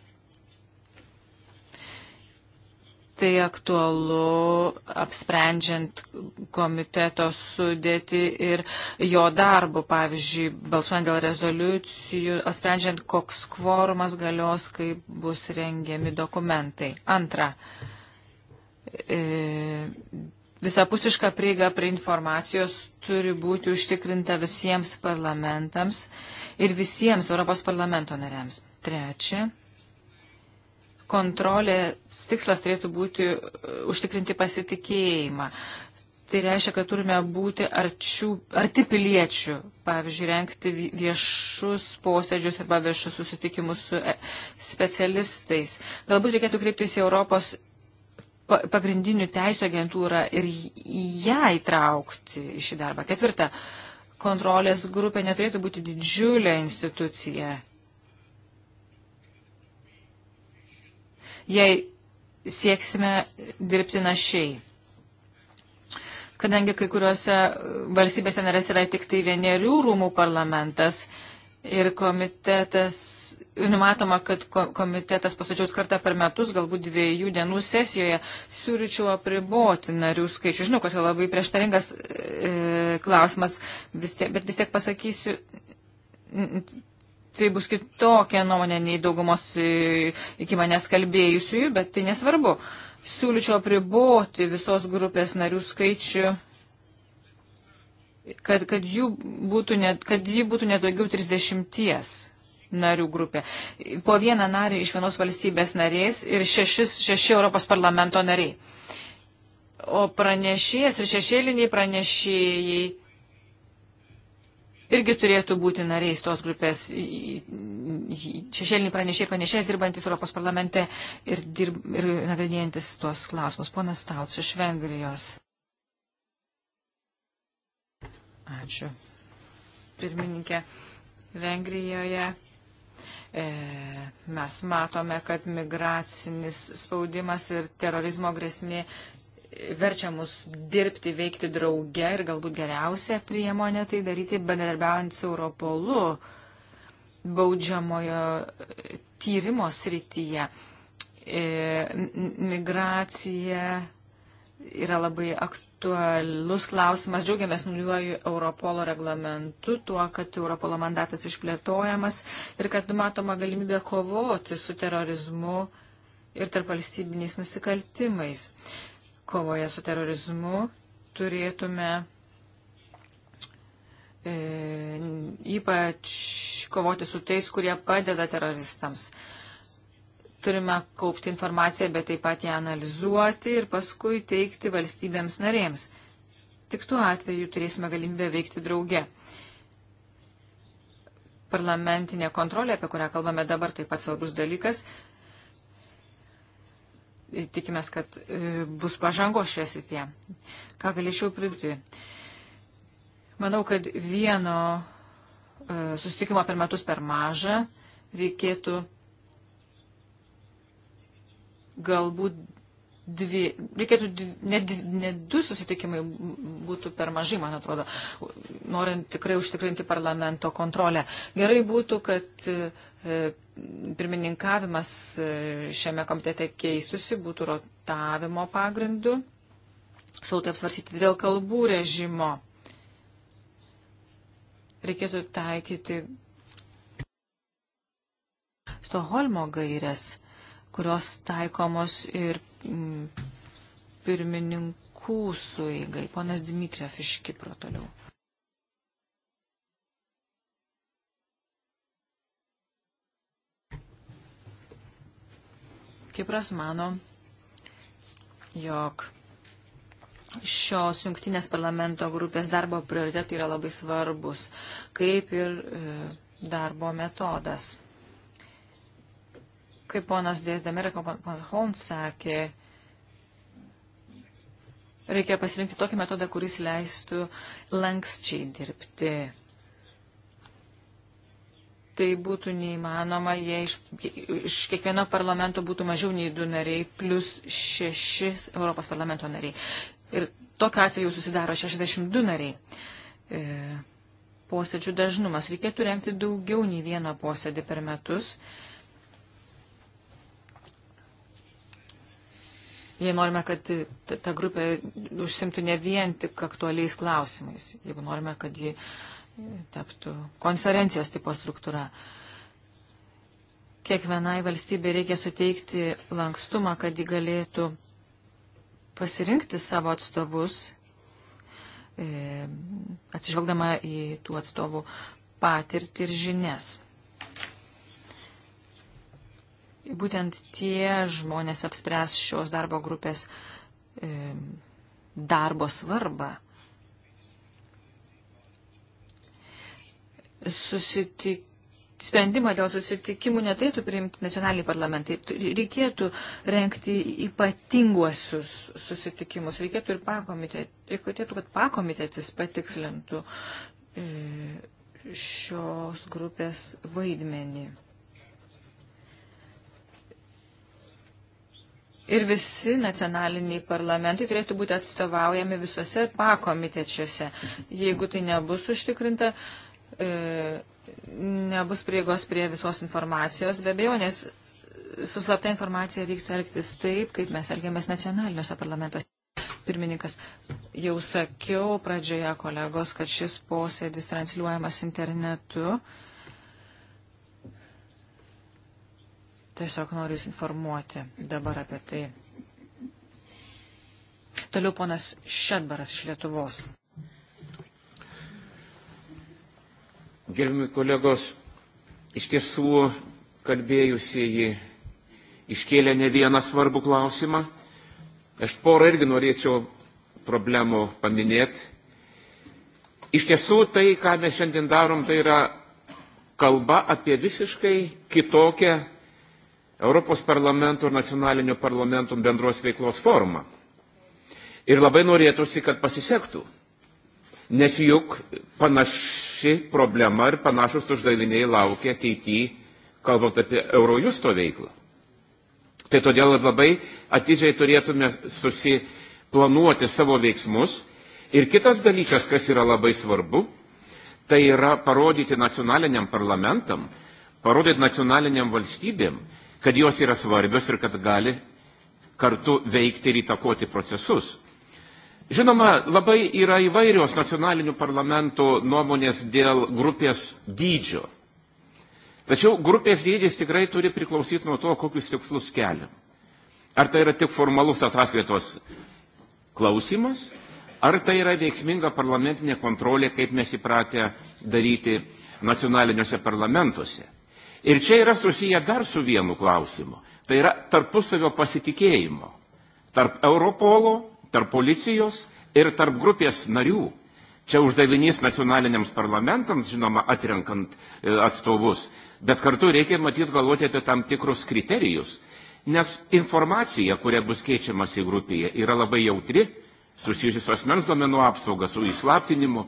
Tai aktualu apsprendžiant komiteto sudėti ir jo darbu, pavyzdžiui, balsuojant dėl rezoliucijų, apsprendžiant, koks kvorumas galios, kaip bus rengiami dokumentai. Antra, e, visapusiška prieiga prie informacijos turi būti užtikrinta visiems parlamentams ir visiems Europos parlamento nariams. Trečia, kontrolės tikslas turėtų būti e, užtikrinti pasitikėjimą. Tai reiškia, kad turime būti arčių, arti piliečių, pavyzdžiui, renkti viešus posėdžius arba viešus susitikimus su e, specialistais. Galbūt reikėtų kreiptis į Europos pagrindinių teisų agentūrą ir ją įtraukti į šį darbą. Ketvirta, kontrolės grupė neturėtų būti didžiulė institucija. jei sieksime dirbti našiai. Kadangi kai kuriuose valstybėse narės yra tik tai vienerių rūmų parlamentas ir komitetas, numatoma, kad komitetas posėdžiaus kartą per metus, galbūt dviejų dienų sesijoje, siūlyčiau apriboti narių skaičių. Žinau, kad tai labai prieštaringas e, klausimas, vis tiek, bet vis tiek pasakysiu tai bus kitokia nuomonė nei daugumos e, iki manęs kalbėjusiųjų, bet tai nesvarbu. Siūlyčiau apriboti visos grupės narių skaičių, kad, kad, būtų net, kad jų būtų nedaugiau 30 narių grupė. Po vieną narį iš vienos valstybės narės ir šešis, šeši Europos parlamento nariai. O pranešėjas ir šešėliniai pranešėjai irgi turėtų būti nariais tos grupės šešėlinį pranešėjai pranešėjas dirbantis Europos parlamente ir, dirb, ir nagrinėjantis tuos klausimus. Ponas Stauts iš Vengrijos. Ačiū. Pirmininkė, Vengrijoje e, mes matome, kad migracinis spaudimas ir terorizmo grėsmė verčia mus dirbti, veikti drauge ir galbūt geriausia priemonė tai daryti bendradarbiaujant su Europolu baudžiamojo e, tyrimo srityje. E, migracija yra labai aktualus klausimas. Džiaugiamės naujuoju Europolo reglamentu, tuo, kad Europolo mandatas išplėtojamas ir kad numatoma galimybė kovoti su terorizmu ir tarp valstybiniais nusikaltimais. Uh, kovoje su terorizmu turėtume e, ypač kovoti su tais, kurie padeda teroristams. Turime kaupti informaciją, bet taip pat ją analizuoti ir paskui teikti valstybėms narėms. Tik tuo atveju turėsime galimybę veikti drauge. Parlamentinė kontrolė, apie kurią kalbame dabar, taip pat svarbus dalykas, tikimės, kad e, bus pažangos šioje srityje. Ką galėčiau pridurti? Manau, kad vieno e, susitikimo per metus per mažą reikėtų galbūt dvi, reikėtų dvi, ne, ne du susitikimai būtų per mažai, man atrodo, norint tikrai užtikrinti parlamento kontrolę. Gerai būtų, kad e, pirmininkavimas e, šiame komitete keistusi, būtų rotavimo pagrindu. Sultai apsvarsyti dėl kalbų režimo. Reikėtų taikyti Stoholmo gairės, kurios taikomos ir mm, pirmininkų suigai. Ponas Dimitriev iš Kipro toliau. Kipras mano, jog šios jungtinės parlamento grupės darbo prioritetai yra labai svarbus, kaip ir e, darbo metodas. Kaip ponas Dėsdamir, kaip ponas Holmes sakė, reikia pasirinkti tokį metodą, kuris leistų lankščiai dirbti Tai būtų neįmanoma, jei iš, iš kiekvieno parlamento būtų mažiau nei du nariai, plus šešis Europos parlamento nariai. Ir tokiu atveju susidaro 62 nariai. E, posėdžių dažnumas. Reikėtų renkti daugiau nei vieną posėdį per metus. jei norime, kad ta grupė užsimtų ne vien tik aktualiais klausimais, jeigu norime, kad ji taptų konferencijos tipo struktūra. Kiekvienai valstybei reikia suteikti lankstumą, kad ji galėtų pasirinkti savo atstovus, e, atsižvelgdama į tų atstovų patirtį ir žinias. Būtent tie žmonės apspręs šios darbo grupės e, darbo svarbą. susitikimą sprendimą dėl susitikimų neturėtų priimti nacionaliniai parlamentai. Reikėtų renkti ypatinguosius susitikimus. Reikėtų ir pakomitė, reikėtų, kad pakomitetis patikslintų e, šios grupės vaidmenį. Ir visi nacionaliniai parlamentai turėtų būti atstovaujami visuose pakomitečiuose. Jeigu tai nebus užtikrinta, uh, e, nebus prieigos prie visos informacijos, be abejo, nes su slapta informacija reiktų elgtis taip, kaip mes elgiamės nacionaliniuose parlamentuose. Pirmininkas, jau sakiau pradžioje kolegos, kad šis posėdis transliuojamas internetu. Tiesiog noriu Jūs informuoti dabar apie tai. Toliau ponas Šedbaras iš Lietuvos. Gerbimi kolegos, iš tiesų kalbėjusieji iškėlė ne vieną svarbų klausimą. Aš porą irgi norėčiau problemų paminėti. Iš tiesų tai, ką mes šiandien darom, tai yra kalba apie visiškai kitokią Europos parlamento ir nacionalinių parlamentų bendros veiklos formą. Ir labai norėtųsi, kad pasisektų nes juk panaši problema ir panašus uždaviniai laukia ateityje, kalbant apie Eurojusto veiklą. Tai todėl labai atidžiai turėtume susiplanuoti savo veiksmus. Ir kitas dalykas, kas yra labai svarbu, tai yra parodyti nacionaliniam parlamentam, parodyti nacionaliniam valstybėm, kad jos yra svarbios ir kad gali kartu veikti ir įtakoti procesus. Žinoma, labai yra įvairios nacionalinių parlamentų nuomonės dėl grupės dydžio. Tačiau grupės dydis tikrai turi priklausyti nuo to, kokius tikslus keliam. Ar tai yra tik formalus ataskaitos klausimas, ar tai yra veiksminga parlamentinė kontrolė, kaip mes įpratę daryti nacionaliniuose parlamentuose. Ir čia yra susiję dar su vienu klausimu. Tai yra tarpusavio pasitikėjimo tarp Europolo tarp policijos ir tarp grupės narių. Čia uždavinys nacionaliniams parlamentams, žinoma, atrenkant e, atstovus, bet kartu reikia matyti galvoti apie tam tikrus kriterijus, nes informacija, kuria bus keičiamasi grupėje, yra labai jautri, susijusi su asmens duomenų apsauga, su įslaptinimu,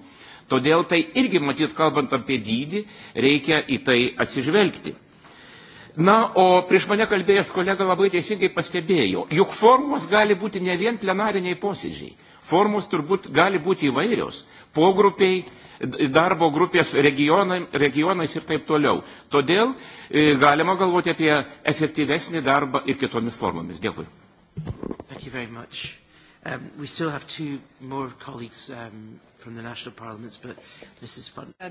todėl tai irgi, matyt, kalbant apie dydį, reikia į tai atsižvelgti. Na, o prieš mane kalbėjęs kolega labai teisingai pastebėjo, juk formos gali būti ne vien plenariniai posėdžiai. Formos turbūt gali būti įvairios. Pogrupiai, darbo grupės regionai, regionais ir taip toliau. Todėl e, galima galvoti apie efektyvesnį darbą ir kitomis formomis. Dėkui. Um, we still have two more colleagues um,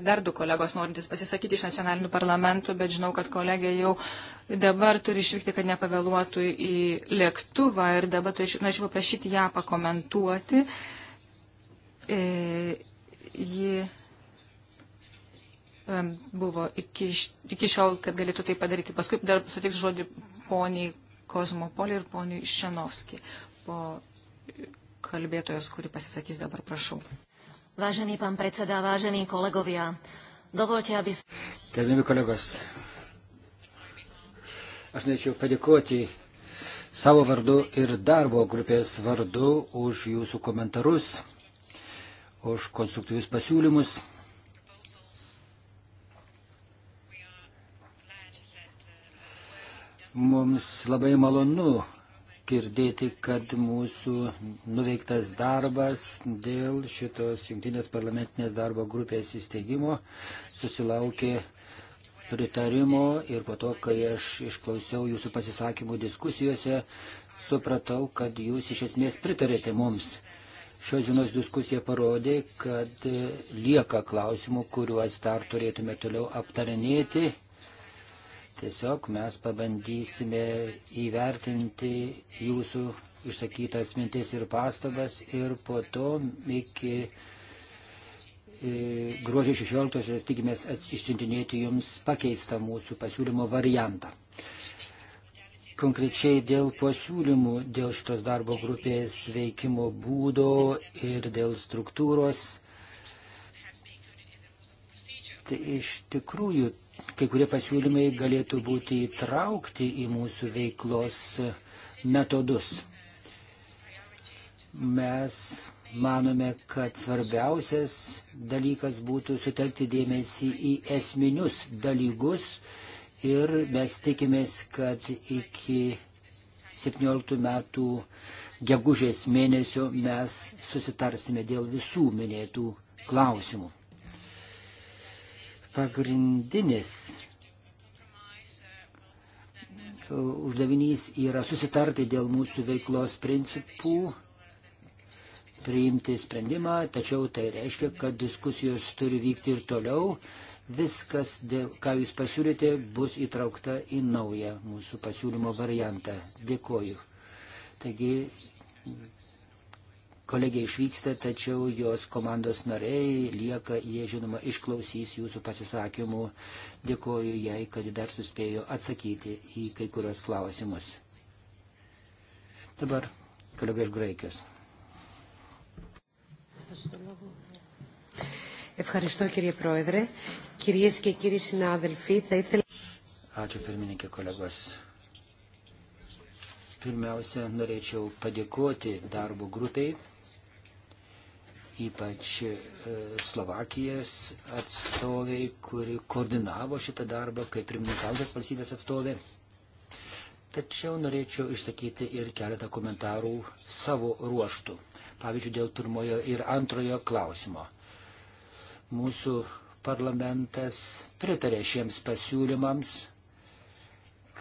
Dar du kolegos norintys pasisakyti iš nacionalinių parlamentų, bet žinau, kad kolegė jau dabar turi išvykti, kad nepavėluotų į lėktuvą ir dabar norėčiau paprašyti ją pakomentuoti. E, ji e, buvo iki, iki šiol, kad galėtų tai padaryti. Paskui dar sutiks žodį poniai Kozmopolį ir poniai Šenovskį. Po kalbėtojas, kuri pasisakys dabar, prašau. Vážený pán predseda, vážení kolegovia, dovolte, aby... Gerbimi kolegos, aš norėčiau padėkoti savo vardu ir darbo grupės vardu už jūsų komentarus, už konstruktyvius pasiūlymus. Mums labai malonu girdėti, kad mūsų nuveiktas darbas dėl šitos jungtinės parlamentinės darbo grupės įsteigimo susilaukė pritarimo ir po to, kai aš išklausiau jūsų pasisakymų diskusijose, supratau, kad jūs iš esmės pritarėte mums. Šios dienos diskusija parodė, kad lieka klausimų, kuriuos dar turėtume toliau aptarinėti Tiesiog mes pabandysime įvertinti jūsų išsakytas mintis ir pastabas ir po to iki e, gruodžio 16-osios tikimės išsiuntinėti jums pakeistą mūsų pasiūlymo variantą. Konkrečiai dėl pasiūlymų, dėl šitos darbo grupės veikimo būdo ir dėl struktūros. Tai iš tikrųjų kai kurie pasiūlymai galėtų būti įtraukti į mūsų veiklos metodus. Mes manome, kad svarbiausias dalykas būtų sutelkti dėmesį į esminius dalykus ir mes tikimės, kad iki 17 metų gegužės mėnesio mes susitarsime dėl visų minėtų klausimų pagrindinis uždavinys yra susitarti dėl mūsų veiklos principų, priimti sprendimą, tačiau tai reiškia, kad diskusijos turi vykti ir toliau. Viskas, dėl, ką jūs pasiūlėte, bus įtraukta į naują mūsų pasiūlymo variantą. Dėkoju. Taigi kolegė išvyksta, tačiau jos komandos nariai lieka, jie žinoma išklausys jūsų pasisakymų. Dėkoju jai, kad dar suspėjo atsakyti į kai kurios klausimus. Dabar kolega iš Graikijos. Ευχαριστώ κύριε Πρόεδρε. Κυρίες και κύριοι συνάδελφοι, θα ήθελα... Ačiū pirmininkė kolegos. Pirmiausia, norėčiau padėkoti darbo grupiai ypač e, Slovakijos atstoviai, kuri koordinavo šitą darbą kaip pirmininkaujantis valstybės atstovė. Tačiau norėčiau išsakyti ir keletą komentarų savo ruoštų. Pavyzdžiui, dėl pirmojo ir antrojo klausimo. Mūsų parlamentas pritarė šiems pasiūlymams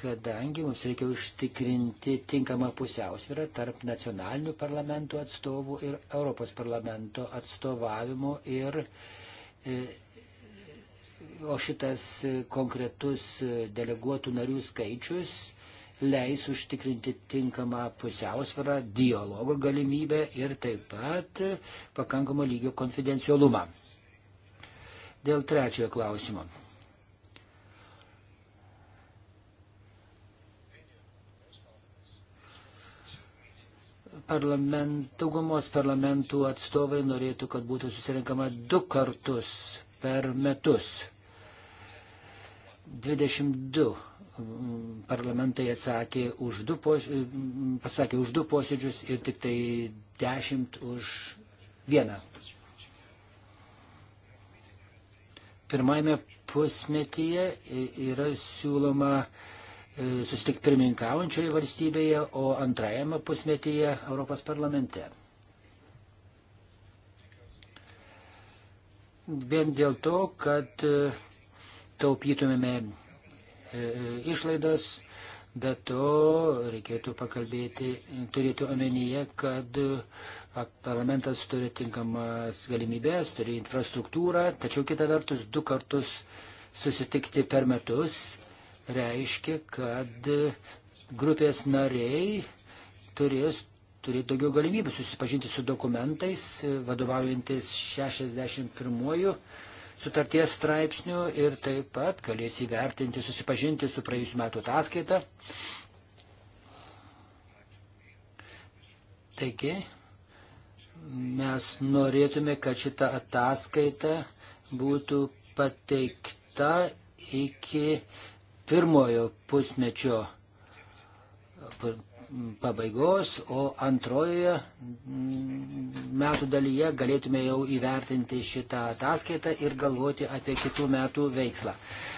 kadangi mums reikia užtikrinti tinkamą pusiausvyrą tarp nacionalinių parlamentų atstovų ir Europos parlamento atstovavimo. Ir, e, o šitas konkretus deleguotų narių skaičius leis užtikrinti tinkamą pusiausvyrą, dialogo galimybę ir taip pat pakankamo lygio konfidencialumą. Dėl trečiojo klausimo. parlament, daugumos parlamentų atstovai norėtų, kad būtų susirinkama du kartus per metus. 22 mm, parlamentai atsakė už du, pos, mm, pasakė už du posėdžius ir tik tai 10 už vieną. Pirmajame pusmetyje yra siūloma uh, E, susitikti pirmininkaujančioje valstybėje, o antrajame pusmetyje Europos parlamente. Vien dėl to, kad e, taupytumėme e, išlaidas, bet to reikėtų pakalbėti, turėti omenyje, kad parlamentas turi tinkamas galimybės, turi infrastruktūrą, tačiau kita vertus du kartus susitikti per metus reiškia, kad grupės nariai turės turėti daugiau galimybių susipažinti su dokumentais, vadovaujantis 61 sutarties straipsnių ir taip pat galės įvertinti, susipažinti su praėjusiu metu ataskaita. Taigi, mes norėtume, kad šita ataskaita būtų pateikta iki pirmojo pusmečio pabaigos, o antrojoje mm, metų dalyje galėtume jau įvertinti šitą ataskaitą ir galvoti apie kitų metų veikslą.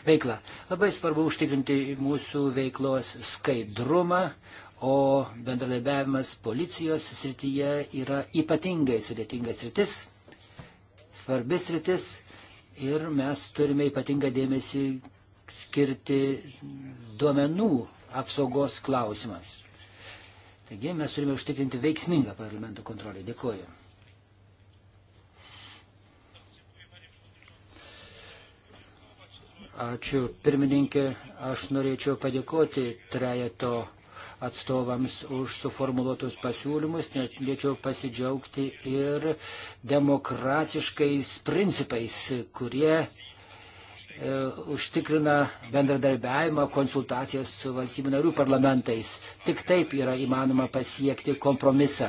veiklą. Labai svarbu užtikrinti mūsų veiklos skaidrumą, o bendradarbiavimas policijos srityje yra ypatingai sudėtingas sritis, svarbis sritis ir mes turime ypatingą dėmesį skirti duomenų apsaugos klausimas. Taigi mes turime užtikrinti veiksmingą parlamento kontrolę. Dėkuoju. Ačiū pirmininkė, aš norėčiau padėkoti trejeto atstovams už suformuluotus pasiūlymus, net norėčiau pasidžiaugti ir demokratiškais principais, kurie E, užtikrina bendradarbiavimą, konsultacijas su valstybių narių parlamentais. Tik taip yra įmanoma pasiekti kompromisą.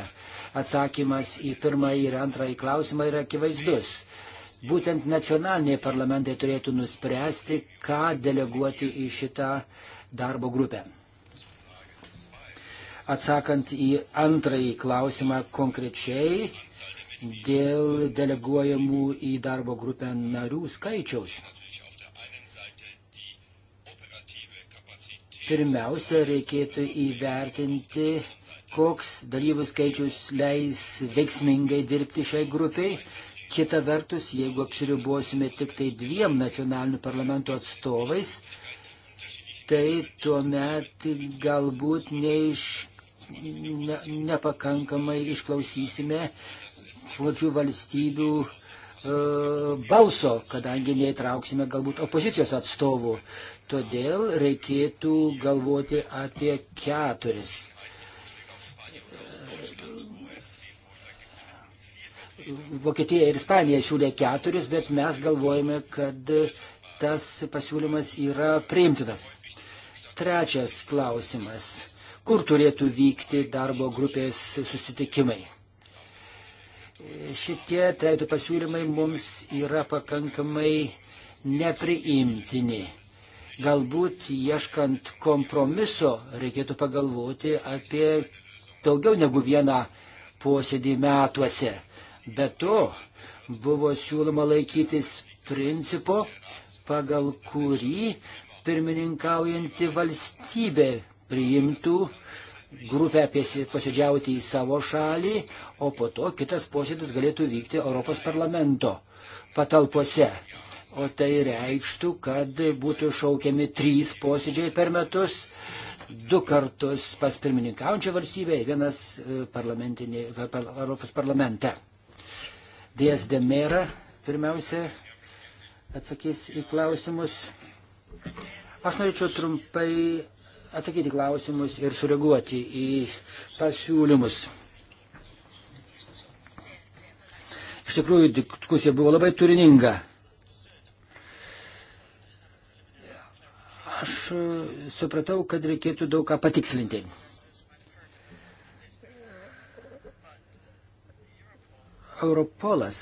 Atsakymas į pirmąjį ir antrąjį klausimą yra akivaizdus. Būtent nacionaliniai parlamentai turėtų nuspręsti, ką deleguoti į šitą darbo grupę. Atsakant į antrąjį klausimą konkrečiai dėl deleguojamų į darbo grupę narių skaičiaus Pirmiausia, reikėtų įvertinti, koks dalyvių skaičius leis veiksmingai dirbti šiai grupiai. Kita vertus, jeigu apsiribuosime tik tai dviem nacionalinių parlamento atstovais, tai tuomet galbūt neiš, ne, nepakankamai išklausysime plačių valstybių e, balso, kadangi neįtrauksime galbūt opozicijos atstovų. Todėl reikėtų galvoti apie keturis. Vokietija ir Ispanija siūlė keturis, bet mes galvojame, kad tas pasiūlymas yra priimtinas. Trečias klausimas. Kur turėtų vykti darbo grupės susitikimai? Šitie trejų pasiūlymai mums yra pakankamai nepriimtini. Galbūt ieškant kompromiso reikėtų pagalvoti apie daugiau negu vieną posėdį metuose. Be to buvo siūloma laikytis principo, pagal kurį pirmininkaujanti valstybė priimtų grupę posėdžiauti į savo šalį, o po to kitas posėdis galėtų vykti Europos parlamento patalpose o tai reikštų, kad būtų šaukiami trys posėdžiai per metus, du kartus pas pirmininkaujančią valstybę ir vienas e, e, Europos parlamente. Dės Demera pirmiausia atsakys į klausimus. Aš norėčiau trumpai atsakyti klausimus ir sureaguoti į pasiūlymus. Iš tikrųjų, diskusija buvo labai turininga. Aš supratau, kad reikėtų daug ką patikslinti. Europolas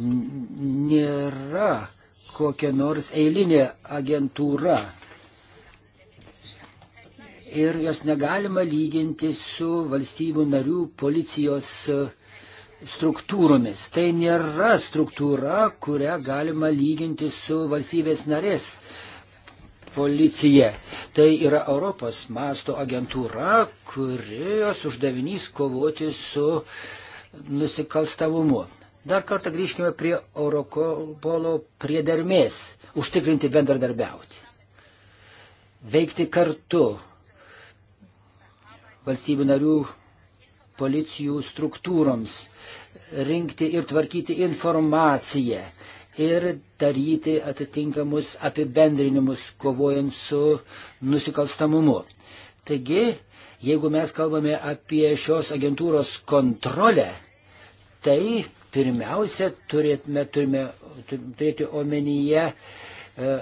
nėra kokia nors eilinė agentūra. Ir jos negalima lyginti su valstybių narių policijos uh, struktūromis. Tai nėra struktūra, kurią galima lyginti su valstybės narės policija. Tai yra Europos masto agentūra, kurios uždavinys kovoti su nusikalstavumu. Dar kartą grįžkime prie Europolo priedermės - užtikrinti bendradarbiauti. Veikti kartu valstybių narių policijų struktūroms rinkti ir tvarkyti informaciją ir daryti atitinkamus apibendrinimus kovojant su nusikalstamumu. Taigi, jeigu mes kalbame apie šios agentūros kontrolę, tai pirmiausia turėtume, turime turėti omenyje e,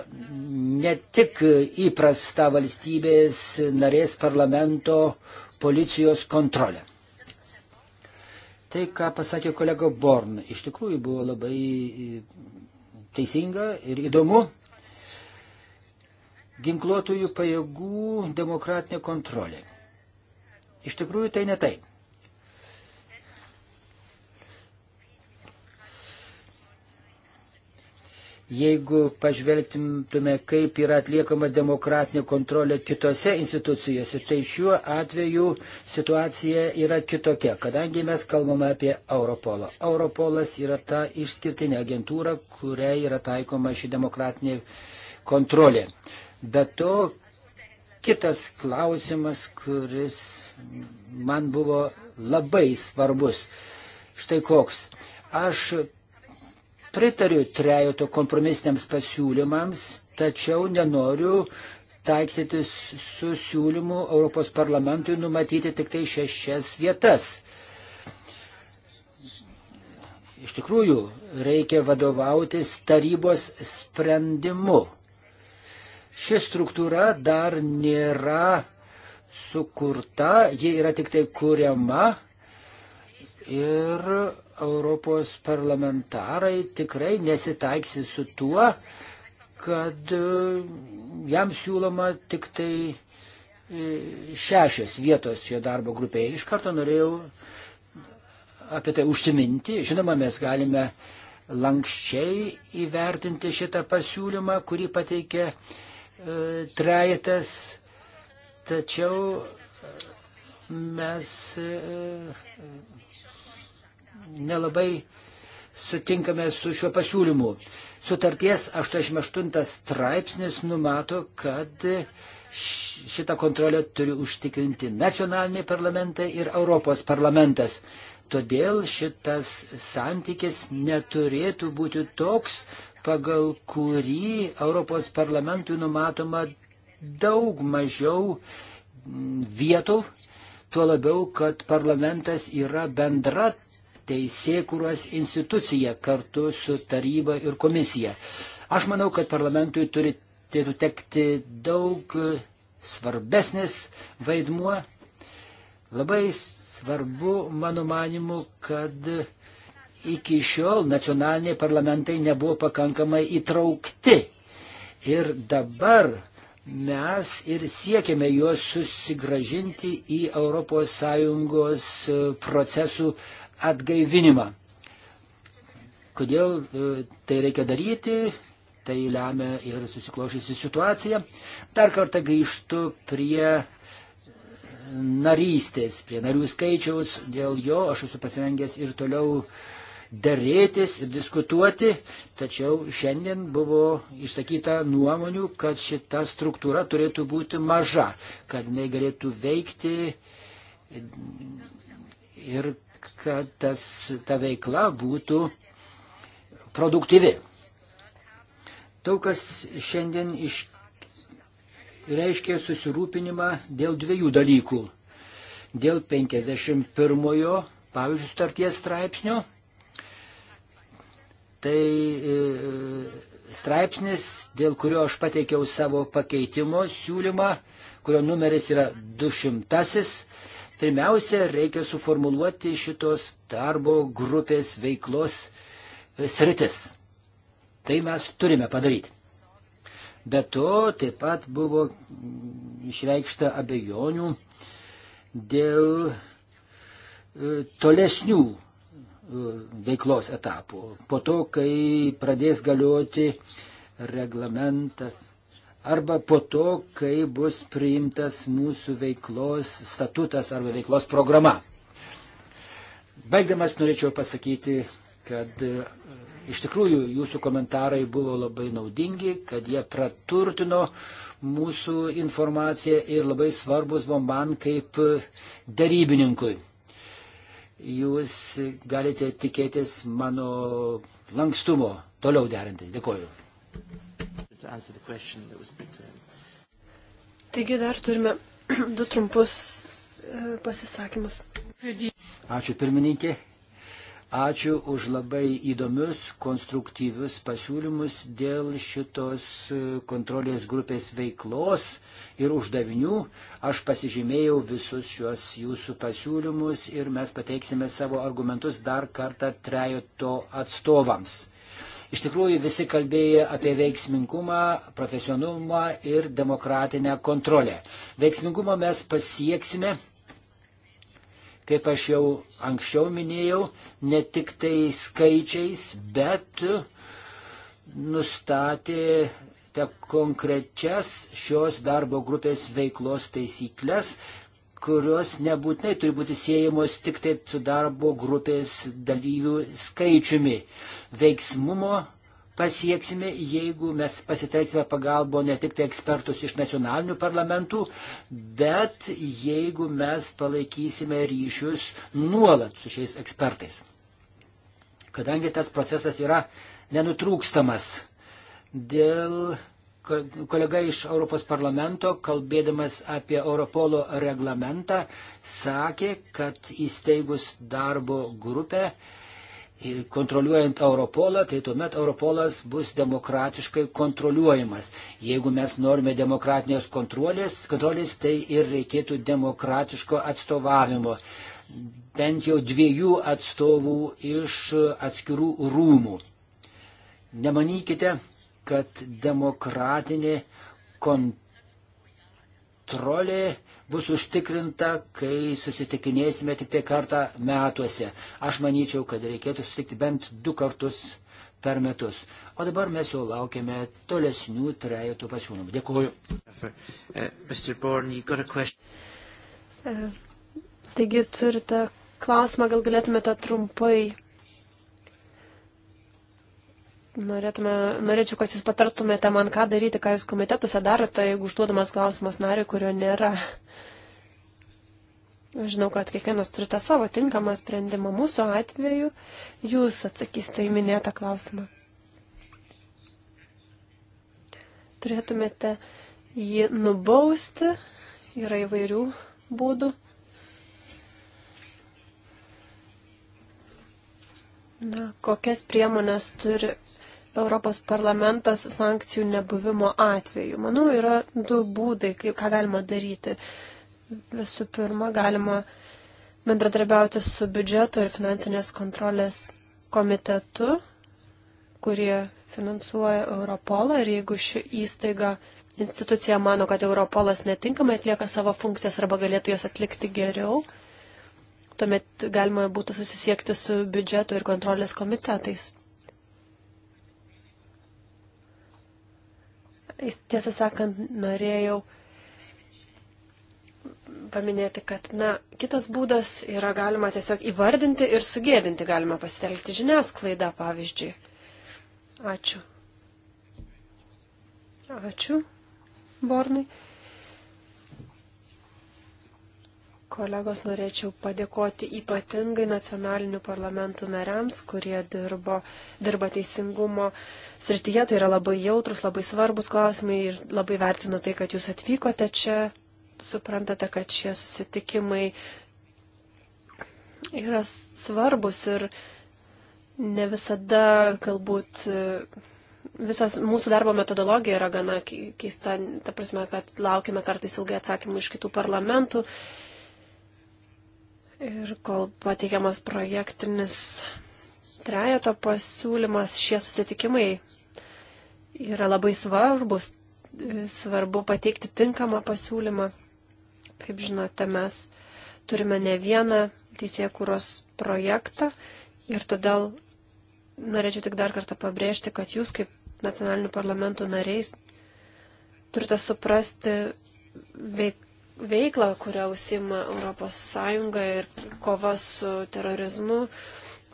ne tik įprasta valstybės narės parlamento policijos kontrolę. Tai, ką pasakė kolega Born, iš tikrųjų buvo labai e, teisinga ir įdomu. Ginkluotųjų pajėgų demokratinė kontrolė. Iš tikrųjų tai ne taip. Jeigu pažvelgtume, kaip yra atliekama demokratinė kontrolė kitose institucijose, tai šiuo atveju situacija yra kitokia, kadangi mes kalbame apie Europolą. Europolas yra ta išskirtinė agentūra, kuriai yra taikoma ši demokratinė kontrolė. Be to, kitas klausimas, kuris man buvo labai svarbus. Štai koks. Aš pritariu trejoto kompromisiniams pasiūlymams, tačiau nenoriu taikstytis su siūlymu Europos parlamentui numatyti tik tai šešias vietas. Iš tikrųjų, reikia vadovautis tarybos sprendimu. Ši struktūra dar nėra sukurta, ji yra tik tai kuriama ir Europos parlamentarai tikrai nesitaiksis su tuo, kad e, jam siūloma tik tai e, šešios vietos šio darbo grupėje. Iš karto norėjau apie tai užsiminti. Žinoma, mes galime lankščiai įvertinti šitą pasiūlymą, kurį pateikė e, trejetas, tačiau mes e, nelabai sutinkame su šiuo pasiūlymu. Sutarties 88 straipsnis numato, kad šitą kontrolę turi užtikrinti nacionaliniai parlamentai ir Europos parlamentas. Todėl šitas santykis neturėtų būti toks, pagal kurį Europos parlamentui numatoma daug mažiau mm, vietų, tuo labiau, kad parlamentas yra bendra teisėkuros institucija kartu su taryba ir komisija. Aš manau, kad parlamentui turi tekti daug svarbesnis vaidmuo. Labai svarbu, mano manimu, kad iki šiol nacionaliniai parlamentai nebuvo pakankamai įtraukti. Ir dabar mes ir siekiame juos susigražinti į ES procesų atgaivinimą. Kodėl e, tai reikia daryti, tai lemia ir susiklošusi situacija. Dar kartą grįžtu prie narystės, prie narių skaičiaus, dėl jo aš esu pasirengęs ir toliau dėrėtis ir diskutuoti, tačiau šiandien buvo išsakyta nuomonių, kad šita struktūra turėtų būti maža, kad jinai galėtų veikti ir kad tas, ta veikla būtų produktyvi. Daug kas šiandien iš, reiškia susirūpinimą dėl dviejų dalykų. Dėl 51-ojo, pavyzdžiui, starties straipsnio. Tai e, straipsnis, dėl kurio aš pateikiau savo pakeitimo siūlymą, kurio numeris yra 200. Pirmiausia, reikia suformuluoti šitos darbo grupės veiklos e, sritis. Tai mes turime padaryti. Be to, taip pat buvo mm, išreikšta abejonių dėl e, tolesnių e, veiklos etapų. Po to, kai pradės galioti reglamentas arba po to, kai bus priimtas mūsų veiklos statutas arba veiklos programa. Baigdamas norėčiau pasakyti, kad e, iš tikrųjų jūsų komentarai buvo labai naudingi, kad jie praturtino mūsų informaciją ir labai svarbus buvo man kaip e, darybininkui. Jūs galite tikėtis mano lankstumo toliau derintis. Dėkuoju. Taigi dar turime du trumpus e, pasisakymus. Ačiū pirmininkė. Ačiū už labai įdomius, konstruktyvius pasiūlymus dėl šitos e, kontrolės grupės veiklos ir uždavinių. Aš pasižymėjau visus šios jūsų pasiūlymus ir mes pateiksime savo argumentus dar kartą trejoto atstovams. Iš tikrųjų visi kalbėjo apie veiksmingumą, profesionalumą ir demokratinę kontrolę. Veiksmingumą mes pasieksime, kaip aš jau anksčiau minėjau, ne tik tai skaičiais, bet nustatė konkrečias šios darbo grupės veiklos taisyklės, kurios nebūtinai turi būti siejamos tik tai su darbo grupės dalyvių skaičiumi. Veiksmumo pasieksime, jeigu mes pasiteiksime pagalbo ne tik tai ekspertus iš nacionalinių parlamentų, bet jeigu mes palaikysime ryšius nuolat su šiais ekspertais. Kadangi tas procesas yra nenutrūkstamas dėl kolega iš Europos parlamento, kalbėdamas apie Europolo reglamentą, sakė, kad įsteigus darbo grupę ir kontroliuojant Europolą, tai tuomet Europolas bus demokratiškai kontroliuojamas. Jeigu mes norime demokratinės kontrolės, kontrolės tai ir reikėtų demokratiško atstovavimo bent jau dviejų atstovų iš atskirų rūmų. Nemanykite, kad demokratinė kontrolė bus užtikrinta, kai susitikinėsime tik tai kartą metuose. Aš manyčiau, kad reikėtų susitikti bent du kartus per metus. O dabar mes jau laukiame tolesnių trejotų pasiūlymų. Dėkuoju. Uh, uh, taigi turite klausimą, gal galėtumėte trumpai Norėtume, norėčiau, kad jūs patartumėte man, ką daryti, ką jūs komitetuose darote, jeigu užduodamas klausimas nariui, kurio nėra. Žinau, kad kiekvienas turite savo tinkamą sprendimą. Mūsų atveju jūs atsakysite į minėtą klausimą. Turėtumėte jį nubausti. Yra įvairių būdų. Na, kokias priemonės turi Europos parlamentas sankcijų nebuvimo atveju. Manau, yra du būdai, kaip, ką galima daryti. Visų pirma, galima bendradarbiauti su biudžeto ir finansinės kontrolės komitetu, kurie finansuoja Europolą ir jeigu ši įstaiga institucija mano, kad Europolas netinkamai atlieka savo funkcijas arba galėtų jas atlikti geriau, tuomet galima būtų susisiekti su biudžeto ir kontrolės komitetais. tiesą sakant, norėjau paminėti, kad, na, kitas būdas yra galima tiesiog įvardinti ir sugėdinti, galima pasitelkti žiniasklaidą, pavyzdžiui. Ačiū. Ačiū, Bornai. Kolegos, norėčiau padėkoti ypatingai nacionalinių parlamentų nariams, kurie dirbo, dirba teisingumo uh, srityje. Tai yra labai jautrus, labai svarbus klausimai ir labai vertinu tai, kad jūs atvykote čia. Suprantate, kad šie susitikimai yra svarbus ir ne visada galbūt e, visas mūsų darbo metodologija yra gana keista, ta prasme, kad laukime kartais ilgai atsakymų iš kitų parlamentų. Ir kol pateikiamas projektinis trejato pasiūlymas, šie susitikimai yra labai svarbus, svarbu pateikti tinkamą pasiūlymą. Kaip žinote, mes turime ne vieną teisėkūros projektą ir todėl norėčiau tik dar kartą pabrėžti, kad jūs kaip nacionalinių parlamentų nariais turite suprasti veik, veiklą, kurią užsima ES ir kova su terorizmu,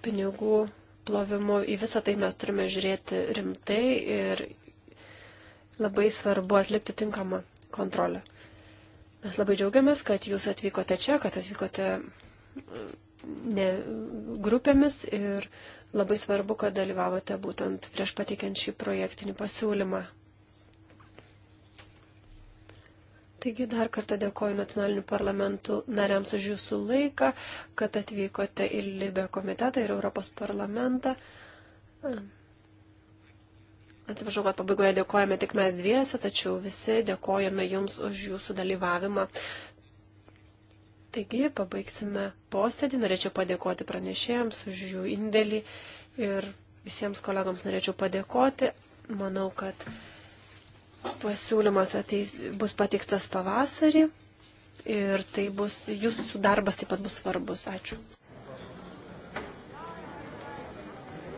pinigų plovimu. Į visą tai mes turime žiūrėti rimtai ir labai svarbu atlikti tinkamą kontrolę. Mes labai džiaugiamės, kad jūs atvykote čia, kad atvykote mm, ne grupėmis ir labai svarbu, kad dalyvavote būtent prieš pateikiant šį projektinį pasiūlymą. Taigi dar kartą dėkoju nacionalinių parlamentų nariams už jūsų laiką, kad atvykote į Libę komitetą ir Europos parlamentą. Atsiprašau, kad pabaigoje dėkojame tik mes dviese, tačiau visi dėkojame jums už jūsų dalyvavimą. Taigi, pabaigsime posėdį. Norėčiau padėkoti pranešėjams už jų indėlį ir visiems kolegams norėčiau padėkoti. Manau, kad Pasiūlymas ateis, bus pateiktas pavasarį ir tai bus, jūsų darbas taip pat bus svarbus. Ačiū.